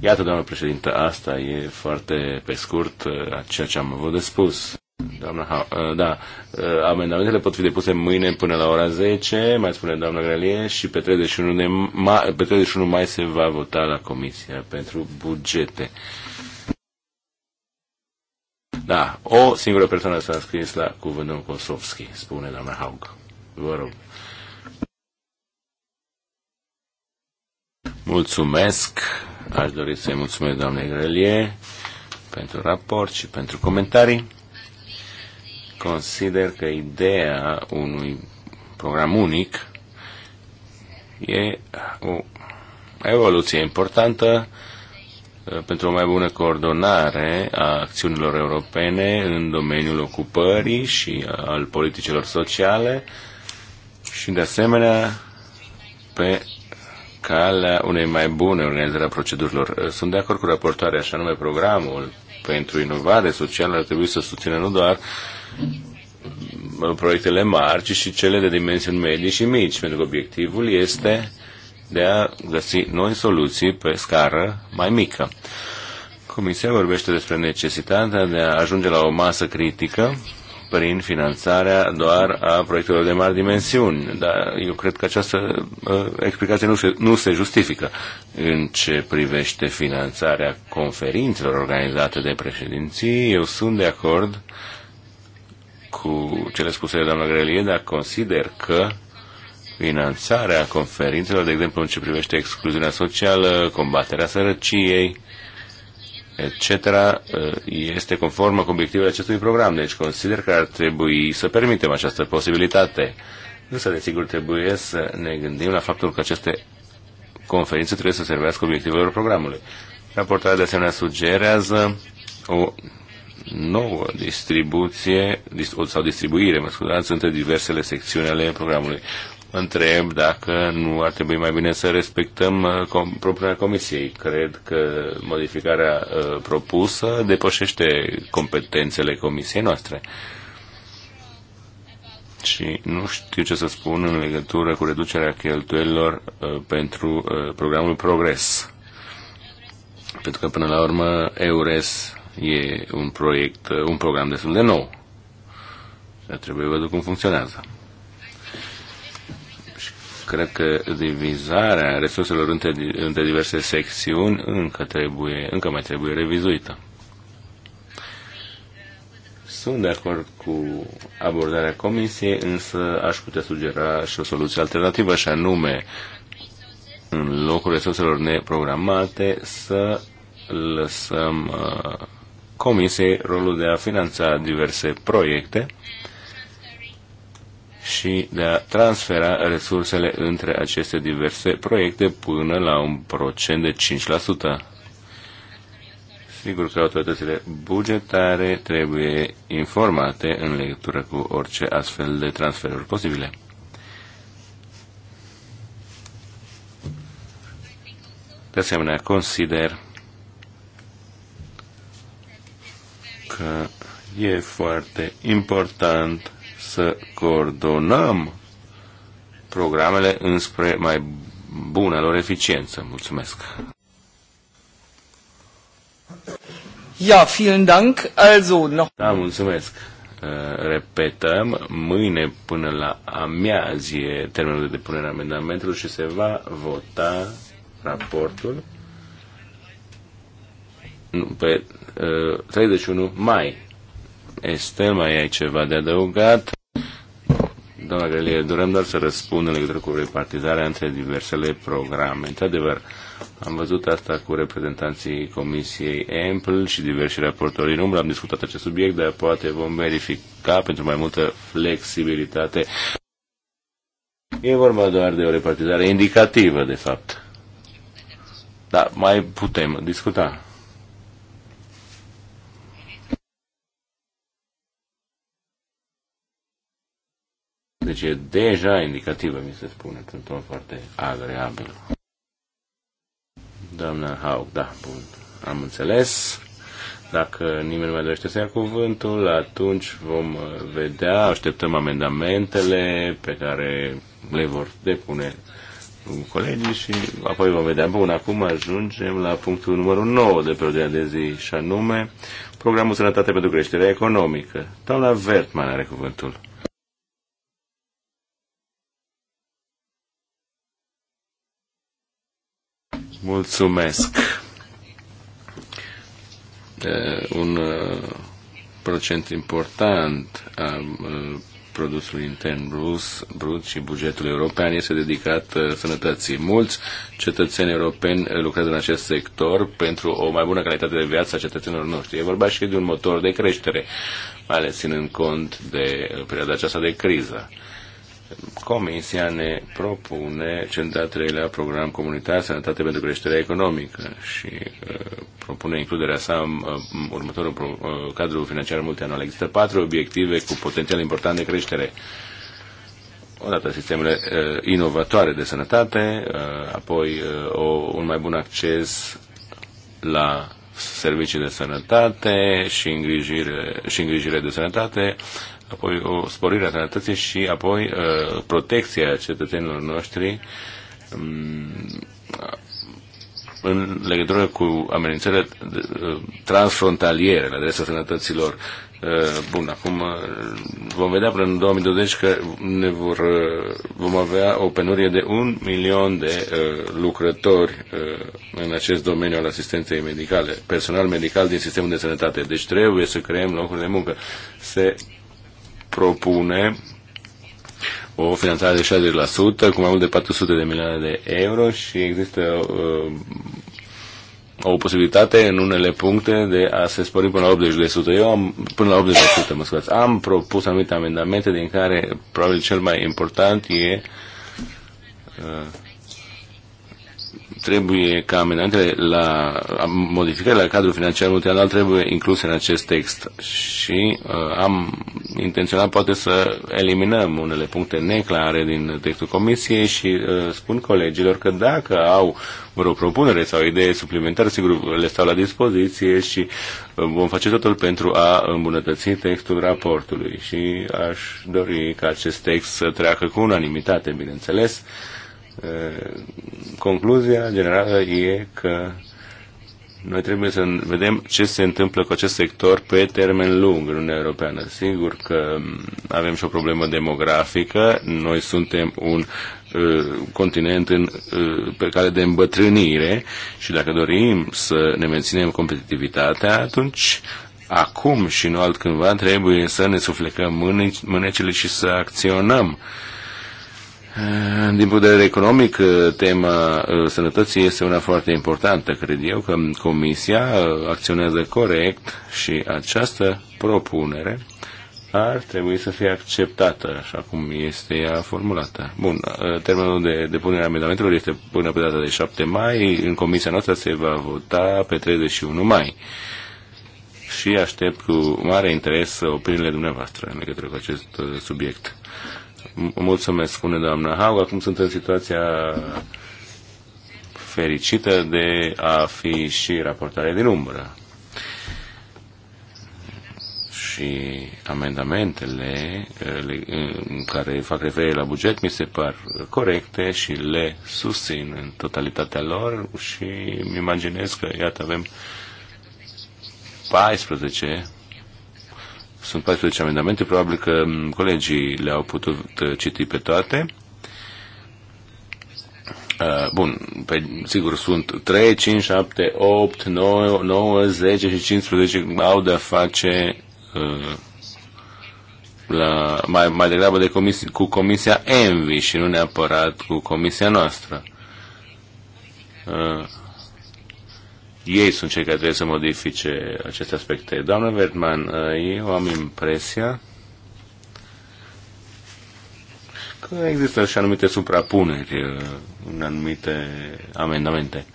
B: Iată, doamnă președintă, asta e foarte pe scurt ceea ce am avut de spus. Doamna, uh, da, uh, amendamentele pot fi depuse mâine până la ora 10, mai spune doamna Grelie, și pe 31, de ma, pe 31 mai se va vota la Comisia pentru bugete. Da, o singură persoană s-a înscris la cuvântul Kosovski, spune doamna Haug. Vă rog. Mulțumesc. Aș dori să-i mulțumesc doamnei Grelie pentru raport și pentru comentarii consider că ideea unui program unic e o evoluție importantă uh, pentru o mai bună coordonare a acțiunilor europene în domeniul ocupării și al politicilor sociale și, de asemenea, pe calea unei mai bune organizări a procedurilor. Uh, sunt de acord cu raportarea, așa nume programul pentru inovare socială ar trebui să susțină nu doar uh, proiectele mari, ci și cele de dimensiuni medii și mici, pentru că obiectivul este de a găsi noi soluții pe scară mai mică. Comisia vorbește despre necesitatea de a ajunge la o masă critică prin finanțarea doar a proiectelor de mari dimensiuni, dar eu cred că această uh, explicație nu se, nu se justifică în ce privește finanțarea conferințelor organizate de președinții. Eu sunt de acord cu cele spuse de doamna Grelie, dar consider că finanțarea conferințelor, de exemplu în ce privește excluziunea socială, combaterea sărăciei, etc., este conformă cu obiectivele acestui program. Deci consider că ar trebui să permitem această posibilitate. Însă, desigur, trebuie să ne gândim la faptul că aceste conferințe trebuie să servească obiectivelor programului. Raportarea de asemenea sugerează o nouă distribuție sau distribuire, mă scuzați, între diversele secțiuni ale programului. Întreb dacă nu ar trebui mai bine să respectăm uh, com- propunerea Comisiei. Cred că modificarea uh, propusă depășește competențele Comisiei noastre. Și nu știu ce să spun în legătură cu reducerea cheltuielor uh, pentru uh, programul Progres. Pentru că, până la urmă, EURES E un proiect, un program destul de nou. Și trebuie văzut cum funcționează. Și cred că divizarea resurselor între, între diverse secțiuni încă, trebuie, încă mai trebuie revizuită. Sunt de acord cu abordarea comisiei, însă aș putea sugera și o soluție alternativă, și anume, în locul resurselor neprogramate, să lăsăm uh, Comisiei rolul de a finanța diverse proiecte și de a transfera resursele între aceste diverse proiecte până la un procent de 5%. Sigur că autoritățile bugetare trebuie informate în legătură cu orice astfel de transferuri posibile. De asemenea, consider că e foarte important să coordonăm programele înspre mai bună lor eficiență. Mulțumesc! Ja, vielen Dank. Also, noch... Da, mulțumesc. Repetăm, mâine până la amiază e termenul de depunere a amendamentului și se va vota raportul Nu pe 31 uh, mai. Este mai ai ceva de adăugat? Doamna Grelie, dorem doar să răspund în legătură cu repartizarea între diversele programe. Într-adevăr, am văzut asta cu reprezentanții Comisiei Ample și diversi raportori în umbră. Am discutat acest subiect, dar poate vom verifica pentru mai multă flexibilitate. E vorba doar de o repartizare indicativă, de fapt. Dar mai putem discuta. deci e deja indicativă, mi se spune, într-un ton foarte agreabil. Doamna Haug, da, bun, am înțeles. Dacă nimeni nu mai dorește să ia cuvântul, atunci vom uh, vedea, așteptăm amendamentele pe care le vor depune colegii și apoi vom vedea. Bun, acum ajungem la punctul numărul 9 de pe ordinea de zi și anume Programul Sănătate pentru Creșterea Economică. Doamna Vertman are cuvântul. Mulțumesc. Un procent important a produsului intern brus, brut și bugetul european este dedicat sănătății. Mulți cetățeni europeni lucrează în acest sector pentru o mai bună calitate de viață a cetățenilor noștri. E vorba și de un motor de creștere, mai ales ținând cont de perioada aceasta de criză. Comisia ne propune cel de-al treilea program comunitar Sănătate pentru Creșterea Economică și uh, propune includerea sa în uh, următorul pro, uh, cadru financiar multianual. Există patru obiective cu potențial important de creștere. Odată sistemele uh, inovatoare de sănătate, uh, apoi uh, o, un mai bun acces la servicii de sănătate și îngrijire, și îngrijire de sănătate, apoi o sporire a sănătății și apoi uh, protecția cetățenilor noștri um, în legătură cu amenințările uh, transfrontaliere la adresa sănătăților. Uh, bun, acum vom vedea până în 2020 că ne vor, vom avea o penurie de un milion de lucrători în acest domeniu al asistenței medicale, personal medical din sistemul de sănătate. Deci trebuie să creăm locuri de muncă. Se propune o finanțare de 60% cu mai mult de 400 de milioane de euro și există uh, o posibilitate în unele puncte de a se spori până la 80%. Eu am, până la 80%, mă scuzați. Am propus anumite amendamente din care probabil cel mai important e uh, trebuie ca amendamentele la modificare la cadrul financiar multianual trebuie incluse în acest text și uh, am intenționat poate să eliminăm unele puncte neclare din textul comisiei și uh, spun colegilor că dacă au vreo propunere sau idee suplimentară, sigur le stau la dispoziție și uh, vom face totul pentru a îmbunătăți textul raportului și aș dori ca acest text să treacă cu unanimitate, bineînțeles, Eh, concluzia generală e că noi trebuie să vedem ce se întâmplă cu acest sector pe termen lung în Uniunea Europeană. Sigur că mm, avem și o problemă demografică. Noi suntem un eh, continent în, eh, pe care de îmbătrânire și dacă dorim să ne menținem competitivitatea, atunci acum și nu altcândva trebuie să ne suflecăm mânecile și să acționăm. Uh, Eh, din punct de vedere economic, eh, tema eh, sănătății este una foarte importantă. Cred eu că Comisia acționează corect și această propunere ar trebui să fie acceptată așa cum este ea formulată. Bun, termenul de depunere a amendamentelor este până pe data de 7 mai. În comisia noastră se va vota pe 31 mai. Și aștept cu mare interes opiniile dumneavoastră în legătură cu acest subiect. Mulțumesc, spune doamna Hau. Acum sunt în situația fericită de a fi și raportare din umbră. Și amendamentele uh, uh, care fac referire la buget mi se par corecte și le susțin în totalitatea lor și îmi imaginez că, iată, avem 14 sunt 14 amendamente, probabil că mm, colegii le-au putut uh, citi pe toate. Uh, bun, pe, sigur, sunt 3, 5, 7, 8, 9, 9, 10 și 15 au de-a face uh, la, mai, mai degrabă de comis, cu comisia Envi și nu neapărat cu comisia noastră. Uh, ei sunt cei care trebuie să modifice aceste aspecte. Doamna Vertman, eh, eu am impresia că există și anumite suprapuneri eh, în anumite amendamente.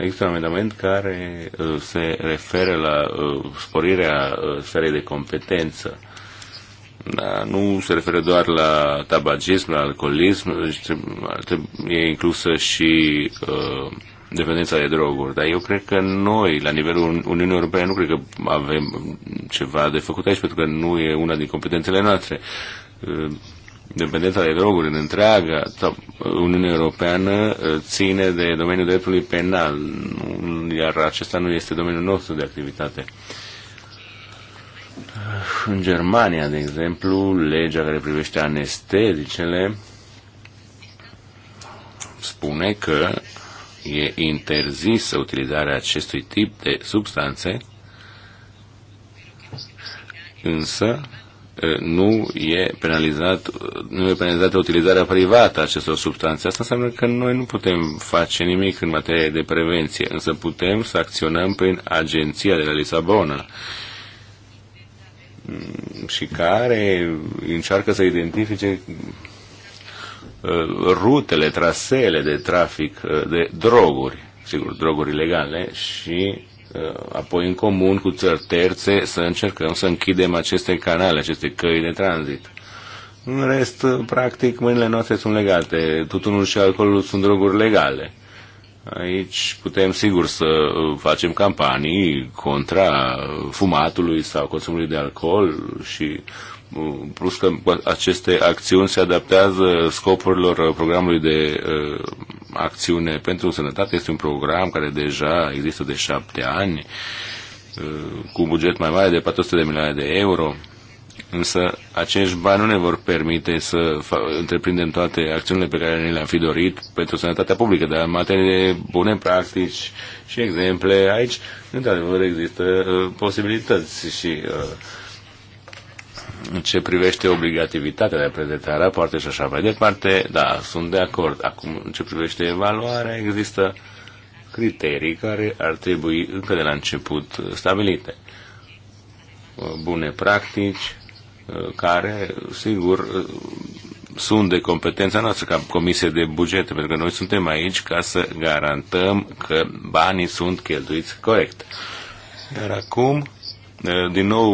B: Există un amendament care eh, se referă la sporirea sferei de competență. Da, nu se referă doar la tabagism, la alcoolism, deci, e inclusă și uh, dependența de droguri. Dar eu cred că noi, la nivelul Uniunii Europene, nu cred că avem ceva de făcut aici, pentru că nu e una din competențele noastre. Uh, dependența de droguri în întreaga Uniunea Europeană uh, ține de domeniul dreptului penal, iar acesta nu este domeniul nostru de activitate. Uh, în Germania, de exemplu, legea care privește anestezicele spune că e interzisă utilizarea acestui tip de substanțe, însă nu e, penalizat, nu e penalizată utilizarea privată a acestor substanțe. Asta înseamnă că noi nu putem face nimic în materie de prevenție, însă putem să acționăm prin agenția de la Lisabona și care încearcă să identifice Uh, rutele, traseele de trafic uh, de droguri, sigur, droguri ilegale și uh, apoi în comun cu țări terțe să încercăm să închidem aceste canale, aceste căi de tranzit. În rest, practic, mâinile noastre sunt legate. Tutunul și alcoolul sunt droguri legale. Aici putem sigur să facem campanii contra fumatului sau consumului de alcool și plus că aceste acțiuni se adaptează scopurilor programului de uh, acțiune pentru sănătate. Este un program care deja există de șapte ani, uh, cu un buget mai mare de 400 de milioane de euro. Însă acești bani nu ne vor permite să întreprindem toate acțiunile pe care ne le-am fi dorit pentru sănătatea publică, dar în materie de bune practici și exemple aici, într-adevăr există uh, posibilități și uh, în ce privește obligativitatea de a prezenta rapoarte și așa mai departe, da, sunt de acord. Acum, în ce privește evaluarea, există criterii care ar trebui încă de la început stabilite. Bune practici, care, sigur, sunt de competența noastră ca comisie de bugete, pentru că noi suntem aici ca să garantăm că banii sunt cheltuiți corect. Dar acum, Eh, din nou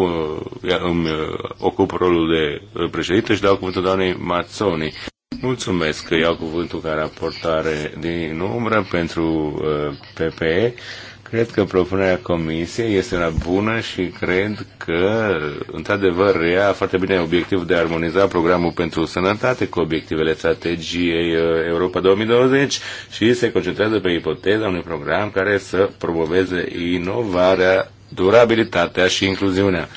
B: eh, îmi eh, ocup rolul de președinte și dau cuvântul doamnei Mazzoni. Mulțumesc că iau cuvântul ca raportare din umbră pentru PPE. Cred că propunerea comisiei este una bună și cred că, într-adevăr, ea foarte bine obiectivul de a armoniza programul pentru sănătate cu obiectivele strategiei Europa 2020 și se concentrează pe ipoteza unui program care să promoveze inovarea durabilitatea și incluziunea.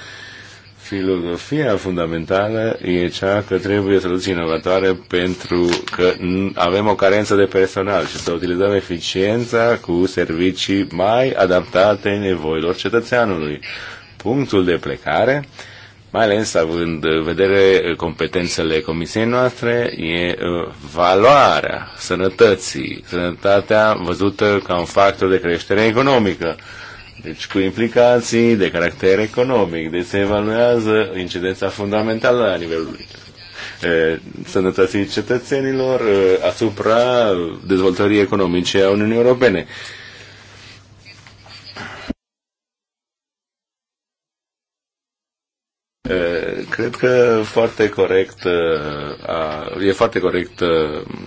B: Filozofia fundamentală e cea că trebuie soluții inovatoare pentru că avem o carență de personal și să utilizăm eficiența cu servicii mai adaptate nevoilor cetățeanului. Punctul de plecare mai ales având în vedere competențele comisiei noastre, e uh, valoarea sănătății, sănătatea văzută ca un factor de creștere economică. Deci cu implicații de caracter economic, deci se evaluează incidența fundamentală a nivelului sănătății cetățenilor asupra dezvoltării economice a Uniunii Europene. Cred că foarte corect, e foarte corect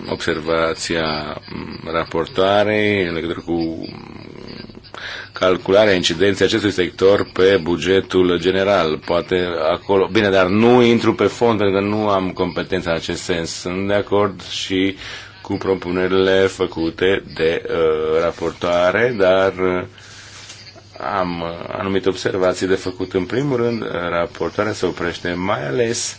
B: observația raportoarei în legătură cu calcularea incidenței acestui sector pe bugetul general. Poate acolo. Bine, dar nu intru pe fond pentru că nu am competența în acest sens. Sunt de acord și cu propunerile făcute de uh, raportoare, dar uh, am uh, anumite observații de făcut. În primul rând, uh, raportoarea se oprește mai ales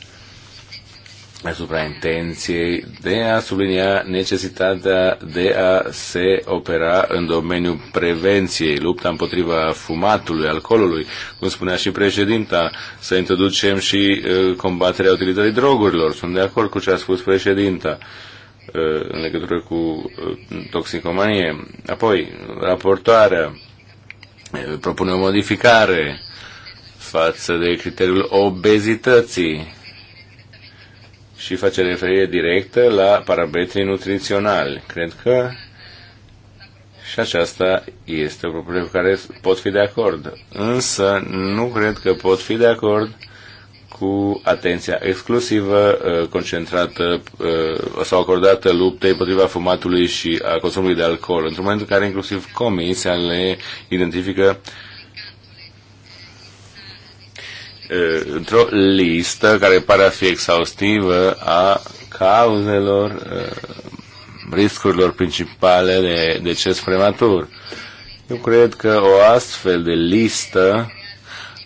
B: asupra intenției de a sublinia necesitatea de a se opera în domeniul prevenției, lupta împotriva fumatului, alcoolului, cum spunea și președinta, să introducem și uh, combaterea utilizării drogurilor. Sunt de acord cu ce a spus președinta uh, în legătură cu uh, toxicomanie. Apoi, raportoarea uh, propune o modificare față de criteriul obezității și face referire directă la parametrii nutriționali. Cred că și aceasta este o problemă cu care pot fi de acord. Însă nu cred că pot fi de acord cu atenția exclusivă uh, concentrată uh, sau acordată luptei împotriva fumatului și a consumului de alcool, într-un moment în care inclusiv comisia le identifică Uh, într-o listă care pare a fi exhaustivă a cauzelor, uh, riscurilor principale de deces prematur. Eu cred că o astfel de listă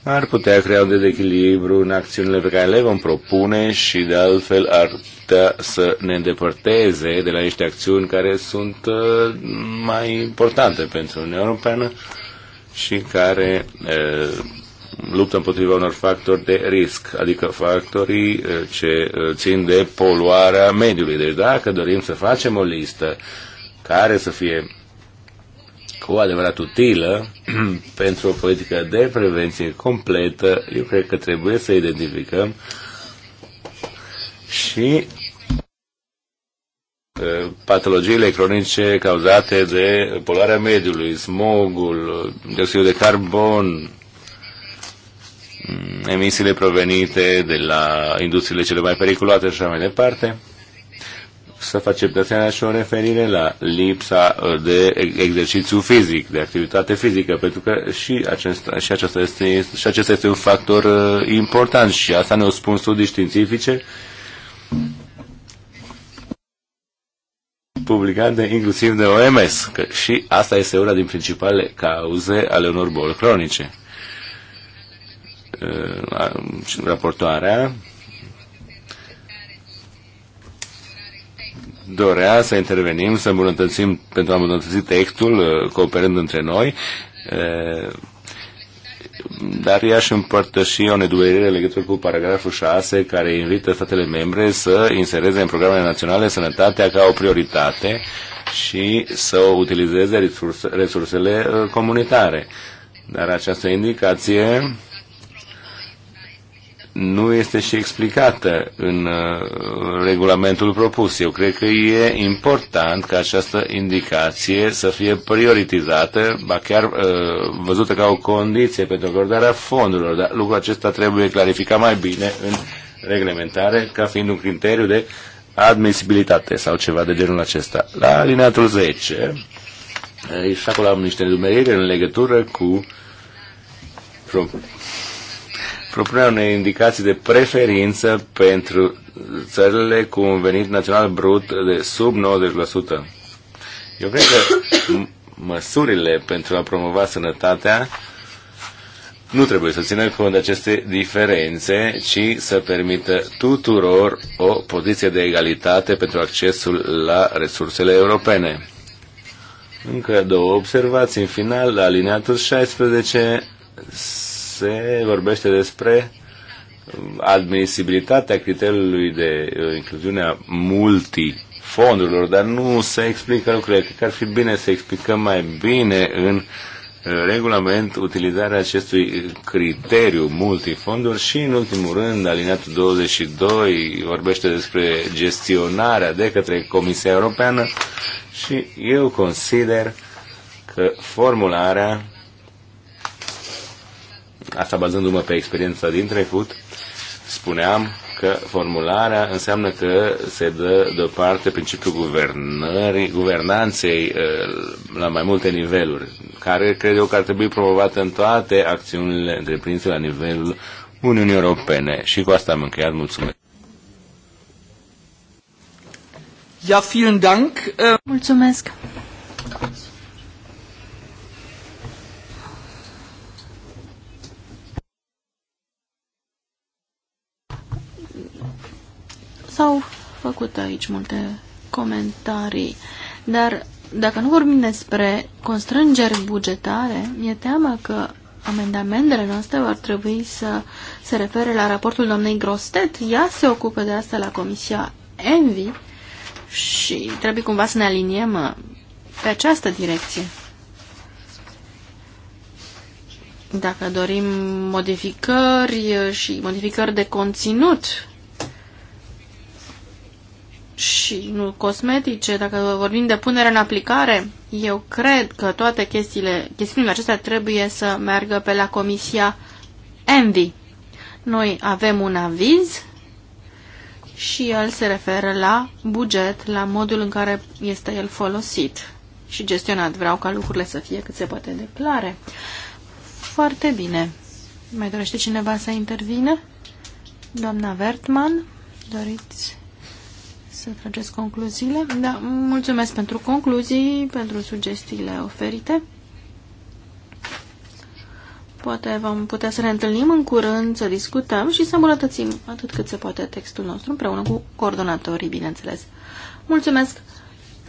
B: ar putea crea un dezechilibru în acțiunile pe care le vom propune și de altfel ar putea să ne îndepărteze de la niște acțiuni care sunt uh, mai importante pentru Uniunea Europeană și care luptă împotriva unor factori de risc, adică factorii eh, ce eh, țin de poluarea mediului. Deci dacă dorim să facem o listă care să fie cu adevărat utilă pentru o politică de prevenție completă, eu cred că trebuie să identificăm și eh, patologiile cronice cauzate de poluarea mediului, smogul, dioxidul de carbon, Mm, emisiile provenite de la industriile cele mai periculoase și așa mai departe. Să facem de asemenea și o referire la lipsa uh, de exercițiu fizic, de activitate fizică, pentru că și acesta, și acesta, este, și acesta este un factor uh, important și asta ne-o spun studii științifice publicate, inclusiv de OMS, că și asta este una din principalele cauze ale unor boli cronice raportoarea dorea să intervenim, să îmbunătățim pentru a îmbunătăți textul uh, cooperând între noi uh, dar ea își împărtăși o nedumerire legătură cu paragraful 6 care invită statele membre să insereze în programele naționale sănătatea ca o prioritate și să utilizeze resurse, resursele uh, comunitare. Dar această indicație nu este și explicată în uh, regulamentul propus. Eu cred că e important ca această indicație să fie prioritizată, ba chiar uh, văzută ca o condiție pentru acordarea fondurilor, dar lucrul acesta trebuie clarificat mai bine în reglementare ca fiind un criteriu de admisibilitate sau ceva de genul acesta. La alineatul 10, uh, și acolo am niște dumeriri în legătură cu Propunea unei indicații de preferință pentru țările cu un venit național brut de sub 90%. Eu cred că măsurile pentru a promova sănătatea nu trebuie să țină cont de aceste diferențe, ci să permită tuturor o poziție de egalitate pentru accesul la resursele europene. Încă două observații în final, la alineatul 16 se vorbește despre admisibilitatea criteriului de uh, incluziune a multifondurilor, dar nu se explică lucrurile. Cred că ar fi bine să explicăm mai bine în uh, regulament utilizarea acestui criteriu multifonduri și, în ultimul rând, alineatul 22 vorbește despre gestionarea de către Comisia Europeană și eu consider că formularea asta bazându-mă pe experiența din trecut, spuneam că formularea înseamnă că se dă deoparte principiul guvernării, guvernanței uh, la mai multe niveluri, care cred eu că ar trebui promovată în toate acțiunile întreprinse la nivelul Uniunii Europene. Și cu asta am încheiat. Mulțumesc!
C: Ja, vielen Dank. Mulțumesc. S-au făcut aici multe comentarii, dar dacă nu vorbim despre constrângeri bugetare, mi-e teamă că amendamentele noastre ar trebui să se refere la raportul doamnei Grostet. Ea se ocupă de asta la Comisia Envi și trebuie cumva să ne aliniem uh, pe această direcție. Dacă dorim modificări și modificări de conținut și nu cosmetice, dacă vorbim de punere în aplicare, eu cred că toate chestiile, chestiunile acestea trebuie să meargă pe la Comisia Envy. Noi avem un aviz și el se referă la buget, la modul în care este el folosit și gestionat. Vreau ca lucrurile să fie cât se poate de clare. Foarte bine. Mai dorește cineva să intervină? Doamna Vertman, doriți să trageți concluziile. Da, mulțumesc pentru concluzii, pentru sugestiile oferite. Poate vom putea să ne întâlnim în curând, să discutăm și să îmbunătățim atât cât se poate textul nostru, împreună cu coordonatorii, bineînțeles. Mulțumesc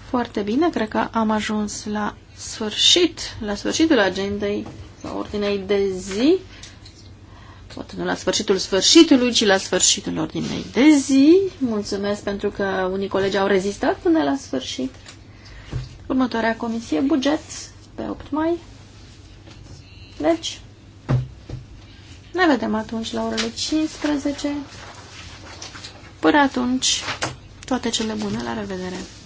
C: foarte bine, cred că am ajuns la sfârșit, la sfârșitul agendei sau ordinei de zi poate nu la sfârșitul sfârșitului, ci la sfârșitul ordinei de zi. Mulțumesc pentru că unii colegi au rezistat până la sfârșit. Următoarea comisie, buget, pe 8 mai. Deci, ne vedem atunci la orele 15. Până atunci, toate cele bune, la revedere!